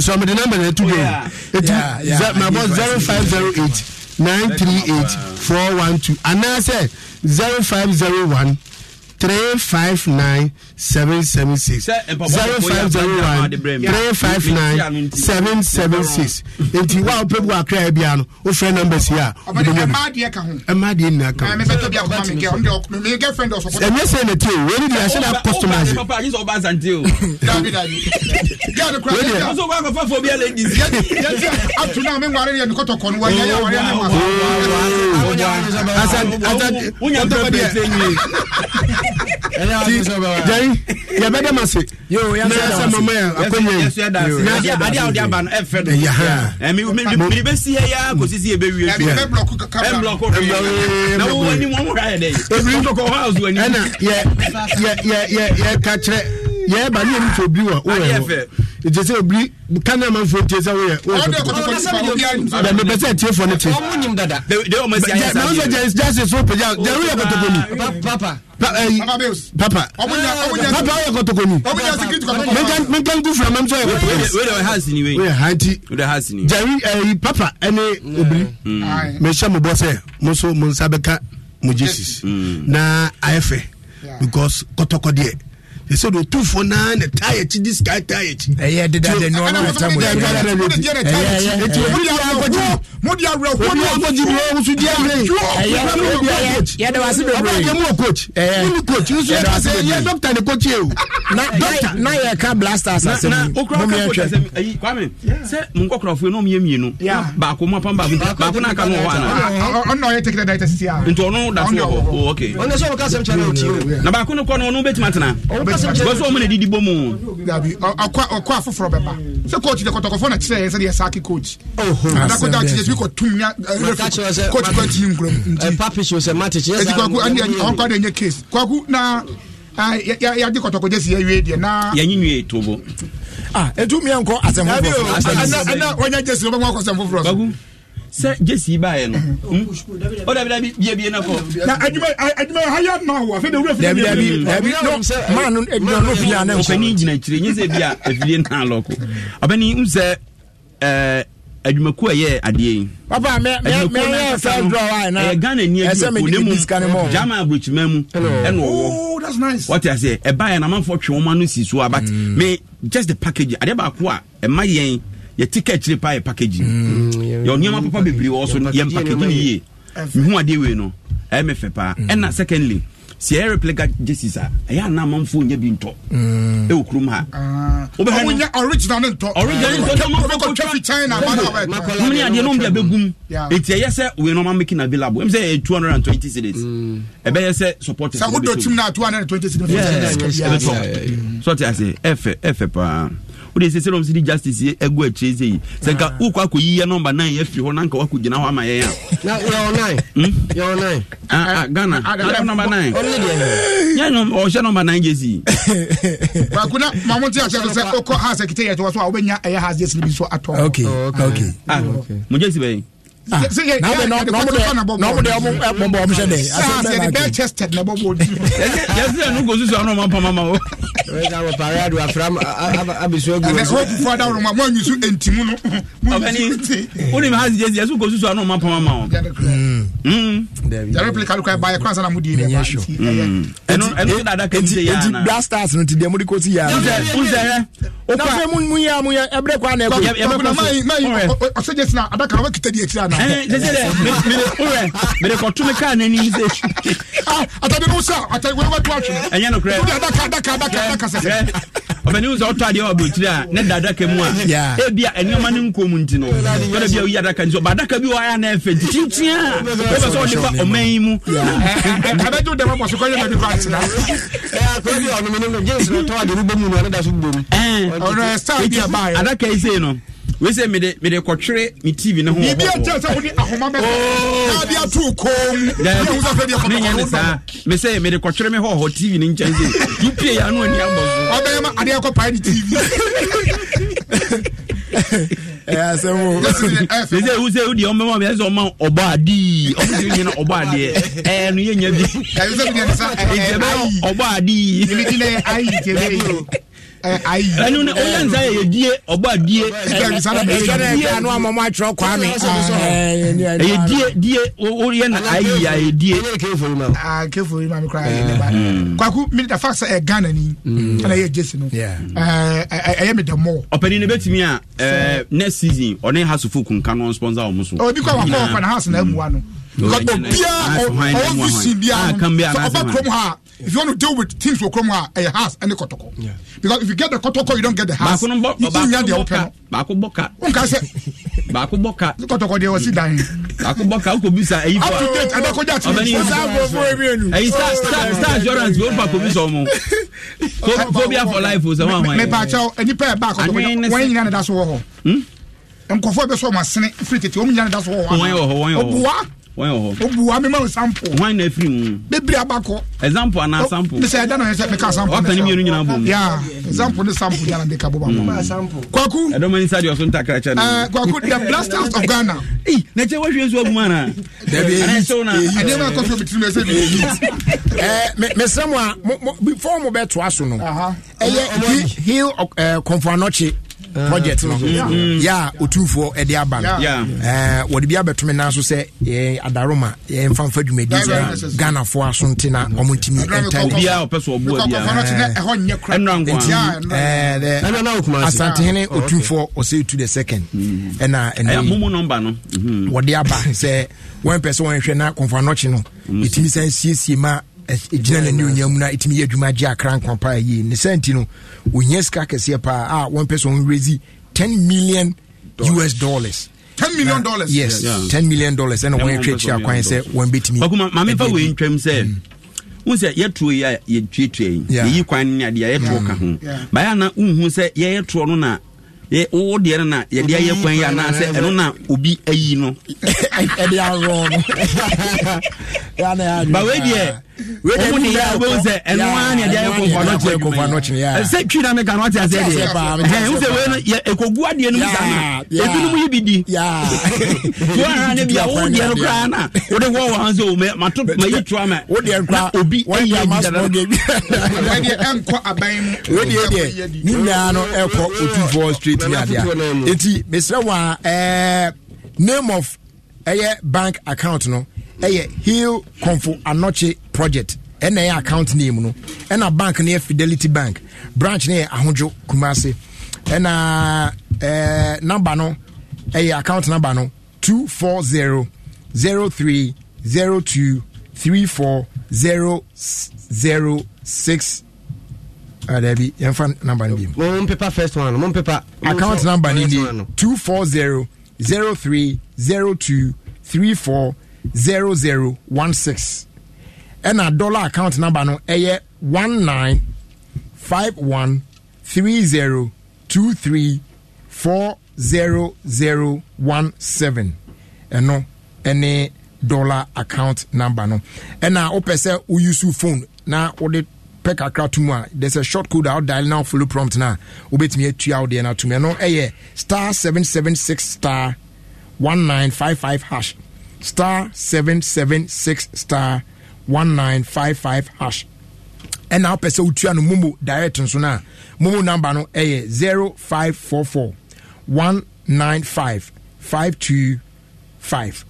so the number na two dem my boss zero five zero eight nine three eight four one two anaasẹ zero five zero one three five nine seven seven six zero five zero one three five nine seven seven six nti wa ope bu akra ebi ano o fẹ namba si a. ọbẹni ẹmaa di ẹka ho. ẹmaa di ẹni aka ho. ẹmi sẹ tobi akoma mi kẹ ọmọdé ọkùnrin mi gẹ fẹndẹ ọsọ. ẹmi ẹsẹ ẹna ti o wẹni di ase na customize. ọba àti ọba azante o. dabi dabi gẹẹdi kura yẹn. ọsọ wa kọ fafo bi ẹlẹ jìnnì. yẹn ti atu náà mi ń wari yẹn kọtọ kọ ni wa yẹn yẹn wari yẹn ni wa. asante asante. wúnyà tó bẹ jẹri yẹ bẹ dẹ ma se n'a yà sẹ mama yà a ko yẹ adi awo di a ban ẹ fẹ dẹ mi bɛ si yɛ ya ko sisi yɛ bɛ wiye fi yɛ ɛ bulɔkɔ fi yɛ na wo wani mɔ mɔ k'a yɛ dɛ ebili kɔkɔ hɔ azu wani. ɛna yɛ yɛ yɛ yɛ yɛ ka kyerɛ yɛ ba ni yɛ mi fɛ obiri wa o yɛ wɔ ìjẹ sẹ obiri kánú ẹ máa ń fọ tiẹ sẹ wọyẹ o yẹ kọtọkọtọ bẹẹ mi, sẹ tiẹ fọ ne tiẹ. ọmọ nyim dada. bẹẹ bẹẹ sẹ jẹ jẹ sọ pẹjá jẹ o yẹ kọtọkọ ni. papa. Eh, papa papa ayɛ kɔtɔkɔ ni menka nku fura mam sɛ gyari eh, papa ɛne obiri mehyɛ mobɔ sɛ mo so mo nsa bɛka mo jesus mm. na ayɛ fɛ because kɔtɔkɔ deɛ ɛsɛ de otumfoɔ naa ne tae akyi de sika tae akyi ɛyɛ deda de ne ɔno ɛta mo mode awerɛhoɔ ne akɔgye bi ɔwo so gye awerɛyɛde wase bebreemu wɔ coach wone coach no so yɛyɛ dɔctor ne coach o na yɛka blasters asɛm wokrawkɛsɛ sɛ monkɔkrafoɔ na ɔmyɛ mmienu baako mu apam baako baako na aka no wɔ hɔ anaɔnɔyɛ tekida da ɛtɛ sesia nti ɔno da so wɔ hɔ ok ɔne sɛ wɔka asɛm kyɛ na ɔtie na baako no kɔ no ɔno wobɛtumi bɔsɛ ɔmo na didi bɔ mu. dabi ɔkɔ ɔkɔ afoforɔ bɛ ba sɛ coach de kɔtɔkɔfɔ na kyerɛ yɛ sɛ de yɛ saaki coach. adakota kyerɛ bi kɔ tum ya eh, coach kɔ ti yi nkurum eh, nti. papi so sɛ mati kyerɛ saa nkɔ ɛdi kwaku ɔnkɔ de nye case kwaku na ah, yadi kɔtɔkɔ jesi yɛ wie deɛ na. yɛnyi nwi yɛ tobo. ah etu miɛ nkɔ asɛm foforɔ. ɛnna wɔnyɛ jesi lɔbɔ nkɔ asɛm foforɔ sɛ jesi baayɛ no o dabi dabi bie bie na kɔ. na adwuma adwuma ha yɛ maa wo afei de wura fili bie bie dabi dabi maa no edwuma no fi yan ne nsɛm. ɔbɛni gyina akyire nye sɛ bi a efidie naa lɔko ɔbɛni n sɛ ɛɛ adwumaku yɛ adeɛ yi. papa mɛ mɛ mɛ yɛ fɛn dɔrɔ wa yɛ na ɛyɛ ghana ni adwumaku ne mu jama abotuma mu ɛna ɔwɔ wɔte aseɛ ɛbaa yɛ na amanfo twɛn wɔn ano si so a but me just the package adeɛ yɛte ka akyire pa yɛ package mm, yɛ nneɛma papa bebree wɔ so yɛ package no yie mehu adeɛ wei no ɛyɛ me fɛ paa mm. ɛna secondly sɛ yɛ replica jerseys a ɛyɛ ana amanfoɔ nyɛ bi ntɔ mm. ɛwɔ kurom ha ah. wobɛhwɛ original ne ntɔ original ntɔ nomne adeɛ no mde bɛgum ɛnti ɛyɛ sɛ wei no mameki na available ɛm sɛ ɛyɛ 220 cities ɛbɛyɛ sɛ support sɛ wodɔ tim no a 220 cities ɛbɛtɔ so te ase ɛfɛ ɛfɛ paa wode sɛsɛ nom sede justice ɛgu akyire sɛ yi sɛ nka ah. wokɔ akɔyiyɛ nɔmba 9 yɛafiri hɔ na nka woakɔgyina hɔ ama yɛn a hmm? ah, ah, ghana nɔmba 9 ɔhyɛ nɔmba 9 gyesi [laughs] kuna mamonte akyɛ so sɛ wokɔ ha sɛ kitɛ yɛtɔ wɔ so a wobɛnya ɛyɛ ha gyesi no bi so atɔ mo bɛyi n'ọmọdé ọmọ ẹ̀pọ̀nbọ̀ ọmọ sẹ́dẹ̀. yẹsẹ bẹẹ chested na bọbọ ojú. yẹsẹ ẹnu kò sísun àwọn ọmọ pamama o. ọ̀rẹ́dàwọ̀ pàrẹ́ àdùn àfúrám abisu egu. ẹ̀sẹ̀ wọ́n fufu adáwọ̀ ọmọ àwọn ẹ̀yìn sùn ẹ̀ǹtì mu nù. ọ̀bẹ̀ni ó ní mi hàn jẹ́sí ẹ̀sùn kò sísun àwọn ọmọ pamama o. jẹ́rẹ́pìlì kálukú ẹ̀ báyẹ̀ kúránṣẹ́ làmúdi rẹ̀ báyìí. ẹnu ẹnu Eh, eh, eh, mede kɔto me kaa n'anim sɛ atade no sɛ atawɛwɛto atwene ɛnyɛ nokorɛ ɔbɛne wo sɛ wotɔ adeɛ wabrɛkyiri a ne da adaka mu a ɛbia e ɛnneɔma no nkɔ mu nti no wada bia woyi adaka nti ɔba adaka bi wɔayɛ na ɛfɛ ntitintia wobɛ sɛ wode ba ɔman yi mu abɛgye wodɛ mabɔ so kɔyɛ mabi kɔ atena akora bi ɔnomene no gye sɛ tɔ ade wobɛmu no ɛne da so bom adaka yi sei no wei sɛ mede mede kɔtwere me tv ne hobi nkyɛ sɛ wode ahoma bɛde ato kommenyɛ saa me sɛ mede kɔtwere me hɔhɔ tv ne nkyɛn sɛ wopie yɛ ano ani abɔ so ɔbɛyɛ ma adeɛ kɔpae ne tv [laughs] sɛ wo sɛ wodeɛ ɔmɛma biɛ sɛ ɔma ɔbɔ adii ɔmotumi nyina ɔbɔ adeɛ ɛɛ no yɛnya bi ɛnti ɛbɛyɛ ɔbɔ adii ayi. ẹnu ni oyè nsa yẹ die ọgbà die. ẹyẹ die anu amamu atwerɛ kwame. ẹyẹ die die oyè na ayi ya ẹyẹ die. ẹyẹ kefori ma. aa kefori ma mi kura ayé ne ba. kwaku mi fakisa ɛ ghana ni. ɛna ɛyɛ jesi no. ɛyɛ mi dɛmɔ. ɔpɛni ne bɛ ti mi a next season ɔne hasufo kunkan no sponsor ɔmo so. obi kɔ wakɔ wakɔ na house na emu wa no. because obiara ɔwɔ vision biara if you want to deal with things wɔ kurom uh, a ɛyɛ house ɛne kɔtɔkɔ because if you get the kɔtɔkɔ you don't get the house baako bɔ you nya deɛ wopɛ no baako bɔ ka nka sɛ baako bɔ ka kɔtɔkɔ deɛ wɔsi dan baako bɔ ka wokɔ bisa ɛyi fɔ up to date ɛdɛ kɔjá ti mi ɔsan bɔ fún emi enu ɛyi star star ko bi sɔn mo for life o oh, sɛ wọn àwọn yɛrɛ mɛ pàtɛw nipa yɛ ba kɔtɔkɔ wɔn nyinaa na da so wɔ hɔ nkɔfɔ bɛ sɔn ma sini firi tètè wɔn nyinaa na da so wɔ hɔ wɔn yɛ wɔ hɔ wɔn yɛ wɔ hɔ wɔn wɔ hɔ. o bu wa mi ma o sample. wɔn na efiri mu. bebiri abakɔ. example ana oh, sample. nisɛn ɛda na yɛsɛ mi ka sample. ɔpɛ ni mienu nyinaa bɔ mu. yaa example ni sample yàrá de ka bɔ bɔ bɔ. kwaku. ɛdɔmɔ nisa de ɔso nta krakya ni. kwaku the blasters of ghana. ee na kyɛ wɔhwɛ nsu aguma na. dabi eyi eyi ɛdɛ ma kɔfɛ mi tiri mi ɛsɛ mi eyi. ɛɛ mɛ mɛ sɛ mu a before mu bɛ to aso no. ɛyɛ hill kɔnfɔanɔkye. Uh, project no yɛ a ɔtumfoɔ ɛde aba no wɔde bi abɛtome na so sɛ yɛ adaroma yɛmfa mfa dwumadi sɛ ghanafoɔ aso nte na ɔmo ntimi eh, asantehene ɔtumfoɔ oh, ɔsɛ ɛtu the second mm-hmm. ɛna ɛnɛ wɔde aba sɛ wɔmpɛ sɛ wɔnhwɛ na kɔmfanɔkye no ɛtumi mm-hmm. san siesie ma gyina no ne onya mu no ɛtumi yɛ adwuma gye akra nkwa paa yie ne sɛ nti no ɔnya sika kɛseɛ paa a wɔmpɛ sɛ ɔnwerɛzi 10 million us dollars ten million dollars. yes ten million dollars ɛna wɔn atwa akyire akwan sɛ wɔn bɛtumi. bakuma maame fa wo ntwam sɛ n sɛ yɛtuo yi a yɛtuatua yi yɛyi kwan ne adeɛ a mm. ka ho bayɛ na nhu sɛ yɛyɛ tuo no na wo deɛ no na yɛde ayɛ kwan yi anaasɛ ɛno na obi ayi no [laughs] ɛde arɔ no [laughs] ba wei deɛ ɔmu ni yɛ ɔmu sɛ ɛnu wa ni ɛdi ayɛ kɔnfɔ anɔkyerɛ kɔnfɔ anɔkyerɛ yɛ sɛ twi na mi kan ɔti ase deɛ ɛn n sɛ wɛn yɛ ekogu adiɛ nu sa na ebinom yi bi di wo ara ne bia wo deɛ no koraa na o de wɔ wɔn sɛ o mɛ ma to ma yi tura mɛ o deɛ nkura obi ɛyɛ ɛyɛ deɛ ɛnkɔ aban mu o deɛ deɛ ni nyinaa no ɛkɔ otu fɔ straight yɛ adeɛ eti mesra wa ɛɛ name of ɛyɛ bank account no ɛyɛ hill konfo anɔkye project ɛna ɛyɛ account name no ɛna bank no yɛ fidelity bank branch eh, no yɛ ahodwo kumase ɛna ɛɛ namba no ɛyɛ account number no two four zero zero three zero two three four zero zero six. Ah, there be. namba no bi mu. mo n first one mo paper. account number ni two four zero zero three zero two three four zero zero one six ɛna dollar account number no ɛyɛ one nine five one three zero two three four zero zero one seven ɛno ɛne dollar account number no ɛna wopɛ sɛ woyusu phone na wode pɛ kakra to mu a there's a short code out dial now follow prompt na wobɛtumi atua wo deɛ no atom ɛno ɛyɛ star 776 star 1955 hash star 776 star 1955 hash ɛna wopɛ sɛ wotua no momo direct nso no a momo number no ɛyɛ 0544 195 525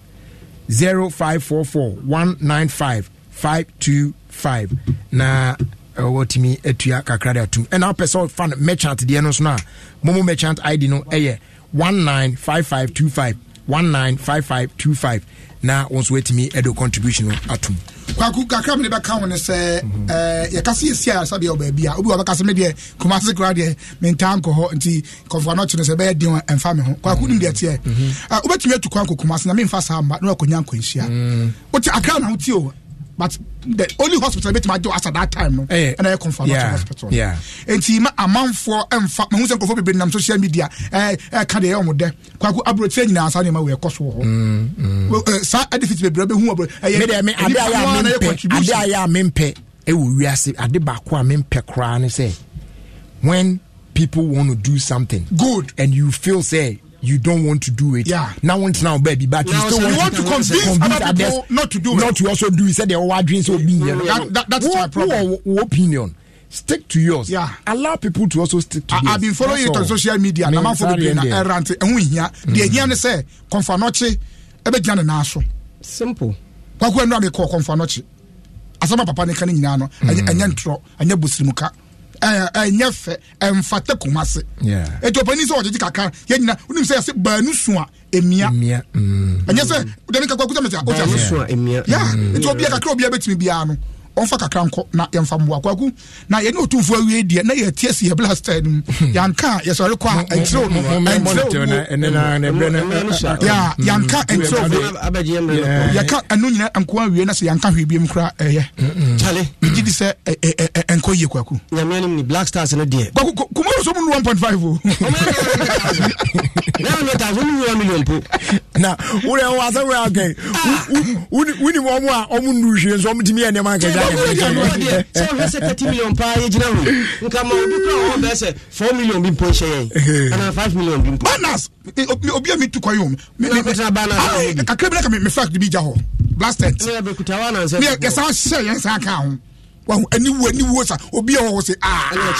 0544 195 525 na ɛwɔ tumi atua kakra de atum ɛna wopɛ sɛ wofa no merchant deɛ no so no a momu merchant id no ɛyɛ 195525 195525 na wo nso woatumi ɛde contribution no atom kwaku kakra mene bɛka wo ne sɛ mhm. eh, yɛka sɛ yɛsi ayaresabea wɔ baabi a obi wabɛka sɛ medeɛ komase kora deɛ mentaa nkɔ hɔ nti kɔmfoa no kyene sɛ ɛbɛyɛ den ɛmfa me ho kwaku nim mhm. deɛ teɛ mhm. ah, wobɛtumi atu kwan kɔ na memfa saa mma na wakɔnya nkwanhyia mm. wote akra na wotie but the only hospital bit my do as at that time no hey, eh. and I confirm yeah, hospital yeah and see my amount for and fact my husband for be social media eh eh ka dey eh, on there kwaku abrotie nyina asa ne ma we koso ho mm, mm. well eh, sa adifit be be hu abro eh me dey me ade aya me mpe ade aya me mpe e wo wiase ade baako a me mpe kra ne say when people want to do something good and you feel say you don't want to do it. Yeah. Now it's now, baby, but you still want, to convince, other people not to do not it. Not to also do He Said their are dreams will be here. that's who, my problem. opinion? Stick to yours. Yeah. Allow people to also stick to I've been following that's it on social media. I'm not following. the errant. And here, the here say, confanoche, ebe jana naso. Simple. Kwa kwa ndo amekọ confanoche. Asama papa ni kane nyina no. Anya mm. ntro, anya busirimuka. Mm ɛnyɛ fɛ ɛmfata kɔn ase etu ɔpɛni sɛ ɔdidi kaka yɛ nyina onim sɛ yɛsɛ baanu sun emia mm. ɛnyɛ sɛ ɔdani kakɔ kuta mɛti a ɔdi ase sun ya etu mm. obiara kakra obiara bɛtumi biara no ɔmfa kakra nkɔ na yɛmfa mmoa kwaku na yɛne ɔtumfoɔ awie deɛ na yɛtie si yɛblaster no mu yɛanka yɛsɔre kɔ a ɛnkyerɛw no yɛanka ɛnkyerɛw yɛka ɛno nyina nkoa awie na sɛ yɛanka hwee biam kora ɛyɛ kyale megye di sɛ ɛnkɔ yie kwaku black stars no deɛ kumaro so mu no 1.5 na worɛ wɔ asɛ werɛ akɛ wonim ɔmo a ɔmo nnuru hwee nso ɔmotumi yɛ nneɛma nkɛgya four million bi mpɔ nhyɛ yɛn anaa eh, kakra bi na ka me fact bi gya hɔ blasted yɛsan hyɛ yɛn ka ho wahu aniwuo aniwuo sa obi a wɔwɔ sɛ aayɛ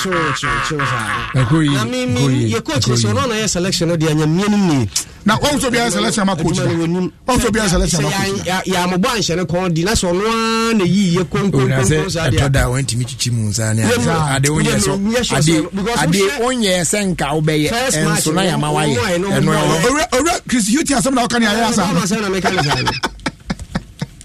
selection no deɛ anyɛ mmia no na wọn sọ bi ayɛ selection ma coach ba wọn sọ bi ayɛ selection ma coach ba. yàmùbọ ànṣẹ́ni kan di n'asọ nua na yi iye kónkónkónkó sáà di a. ɛtɔda wɔn ntumi kyikyiri mu nsa ni ade wɔn yɛ wɔn yɛ sɛ nka wɔbɛ yɛ ni ayé [laughs]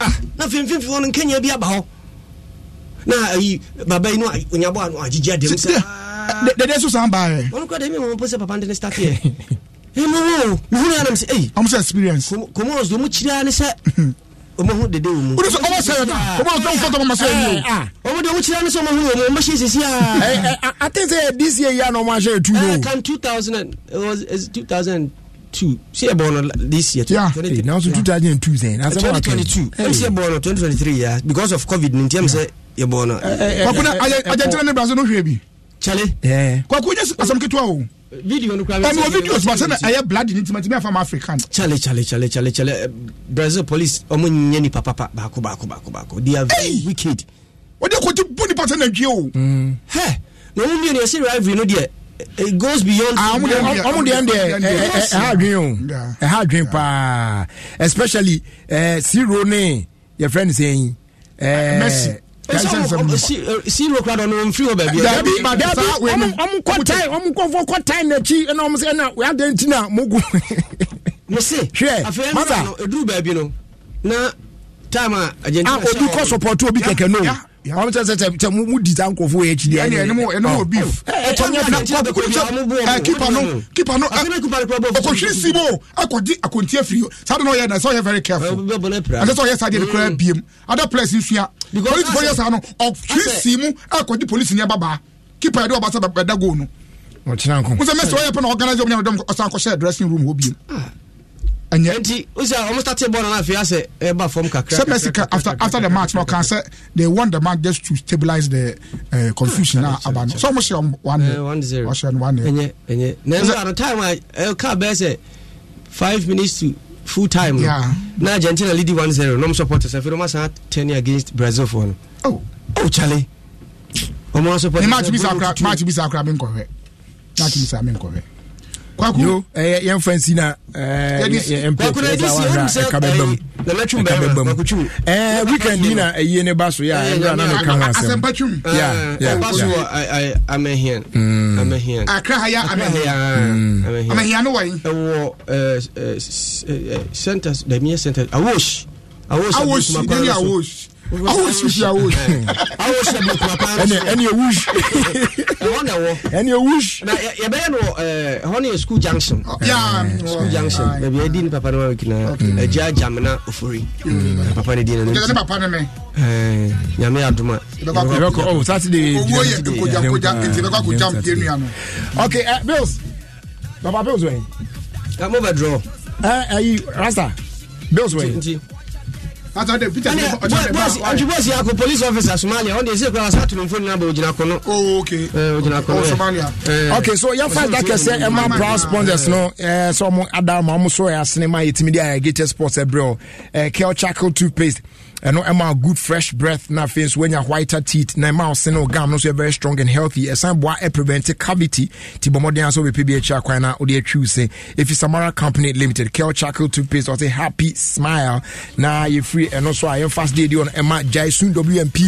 ah na finfin fi wɔn nkenya bi aba hɔ na ayi baba yi no onyabɔ ano agyigye adamu saa dede so san baa yɛ wɔn kɔ dɛmi wɔn pɔsɛ papa ntɛnɛ start yɛ ɛmu wo mihunu yanam sɛ eyi ɔmu sɛ experience kɔmɔɔs do ɔmu kyerɛ ne sɛ ɔmu ho dede wɔn mu o de sɛ ɔmu sɛ yɛ da ɔmu sɛ ɔmu fɔtɔ ɔmu sɛ yɛ o ɔmu de ɔmu kyerɛ ne sɛ ɔmu ho wɔn mu ɔmu bɛ hyɛ sisi aa. ate sɛ dca yi a na ɔmu ahyɛ etu yi o. kan two thousand and it was two thousand two si yɛ bɔɔlɔ this year. ya ee n'aw sɔ two thousand and two sɛn na sɛ because of covid nin tiɛ misɛn yɛ bɔɔlɔ. kɔkunna ajɛtɛrɛ ne bilasɛ n'o hwɛ bi. cale. kɔkun ye asam ketewa o. video no ɔmɔ video sɔrɔ sɛnɛ a yɛ blood ni timati bɛɛ fɔ ma african. cale cale cale cale cale brazil police ɔmɔ nyɛ ni papa baako baako baako baako they are very wicked. o de ko ti bo ni pata na n kye o. hɛ na ɔmu mienu yɛ si rivalry no deɛ it goes beyond. ọmọ di ẹndẹ ẹha adwin o ẹha adwin paa especially siro ne yẹ fẹ ni sẹyin. Messi siro kura dɔn nfiri wɔ baabi. dabi dabi ɔmu kɔ tan ɔmu kɔ fɔ kɔ tan n'akyi ɛna ɔmu sɛ ɛna o y'a den ti na mo gun. mese afei ɛnu na eduru baabi no na taama. a obi kɔ sɔpɔtu obi kɛkɛ n'o wọn sɛ sɛ sɛ mu di sa nkɔfo yɛ akyi deɛ ɛnum ɛnum beef ɛtɔ nyɛ fɛ ɛtɔ kuru sɛ ɛ kipa no kipa no ɔkɔhwiri si mo akɔdi akɔnti afiri saa de na ɔyɛ na sɛ ɔyɛ very careful ɛsɛ sɛ ɔyɛ saa deɛ kura biem ada players nsua polisi fo yɛ saa no ɔhwiri si mu akɔdi polisi ni ɛbaba kipa yɛ de ɔba sɛ ɛda goal no ɔkyerɛ nkɔm nsɛmɛsɛ ɛnyɛ nti wosi a wɔn starting ball na afei asɛ ɛba fam kakra sɛ messi after after the match no kan sɛ they won the match just to stabilize the uh, confusion ah, na aba no so wɔn hyɛ one nil wɔn hyɛ one nil ɛnyɛ ɛnyɛ na ɛnso at the time a ɛka bɛɛ five minutes to full time no yeah. na argentina lead one zero nom support sɛ afei wɔn asan ten against brazil for no oh oh chale wɔn support sɛ match bi sa akora match bi sa akora mi nkɔhwɛ match bi sa mi nkɔhwɛ kwaku ɛyɛ yɛn fɛn si na ɛɛ mpɛ ɛka bɛ bɛm ɛka bɛ bɛm ɛɛ weekend yi na ɛyie ne ba so yɛ eh, eh, eh, a ɛwura na ne ka ho asɛm yɛ yɛ yɛ amɛhiɛn amɛhiɛn akra ha yɛ amɛhiɛn amɛhiɛn no wɔyi ɛwɔ ɛɛ centers dɛmiɛ centers awosh awosh awosh ɛni awosh awo sisi awo eh. awo sisi ɛbi kura paa ɛni ɛni ewu si ɛwɔ na ɛwɔ ɛni ewu si na yɛbɛyɛ no ɛɛ ɛhɔ no school junction oh, yaa eh, school junction ɛbi ɛdi ni papa nama kina ɛgya eh, jamina ofori mm. papa ne di na ne papa ne mɛ ɛɛ nyame aduma ɛbɛ kɔ ɔ saturday owó yɛ ekoja koja eti bɛ kɔ akoja mu yɛ nuyanu. ok ɛ bills papa bills wɛ. mo bɛ draw. ɛ ayi rasta bills wɛ asante peter ne ọjọ ne ba wa ye. bọ́ọ̀sì akọ police officer somalia ọ̀n de ẹsẹ̀ kura asa tunumfo ni nabọ ojina kọ no. o oh, ok eh, ojina kọ no ẹ somalia. Eh. ok so yẹn fa ẹja kẹsẹ ẹ ma proud sponsors no ẹ sọ ọmọ adamu ọmọ sọ ẹ asinima yẹ tìmí di sports ẹ eh, brẹ ọ ẹ kẹ ọ charcoal toothpaste ɛno ɛma good fresh breath na afei nso wanya whiter teeth na ɛma ɔse no gam no nso yɛ very strong and healthy ɛsan boa ɛprevent cavity ti bɔmmɔden aso bɛpɛ bi akyi akwan na wode atwiw se ɛfi samara company limited kel chackle toothpaste ɔse happy smile na yɛfiri ɛno so a yɛmfast day di ɔno ɛma gyae soon wmp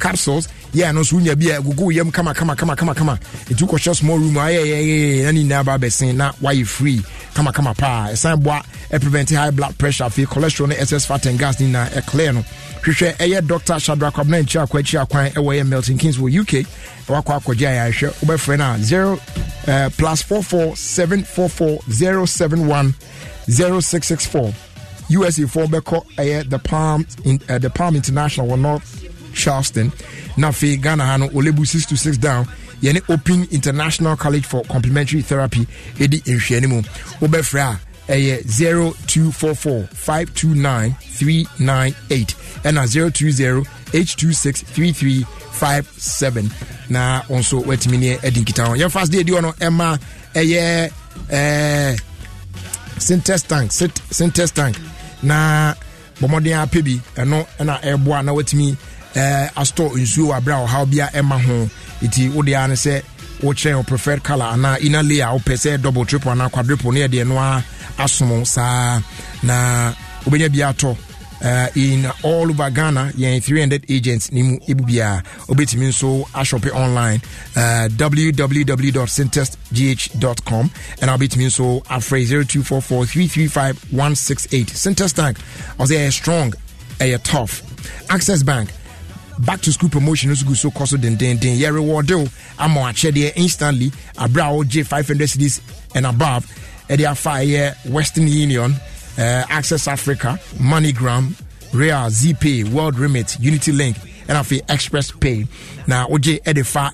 capsules yɛ ɛno nso wonya bi a agogo yam kama kama kama kama kama ɛtu kɔhyɛ small room ayɛyɛyɛ na ne nyinaa ba bɛsen na wayɛ free kama kama paa ɛsan boa ɛprevent eh, high blood pressure afei cholesterol ne eh, excess fat and gas ne nyinaa ɛclear eh, no hwehwɛ ɛyɛ doctor shadra kwabena nkyi akɔ akyi akwan ɛwɔ yɛ melting kings wɔ uk wakɔ akɔgye a yɛahwɛ wobɛfrɛ no a 0 uh, plus 44 744 071 0664 usa4 bɛkɔ ɛyɛ the palm in, uh, the palm international wɔ north charleston na afei ghana hano olebu 6 to 6 down yɛne open international college for complementary therapy ɛdi nhwɛne mu wobɛfrɛ a ɛyɛ 0244 529 398 ɛna 020 826 57 na wo nso woatumi ne adi nkita Your first day ɛdi hɔ Emma, ɛma eh. eh, syntex tank syntex tank na bɔmmɔden apɛ bi ɛno ɛna ɛboa na watumi eh, astɔ nsuo wɔ aberɛ a ɔhaw bia ɛma ho nti wode a ne sɛ wokyerɛ wo preferred color anaa ina lay a wopɛ sɛ double triple anaa quadruple ne yɛdeɛ no a asom saa na wobɛnya bi atɔ uh, in all over Ghana yɛn 300 agents ne mu ɛbu biaa wobɛtumi nso ashɔpe online uh, eh, www.syntestgh.com ɛna wobɛtumi nso afrɛ 0244335168 syntest Bank. ɔsɛ ɛyɛ strong ɛyɛ tough access bank 0244 back to school promotion is good so kɔ so dendenden yeah reward o ama akyɛdeɛ instantly abira a wɔgye oh, five hundred cities and above ɛde afa ɛyɛ western union uh, access africa moneygram Ria, ZP, world remit unity link and afi express pay na OJ ɛde fa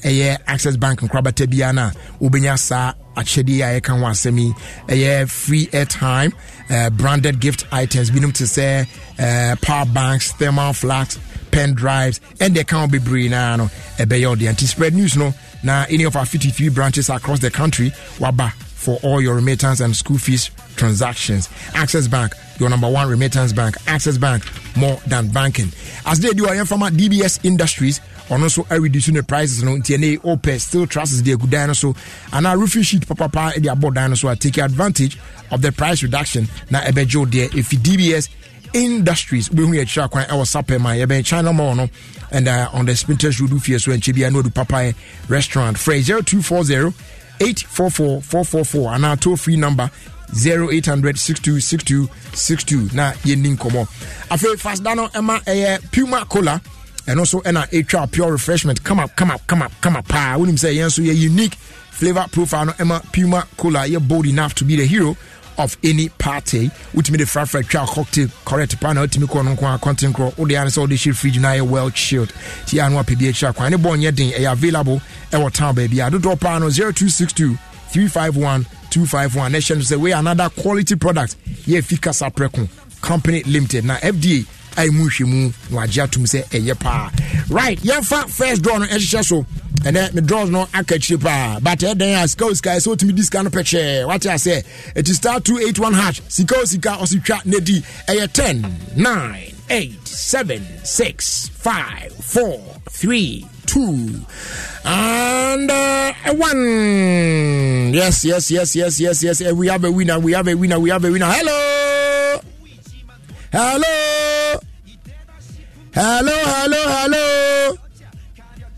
access bank nkorabata biara no a achedi saa akyɛdeɛ a yɛka free airtime uh, branded gift items binom to say uh, power banks thermal flags pen drives and the account bebree na no ɛbɛyɛ ɔde anti spread news no now any of our 53 branches across the country waba for all your remittance and school fees transactions access bank your number one remittance bank access bank more than banking as they do ayɛ fama dbs industries ɔno nso reducing the prices no nti ɛne opɛ still trusts deɛ agu dan no so anaa roofing sheet papapa de abɔ dan no so a take advantage of the price reduction na ɛbɛgyew deɛ ɛfi dbs industries wobɛhu yɛ kyerɛ kwan ɛwɔ sapɛ ma yɛbɛn china mall no and uh, on the sprinters road wofie so ankyɛ bia ne wadu papaɛ restaurant frɛ 0240 844444 anaa toll free number 0800626262 na yɛnni nkɔmmɔ afei fasda no ɛma ɛyɛ puma cola ɛno nso ɛna ɛtwa pure refreshment kama kama kama kama paa wonim sɛ yɛn nso yɛ unique flavor profile no ɛma puma cola yɛ bold enough to be the hero of any party wotumi de frafra twa cocktail correct pa na wotumi kɔ no nko a kɔnten korɔ wode ane sɛ wode hye fridge no ayɛ well chilled ti a no apɛbi akyira kwan ne bɔn nyɛ den ɛyɛ available ɛwɔ town baabi a dodoɔ paa no 0262 351 251 na ɛhyɛ no sɛ wei another quality product yɛ fi kasa prɛko company limited na fda ayɛ mu nhwɛ mu na wagye atom sɛ ɛyɛ paa right yɛmfa first draw no ɛhyehyɛ so And then the draws no aka akyire paa but ɛdɛn eh, a ah, sika o sika ɛsɛ eh, wotumi di picture. What I say? It is star 281 hash sika o sika ɔse twa na di ɛyɛ 10 9 8 7 6 5 4 3 2 and uh, eh, 1 yes yes yes yes yes yes we have a winner we have a winner we have a winner hello hello hello hello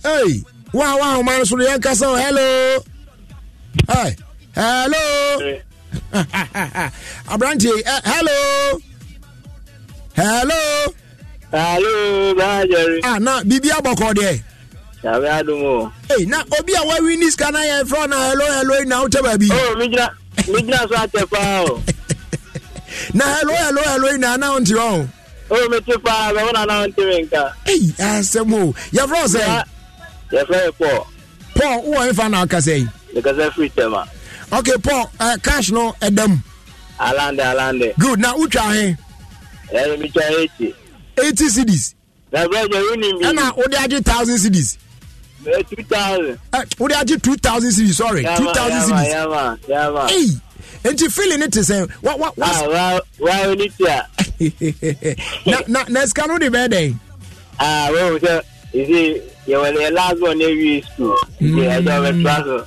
hello hey wa wa ọmọ ẹni sọrọ yẹn kasa ọ hello hey, hello [laughs] aberante eh, ẹ hello hello. hello baajari. ah na bibi abọkọ dẹ. yàrá àdùnmọ̀. ee na obi a wá wí ní sika náà yẹn fúra náà hello hello yìí náà ó tẹ bàbí. ó oh, mi jìnnà mi jìnnà sọ àtẹ pa o. [laughs] na hello hello hello yìí náà náà ń tirọ o. ó mi ti pa àwọn náà náà ń tiri nǹkan. ee asẹ́mu yẹ fúra ọ̀sẹ̀ yɛfrɛ yɛ paul paul wowɔ mefa na akasa yi mekasa fri tɛm a ok paul uh, cash no ɛda uh, mu alande alande good na CDs. wotwa he ɛyɛ metwa 80 80 cities na brɛdɛ wonim ɛna wode agye 1000 cities 2000 wode agye 2000 cities sorry 2000 cities ei nti fili ne te sɛ wawo ne ti a na sika no de bɛɛ dɛn wɔhu sɛ ɛsi yɛwɔ ne last one ne wie school yɛ ɛdɔ bɛ tura so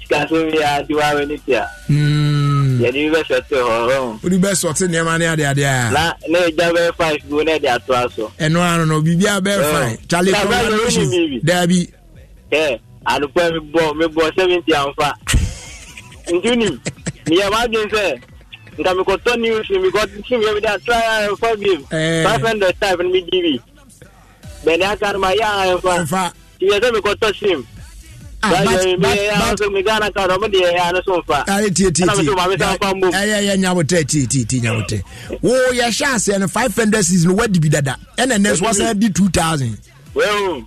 sika so bi a ti wa wɛ ne tia yɛde bi bɛ sɔte hɔ hɔn. o de bɛ sɔte nneɛma ne adeade a. na ne yɛ gya bɛɛ five go ne de ato aso. ɛnu ano no biribi a bɛɛ fine charlie congratulations daabi. ɛ adukɔ mi bɔ mi bɔ seventy anfa ntuni nìyɛn b'a dun sɛ nka mi kɔ tɔ news mi kɔ tún mi yɛ mi de atura yɛ fɔ bi five hundred type ni mi di bi bẹ̀rẹ̀ akarima yà á eh, yẹ fa tìyẹ sẹ́mi kò tọ́ sí mi. yɛhyɛ aseɛ no 500 season wadibi dada ɛna nɛ so wasan di 2000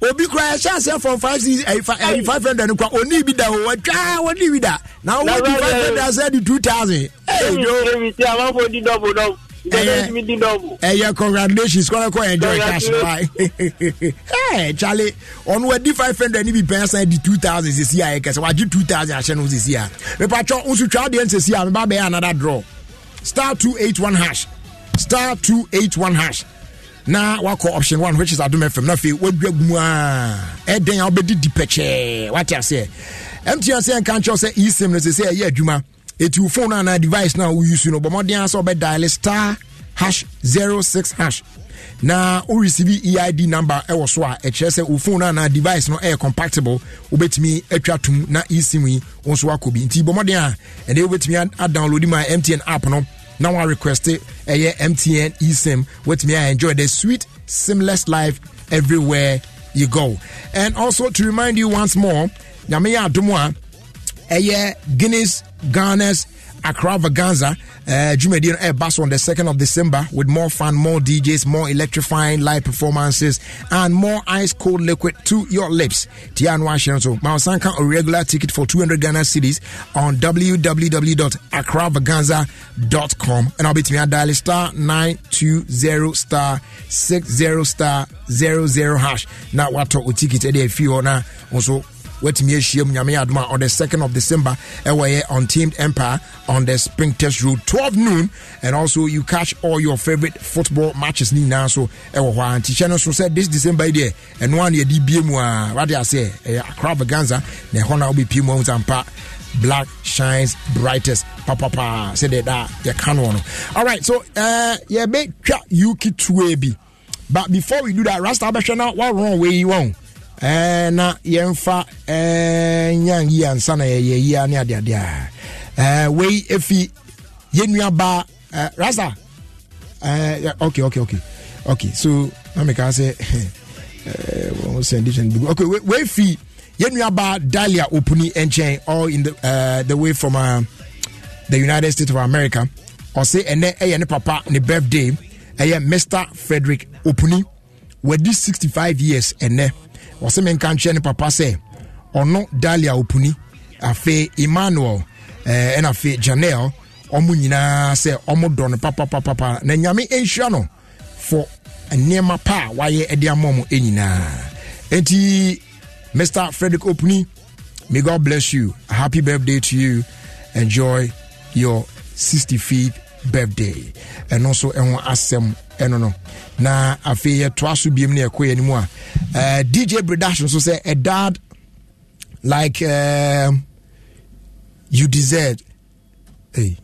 obi kora yɛhyɛ aseɛ from 500 no kora ɔni bi da o watwaa wɔne bi da na wowadi 500 asɛ de 2000 ɛyɛ congratulations kɔnɔ kɔ enjoy cash buy ɛɛ kyale ɔno adi five hundred ni bi pɛn san di two thousand sisi a yɛ kɛse wagye two thousand ahyɛ no sisi a mipatwɔ nso twa adeɛ nsisi a meba bɛyɛ another draw star two eight one hash star two eight one hash na wakɔ option one which is adum fm na afei wadua gumu aa ah. ɛdɛn a wobɛdi di pɛkyɛɛ wate aseɛ mtn sɛ nka nkyɛw sɛ esim no sɛ ɛyɛ adwuma eti wo phone anaa device na wo use no bɔmmɔden asɛ dial star hash 06 hash na e e wo receive eid number ɛwɔ so a ɛkyerɛ sɛ wo phone anaa device no ɛyɛ e compactable wobɛtumi atwa tom na esim yi wo nso wakɔ bi nti bɔmmɔden a ɛnɛ wobɛtumi adownload ma mtn app no na wa request ɛyɛ mtn esim wobɛtumi a enjoy the sweet seamless life everywhere you go and also to remind you once more nyame yɛ adom a ɛyɛ guinness Ghana's Accra Vaganza dwumadie eh, no Airbus on the 2nd of December with more fun, more DJs, more electrifying live performances and more ice cold liquid to your lips. Tian Washington. Mausanka a regular ticket for 200 Ghana cities on www.accra-vaganza.com. and I'll be to me dial star 920 star 60 star 00 hash na watɔ o ticket ɛde afi hɔ na also. watumi ahyia mu nyame adom a on the second of december ɛwɔ yɛ untamed empire on the spring test road twelve noon and also you catch all your favorite football matches ne nyinaa so ɛwɔ hɔ a ntihyɛ no nso sɛ this december yi deɛ ɛno a ne yɛde bie mu a wade aseɛ ɛyɛ akra vaganza na ɛhɔ na wobɛpie mu ahu sɛ ampa black shines brightest papapa sɛdeɛ daa yɛka no no alright so uh, yɛbɛtwa yuki tue bi but before we do that rasta bɛhwɛ na woarɔn wei wɔn ɛɛ eh, na yɛmfa ɛɛ eh, nyan yi ansa na yɛyɛ yia ne adeadeɛ ɛɛ eh, wei efi yɛn nua rasa ɛɛ okay okay okay okay so maame kaa sɛ ɛɛ wɔn sɛn okay wei fi yɛn nua dalia opuni nkyɛn all in the uh, the way from uh, the united states of america ɔsɛ ɛnɛ ɛyɛ ne papa ne birthday ɛyɛ mr frederick opuni wadi sixty five years ɛnɛ wɔsɛ menka nkyerɛ ne papa sɛ ɔno dalia opuni afe emmanuel eh, ɛna eh, afei janel ɔmo nyinaa sɛ ɔmo dɔ no papapapapa na nyame nhyira no fɔ nneɛma pa a wayɛ de ama mo nyinaa enti mr frederick opuni may god bless you happy birthday to you enjoy your sixty th birthday and nso ɛho asɛm ɛno no Now, i yɛtoa so biom no yɛkɔ yɛnim a uh, eh, dj production so say a dad like eh, you deserve hey,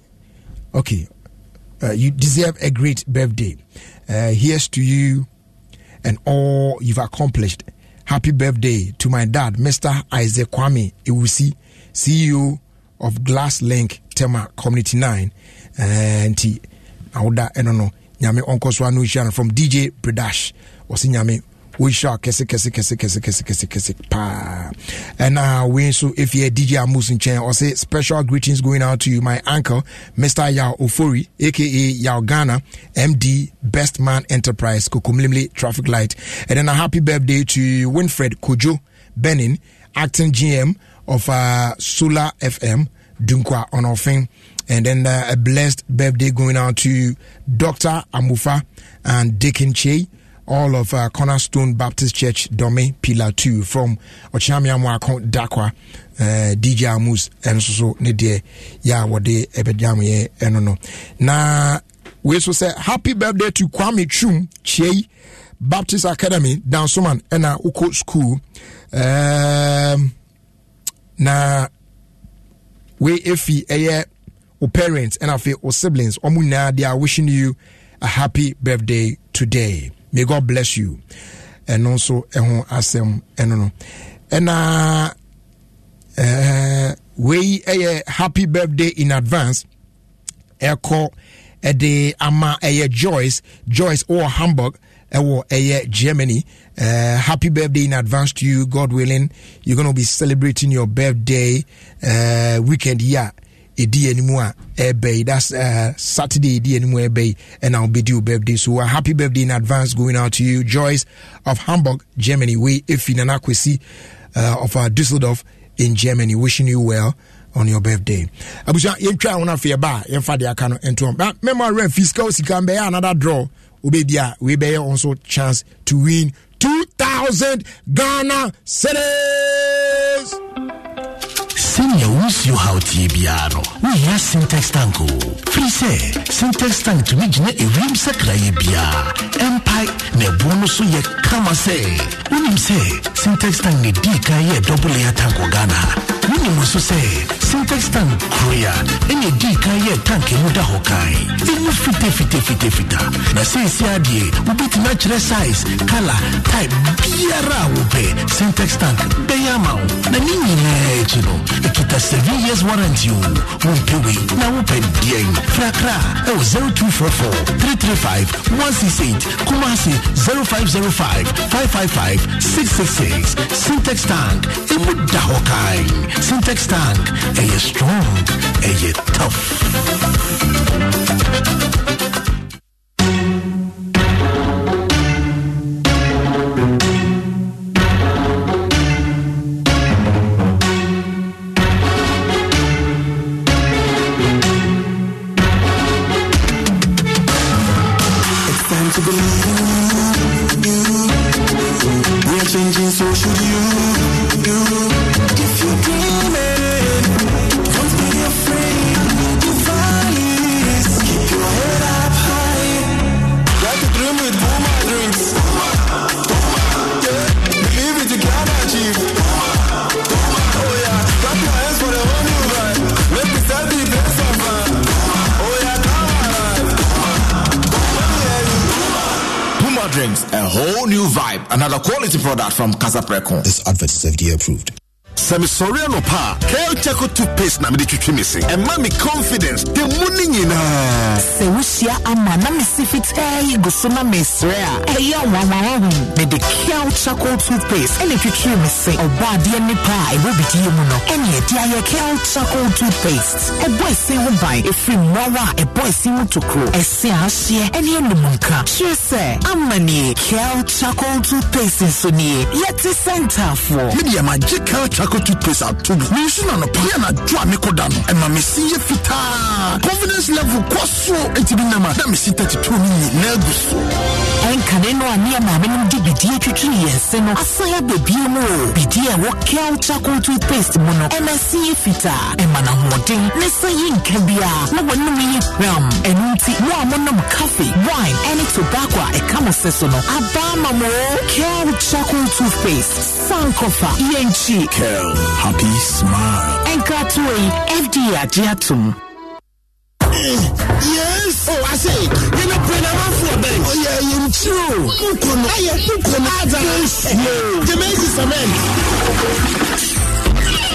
okay uh, you deserve a great birthday uh, here's to you and all you've accomplished happy birthday to my dad mr isaac kwame ewusi ceo of glass link tema community 9 Eh, nti awoda ɛno eh, no nyame ɔnkɔ so ano hyia no from dj predash ɔse nyame wohyia kɛse kɛse kɛse kɛse kɛse kɛse kɛse paa ɛna eh, wei nso ɛfie dj amus nkyɛn ɔse special greetings going out to you my uncle mr yao ofori aka yao ghana md best man enterprise kokomlimli traffic light and then a happy birthday to winfred kojo benin acting gm of uh, solar fm dunkwa on our And then uh, a blessed birthday going out to Dr. Amufa and Dickin Che, all of uh, Cornerstone Baptist Church, Dome Pillar 2, from Ochamiamwa Dakwa, uh, DJ Amus, and so ne dear, yeah, what they epidamia, and no. Now, we so say happy birthday to Kwame Chum Che. Baptist Academy Dansoman ɛna wokɔ school um, na wei ɛfi ɛyɛ or parents, and I feel or siblings, or muna, they are wishing you a happy birthday today. May God bless you. And also, and asem, and no, and uh, eh, we a eh, happy birthday in advance. Echo, a eh, day, ama, a Joyce, Joyce or Hamburg. or germany uh, happy birthday in advance to you god willing you're going to be celebrating your birthday uh, weekend here ɛdi anim a ɛbɛyi eh, that's uh, saturday ɛdi anim a ɛbɛyi ɛna wobɛdi wo birthday so a happy birthday in advance going out to you joyce of hamburg germany wei ɛfi nana kwesi uh, eh, of uh, düsseldorf in germany wishing you well on your birthday abusua yɛtwa ho no afei ɛba a yɛmfa de aka no ntom mɛma werɛ fiscal sika mbɛyɛ another draw wobɛbi a weibɛyɛ also chance to win two thousand ghana cedis sɛnea wonsuo haw tie biara no wohia sintex tank o firi sɛ sintex tank tumi gyina ewiem sakrayɛ biara ɛmpae na ɛboɔ no so yɛ kama sɛ wonim sɛ sintex tank ne dii kan yɛ dɔbleya tank ghana wonim so sɛ syntex tank kuroa ɛne ɛdii kan yɛɛ tank mu da hɔ kae ɛmu fitafitafitafita na seesia adeɛ wobɛtumi akyerɛ size kala type biara a wopɛ syntex tank bɛyɛ ama wo na ne nyinaa akyi no ɛkita 7 years warranty o wompɛ wei na wopɛ deɛn frakra ɛwɔ 0244 335 168 kumase 0505 555 666 syntex tank ɛmu da hɔ kae Syntex Tank, a strong, a tough. another quality product from Casa This advert is FDA approved. Semi-soriano pa? a kelchaco toothpaste na mede twitwi me se ɛma confidence The mu no nyinaa sɛ wohyia eh, ama na mese fitaa yi gu so na mesrɛ a ɛyɛ wanwawaho mede kelchaco toopaste ɛne eh, twitwiri me se ɔbɔadeɛ nnipa a ɛwɔ bidie eh, mu no ɛne ɛde ayɛ kelchaco toopaste ɛbɔ ɛse ho ban ɛfiri mmoawa a boy si mutukro. tokuro si ahyeɛ ɛne anum nka sɛ ama nie kel charcoal toothpaste nso nie yɛte sɛntafoɔ medeɛ magye kel charcoal toothpaste ato mu menso na nɔpa yɛ anadwo a mekɔda no ɛma mesi yɛ fitaa confidence level kɔ soro ɛti bi nam a na mesi 32 no nyinaa gu so ɛnkane no a ne ɛmaamenom de bidie twitwiri yɛn se no asan abɛbie mu o bidie a ɛwɔ kel charcoal toothpaste mu no ɛma si yɛ fitaa ɛma no ahoɔden ne sɛ yi nka biara na wɔnom yɛ hwam ɛno nti mo a monom cafe wine ɛne tobacco a ɛka no se so no adaa ma mo kel charcoal toothpaste sankofa yɛnkyi e kel happy smile ɛnkratoa yi fda agye atom yes. Oh, I say, you're not playing around for a bank. Oh, yeah, you true. Kukono. I oh, am Kukono. Others. No. The maize is a man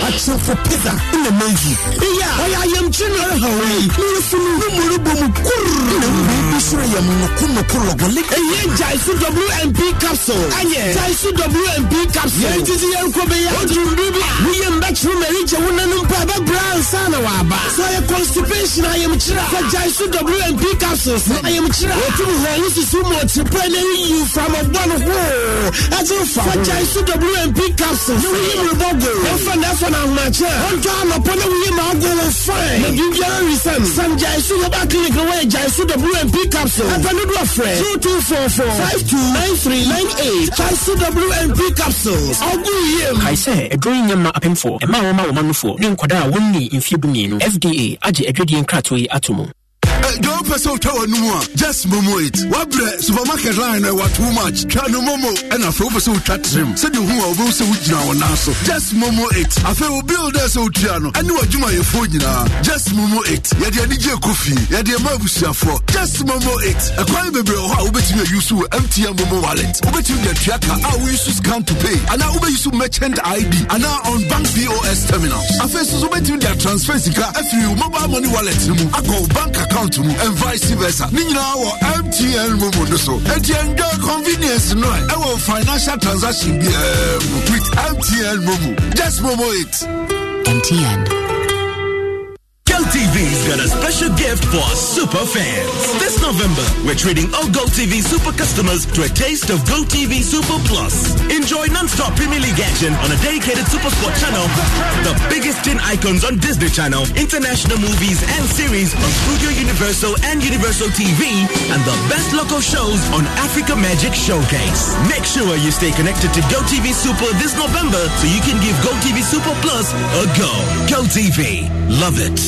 akyerɛfo pizza na mangi ɛyɛ a ɔyɛ ayamkyere no ɛrehaw yi ne yɛfunu ne mmorobɔ mu kurr na wobei bi soro yɛ mu nokonoko lɔgɔle ɛyɛ gyaese wmp capsule ayɛ gyaese wmp capsule yɛntiti yɛnkɔ bɛyɛ adurdu bi a woyɛ mbɛkyere mɛregye wo nanom pa bɛbrɛ ansa na waaba sɛ ɔyɛ constipation ayamkyere sɛ gyaese wmp capsules na mm-hmm. ayamkyere a wɔtum hɔ wo susu mu ɔtepɛ na yiyi famɔbɔ no hoo ɛgye mfa gyaese wmp capsules na woyɛ mmerɛbɔ go ɛmfa na ɛfa wɔ na ahomakye a wɔntɔ anɔpɔ na woyɛ ma ago wo fae na biribiara resɛm san gyaeso yɛba clinic na wɔyɛ gyaeso wmp capsule ɛpɛ no doɔ frɛ 0244 529398 gyaeso wmp capsules ɔgo yiem kae sɛ ɛduro yi nyɛ ma apemfoɔ ɛma wɔma wɔma nofoɔ ne nkɔda a wɔnni mfeɛ dumienu fda agye adwadie nkratoɔ yi ato mu deɛ wopɛ sɛ wotwa w'anomu a just momo it What woabrɛ supermarket line no ɛwɔ too much twa no momo ɛna afei wopɛ sɛ wotwa terem sɛde hu a wobɛhu sɛ wogyina now. nan answer. just momo it afei wo bill dɛ sɛ wotua no ɛne w'adwumayɛfoɔ now. just momo it yɛde anigye ɛkɔ fii yɛde ɛma abusuafoɔ just momo it A ɛkwan bebree wɔ hɔ a use ayusu wɔ mtn momo wallet wobɛtumi tracker. atua ka use to scan to pay And anaa wobɛyusu merchant id And now on bank pos terminals afei so so wobɛtumi de atransfer sika afiri wo mobile money wallet no mu akɔ wo bank account to mu and vice versa. Nina or MTN Momodo so. And convenience no our financial transaction be eh, with MTN Momo. Just move it. MTN tv has got a special gift for super fans. This November, we're treating all GoTV super customers to a taste of GoTV Super Plus. Enjoy non-stop Premier League action on a dedicated Super Sport channel, the biggest tin icons on Disney Channel, international movies and series on Studio Universal and Universal TV, and the best local shows on Africa Magic Showcase. Make sure you stay connected to GoTV Super this November so you can give GoTV Super Plus a go. GoTV. Love it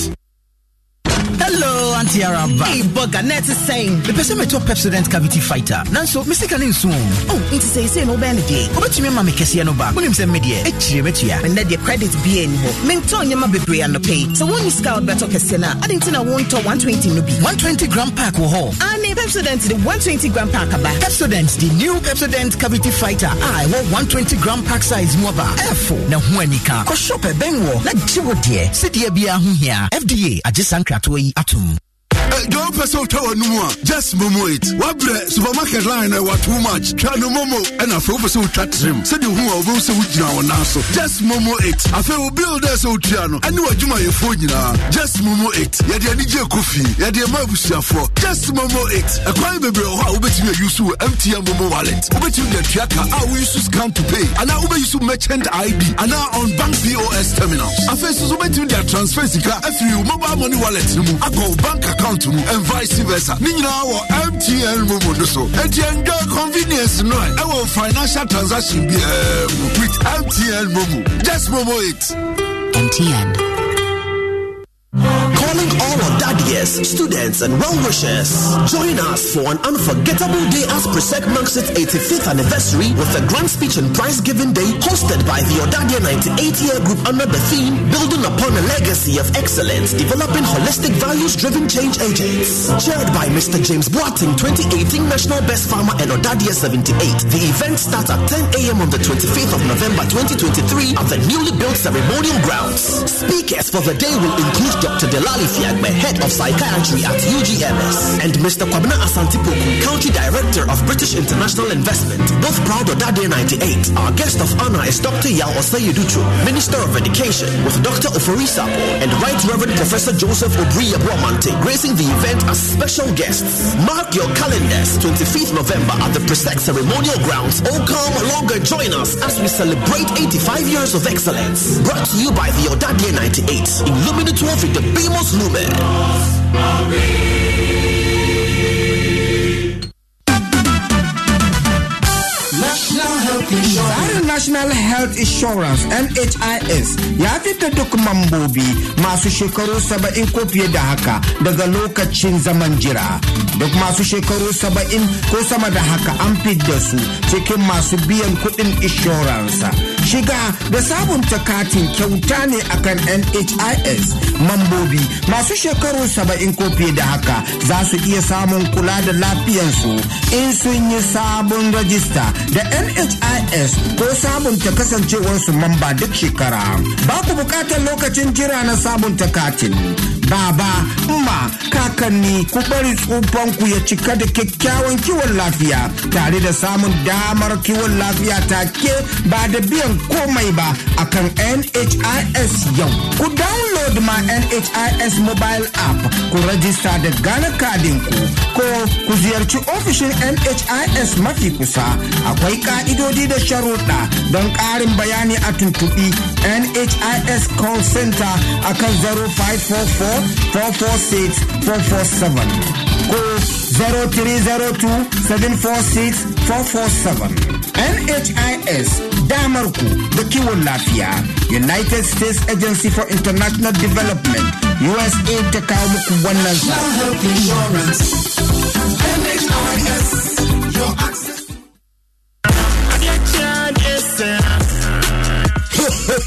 hello auntie araba hey bugger net is saying the person me top pepsodent cavity fighter nanso Mister sika ne nsu oh it is say say no be ne dey obetumi ma me kese no ba wonim sɛ me deɛ ekyire metua and that the credit be any more, ho me nto nyama on the pay so when you scout better I didn't adinti na won to 120 nubi. 120 gram pack wo ho and ah, pepsodent the 120 gram pack aba pepsodent the new pepsodent cavity fighter i ah, want 120 gram pack size mu aba ɛfo na ho anika kɔ shop ɛbɛn wɔ na gye wo deɛ sɛdeɛ biara ho hia fda agye sankratoa yi Atom dɔn pɛ sɛ wotwa w'anomu a just momo it What wabrɛ supermarket line I want too much twa no momo ɛna afei wopɛ sɛ wotwa him. Send hu a wobɛhu sɛ wogyina wo now. just momo it I feel afei wo bill I sɛ wotua no ɛne w'adwumayɛfoɔ nyinaa just momo it yɛde anigye kɔ fii yɛde ma abusuafoɔ just momo it ɛkwan baby, wɔ hɔ a wobɛtumi ayi so Empty mtn momo wallet wobɛtumi de atua ka a woyi to scan to pay anaa wobɛyi to merchant id now on bank pos terminal afei so so wobɛtumi de atransfer sika afiri wo mobile money wallet I mu bank account to mu and vice versa. Nina or MTN Mumundu so. And convenience no. I eh? financial transaction be with MTN Mumu. Just Momo it. MTN calling all our daddies, students, and well wishers. Join us for an unforgettable day as Presec marks its 85th anniversary with a grand speech and prize giving day hosted by the Odadia 98 year group under the theme Building Upon a Legacy of Excellence, Developing Holistic Values Driven Change Agents. Chaired by Mr. James Boating, 2018 National Best Farmer and Odadia 78. The event starts at 10 a.m. on the 25th of November 2023 at the newly built ceremonial grounds. Speakers for the day will include Dr. Delali. Ifiagbe, Head of Psychiatry at UGMS, and Mr. Kwabena Asantipoku, County Director of British International Investment, both proud of that day 98. Our guest of honor is Dr. Yao Osayiducho, Minister of Education, with Dr. Sapo and Right Reverend Professor Joseph Obriya Bwamante gracing the event as special guests. Mark your calendars 25th November at the Presect Ceremonial Grounds. Oh, come along and join us as we celebrate 85 years of excellence. Brought to you by the Odadia 98, illuminated with the beam Lumen. National Health Insurance NHIS ya fita duk mambobi masu shekaru saba'in ko fiye da haka daga lokacin zaman jira. Duk masu shekaru saba'in ko sama da haka an fidda su cikin masu biyan kuɗin insurance. Shiga da sabunta katin kyauta ne akan NHIS mambobi masu shekaru saba'in ko fiye da haka za su iya samun kula da lafiyansu in sun yi sabon rajista da NHIS ko sabunta su mamba duk shekara. Ba ku bukatar lokacin jira na sabunta katin. baba ma kakanni ku bari tsufanku ya cika da kyakkyawan kiwon lafiya tare da samun damar kiwon lafiya take ba da biyan komai ba akan nhis yau ku download ma nhis mobile app ku rajista da gane kadinku ko ku ziyarci ofishin nhis mafi kusa akwai ka'idodi da sharuɗa don ƙarin bayani a tuntuɓi nhis call center akan 0544 446 447. Call 0302 746 447. NHIS Damarku da kiwon United States Agency for International Development USA ta kawo muku wannan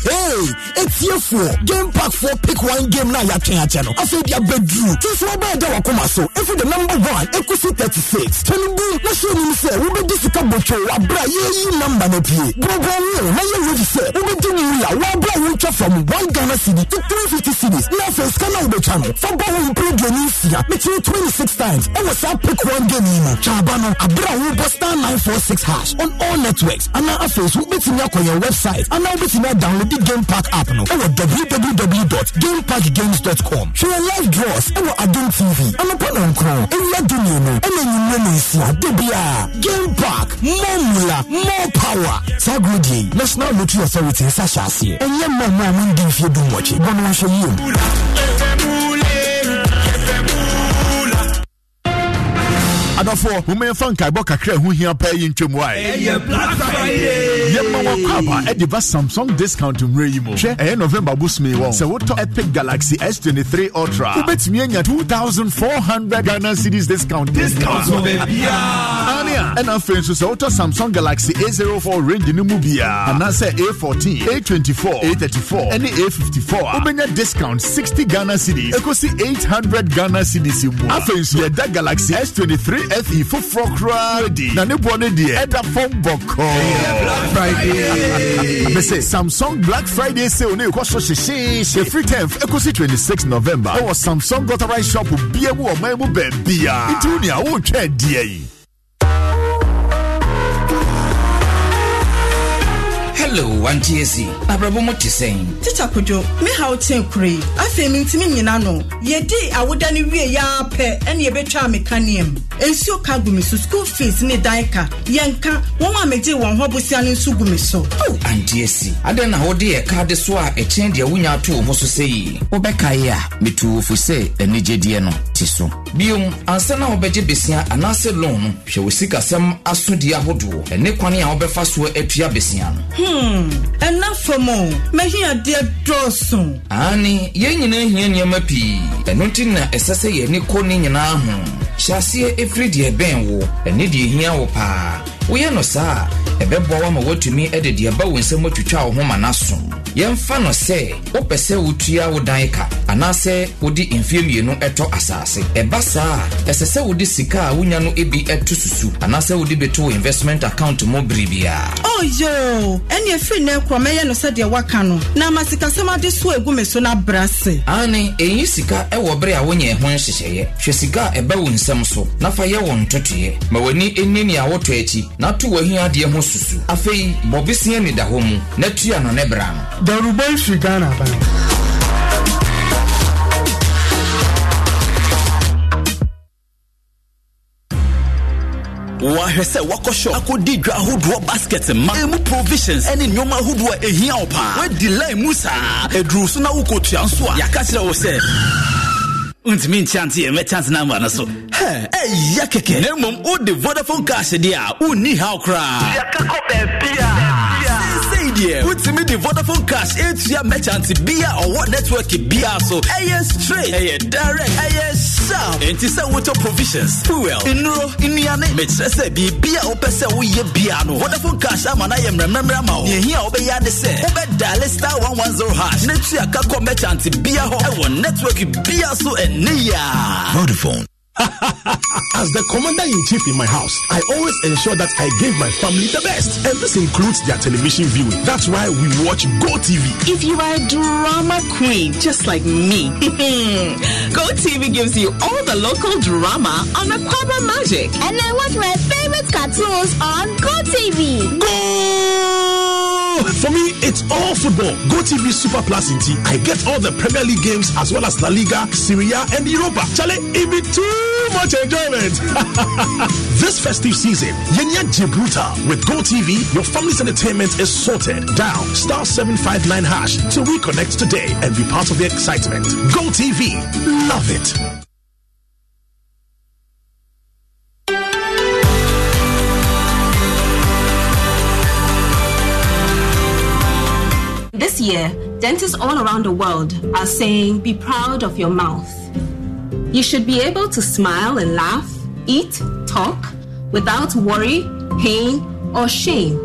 hey it's four. game pack four, pick one game now. na yɛatwɛn akyɛ no afei de abɛduru tuntum ɔbaa ɛda wakoma so efi the number one ekusi thirty six tɔnbu na hyɛn mu sɛ wobɛdi sika bɔtɔ wabra yɛyi namba na pie borɔbɔn wo na yɛ ready sɛ wobɛdi nwura wabra wotwa from one ghana cedi to three fifty cedis na afei sika na wobɛtwa no fa bɔ wɔn mpere duoni nsia mekyerɛ twenty six times ɛwɔ saa pick one game you know. kyaaba no abra wobɔ star nine four six hash on all networks And now, ana afei so wobɛtumi akɔ your website And now, ana wobɛtumi adownload the game park app no ɛwɔ www.gameparkgames.com hwɛ live draws ɛwɔ Adum tv anapa nankron ɛwia dunia no ɛna nyina ne nsia da bia game park more mula more power saa agorɔ deɛ yi national lottery authority nsa hyɛ aseɛ ɛnyɛ mma mma a mandi mfeɛ du mmɔkye bɔ no nhwɛ yie mu adɔfoɔ momɛmfa nkaebɔ kakra ho hia paa yi ntwam wa yɛma wɔ kɔaba ɛde ba samsung discount mmerɛ yi mu hwɛ ɛyɛ november bosomee wɔ sɛ wotɔ epic galaxy s23 ultra wobɛtumi anya 2400 ghana cities discount discount anea ɛna afei nso sɛ wotɔ samsung galaxy a04 range no mu biaa anaasɛ a14 a24 a34 ɛne a54 a wobɛnya discount 60 ghana cities ɛkɔsi 800 ghana cities mu afei nso yɛda galaxy s23 ɛfi e foforɔ koraa na ne boɔ no deɛ ɛda fam bɔkɔɔ black samsung black friday sale ne ɛkɔ so hyehyeehye ɛfiri 10th ɛkɔsi 26 november ɛwɔ samsung gotterize shop bia mu wɔ man mu baabia nti wo nea wontwa adiɛ yi hello one tsc e. abrabɔ mu te sɛn. tita kojo me ha o ten kure afei mi ntumi nyina no yɛdi awoda no wie yaa pɛ ɛna yɛbɛtwa me kaneɛm nsuo ka gu mi so school fees ne dan ka yɛnka wɔn a megye wɔn hɔ bosia no nso gu mi so. o oh, aunty esi adan na wɔde yɛ kaade so a ɛkyɛn deɛ wonya ato wɔn so sɛ yi wɔbɛka yi a metu wofo sɛ anigyedeɛ no te so. biom ansa na wɔbɛgye besia anaasɛ loan no hwɛ wɔ sikasɛm asodie ahodoɔ ɛne kwan a wɔbɛfa soɔ atua besia no. Hmm ɛna fam o mɛhiadeɛ dɔɔso. ani yɛn nyinaa hia nneɛma pii ɛno ti na ɛsɛ sɛ yɛn ani kɔ ne nyinaa ho hyɛ aseɛ efiri deɛ bɛn wo ɛne deɛ hia wo paa woyɛ no saa ɛbɛboa wo ama woatumi de deɛ ɛba wo nsɛm atwitwa wo ho ma n'aso yɛmfa no sɛ wopɛ sɛ wotua wo dan ka anaasɛ wode mfeɛ mmienu ɛtɔ asase ɛba saa a ɛsɛ sɛ wode sika a wonya no bi ɛto susu anaasɛ wode bɛto wo investment account mu bere biaa oyo ɛne ɛfiri nɛ korɔ mɛyɛ no sɛdeɛ woaka no na ama sikasɛm ade so ɛgu me so no abra se ane ɛyi sika ɛwɔ bere a wonyɛ ho nhyehyɛeɛ hwɛ sika a ɛba wo nsɛm so na fa yɛ wo ntotoeɛ ma w'ani ɛni nea wotɔ akyi n'ato w'ahi adeɛ ho susu afei bɔbisia ne da hɔ mu na tua no ne bra no daruba firi ghana ba wɔahwɛ sɛ wakɔ akɔdi dwa ahodoɔ basket ma emu provisions ne nneɛma ahodoɔ a ehia wo paa woadi line mu saa aduru so na wokɔtua nso a yɛaka kyerɛ wo sɛ ntumi nkyante yɛ mɛkyante namba no so ɛyɛ kɛkɛ na mmom wode vodafone cash deɛ a wonni haw koraa yɛkakɔ baabia deɛ me the vodafone cash etua merchant or what network it bia so AS straight AS direct AS sharp nti sɛ wotɔ provisions fuel inro nnuane mekyerɛ sɛ biribi a wopɛ sɛ woyɛ bia vodafone cash ama no ayɛ mmerɛmmerɛ ama wo nehia a wobɛyɛ ade sɛ wobɛdale star 110 hash na tua ka kɔ merchant bia hɔ network it so ɛne yɛ a vodafone as the commander in chief in my house, I always ensure that I give my family the best, and this includes their television viewing. That's why we watch Go TV. If you are a drama queen, just like me, [laughs] Go TV gives you all the local drama on Aquaba Magic, and I watch my favorite cartoons on Go TV. Go! Oh, for me, it's all football. GoTV Super Plus in T. I get all the Premier League games as well as La Liga, Syria, and Europa. Chale, it be too much enjoyment. [laughs] this festive season, Yenya Gibraltar with GoTV, your family's entertainment is sorted. Down star 759 hash to reconnect today and be part of the excitement. GoTV, love it. year, dentists all around the world are saying be proud of your mouth. You should be able to smile and laugh, eat, talk without worry, pain, or shame.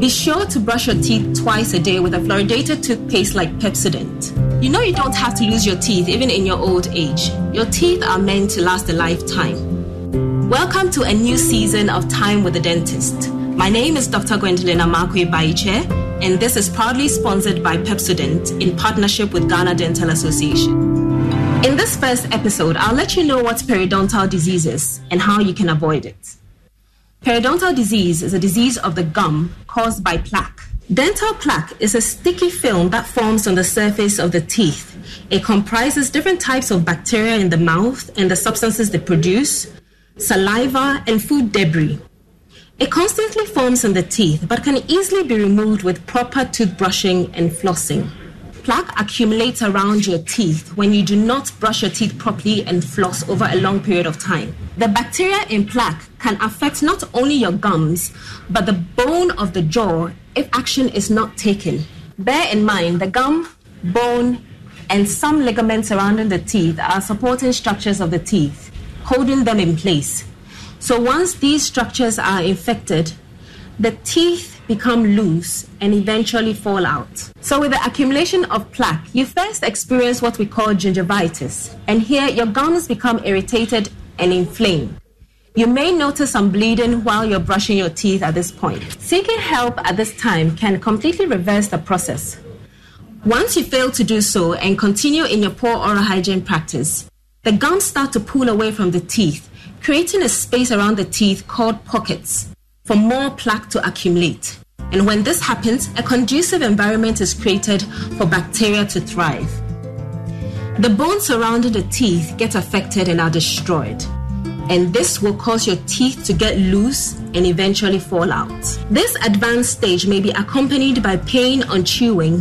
Be sure to brush your teeth twice a day with a fluoridated toothpaste like Pepsodent. You know you don't have to lose your teeth even in your old age. Your teeth are meant to last a lifetime. Welcome to a new season of Time with the Dentist. My name is Dr. Gwendolyn Amakwe Baiche, and this is proudly sponsored by Pepsodent in partnership with Ghana Dental Association. In this first episode, I'll let you know what periodontal disease is and how you can avoid it. Periodontal disease is a disease of the gum caused by plaque. Dental plaque is a sticky film that forms on the surface of the teeth. It comprises different types of bacteria in the mouth and the substances they produce, saliva, and food debris, it constantly forms in the teeth but can easily be removed with proper toothbrushing and flossing. Plaque accumulates around your teeth when you do not brush your teeth properly and floss over a long period of time. The bacteria in plaque can affect not only your gums but the bone of the jaw if action is not taken. Bear in mind the gum, bone, and some ligaments surrounding the teeth are supporting structures of the teeth, holding them in place. So once these structures are infected, the teeth become loose and eventually fall out. So, with the accumulation of plaque, you first experience what we call gingivitis, and here your gums become irritated and inflamed. You may notice some bleeding while you're brushing your teeth at this point. Seeking help at this time can completely reverse the process. Once you fail to do so and continue in your poor oral hygiene practice, the gums start to pull away from the teeth creating a space around the teeth called pockets for more plaque to accumulate. And when this happens, a conducive environment is created for bacteria to thrive. The bones surrounding the teeth get affected and are destroyed. And this will cause your teeth to get loose and eventually fall out. This advanced stage may be accompanied by pain on chewing,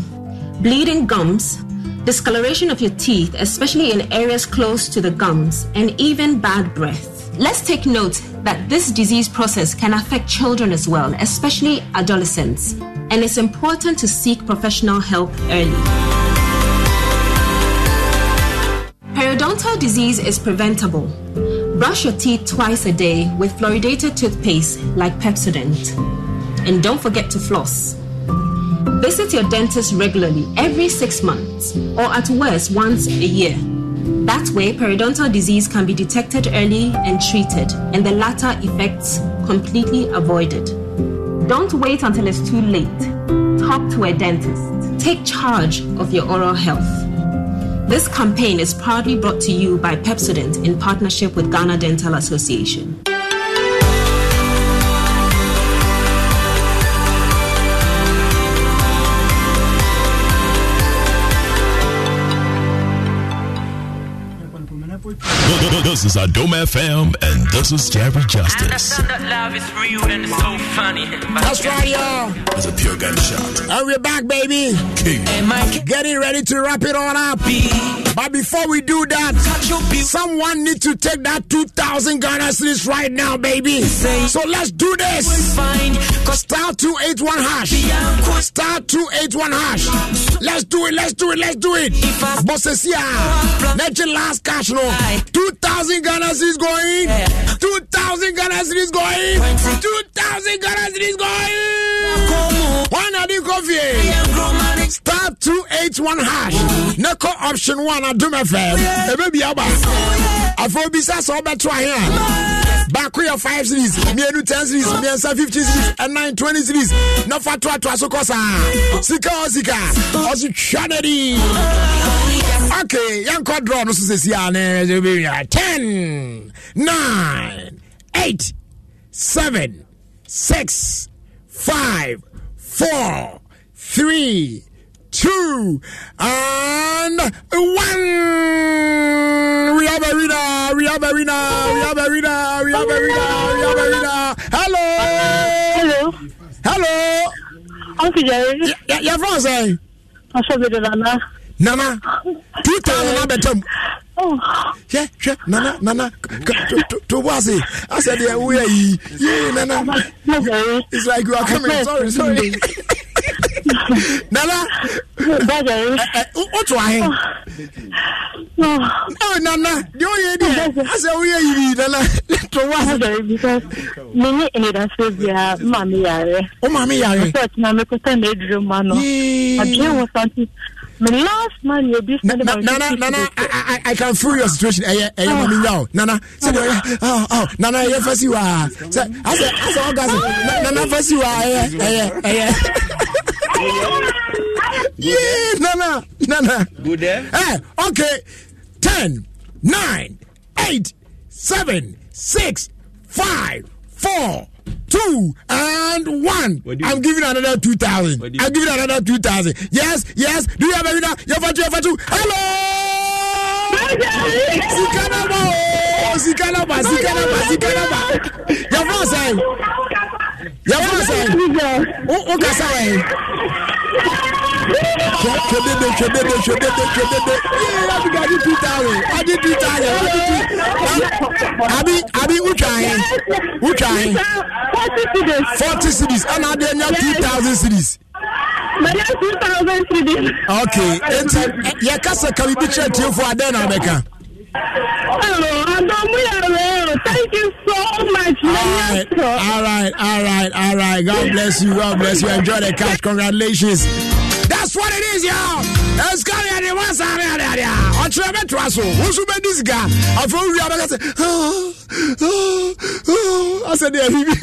bleeding gums, discoloration of your teeth, especially in areas close to the gums, and even bad breath. Let's take note that this disease process can affect children as well, especially adolescents, and it's important to seek professional help early. Periodontal disease is preventable. Brush your teeth twice a day with fluoridated toothpaste like Pepsodent. And don't forget to floss. Visit your dentist regularly every six months or at worst once a year. That way, periodontal disease can be detected early and treated, and the latter effects completely avoided. Don't wait until it's too late. Talk to a dentist. Take charge of your oral health. This campaign is proudly brought to you by Pepsodent in partnership with Ghana Dental Association. This is Adome FM, and this is Jerry Justice. That's right, y'all. It's a pure gunshot. Are we back, baby. King. Getting ready to wrap it all up. Be- but before we do that, someone need to take that 2,000 Ghana cedis right now, baby. So let's do this. Star 281 hash. Star 281 hash. Let's do it, let's do it, let's do it. Bosses here. Next last cash, no. 2,000 Ghana cedis going. 2,000 Ghana cedis going. 2,000 Ghana cedis going. One are you coffee? star 281 hash na option 1 adom fm ɛbɛbi aba afei obisa sɛ wobɛto ahe a with your 5 series mmienu 10 series mmiɛnsa 50 series ɛnan 20 series na fa toatoa so kɔ sika ɔ sika ɔso di okay yɛnkɔ draw no so sɛsia ne 10 9 8 7 6 5 4 3 two, and one. We have a winner. We have a winner. We have a winner. We have a winner. We have a winner. Hello. Hello. Hello. Uncle Jerry. Yeah, yeah, from I'm I said it, Nana. Nana. Two thousand and Oh. Yeah, yeah. nana nana to what's it? I said deɛ woyɛ yi Yeah, nana it's like you are coming sorry sorry [laughs] [laughs] nana woto eh? eh, eh, ahe nana deɛ woyɛ deɛ asɛ woyɛ yiri nana towamenyɛ anidasoɔ biaa ma me yare woma me yareɛtena mekɔsɛ na aduro ma no adwene wɔ santi My last man will be Nana, Nana, Nana, I, I, I can feel your situation. I, I, I, me now. Nana, say, oh, oh, Nana, you first you are. I said, I said, Nana, first you are. Yeah, yeah, yeah. Eh? yeah, Nana, Nana. Good day. Eh? eh, okay. Ten, nine, eight, seven, six, five, four, two, and one. I'm giving another two thousand. I'm giving another two thousand. Yes, yes. Do you have a winner? Your for two, your for two. Hello. Sikanaba, Sikanaba, oh, Sikanaba, Sikanaba. Your phone, yàtọ̀ sẹ́ o kà sá wẹ̀. Sodede sodede sodede sodede yee abiga adi tu taare adi tu taare abi abi utwa ahe utwa ahe forty cities ɛna adi enya two thousand cities. Mɛlɛ two thousand cities. Okay eti yɛ kasa kabi bi kyerɛ tiɛ fo adɛ na abɛka. Hello, Adamu Thank you so much. All right, all right, all right, all right. God bless you. God bless you. Enjoy the cash. Congratulations. That's what it is, y'all. Let's go there. They want some there. There. On Trevor Trasso. Who's who made this guy? I feel real. I said, oh, oh, oh. I said, yeah.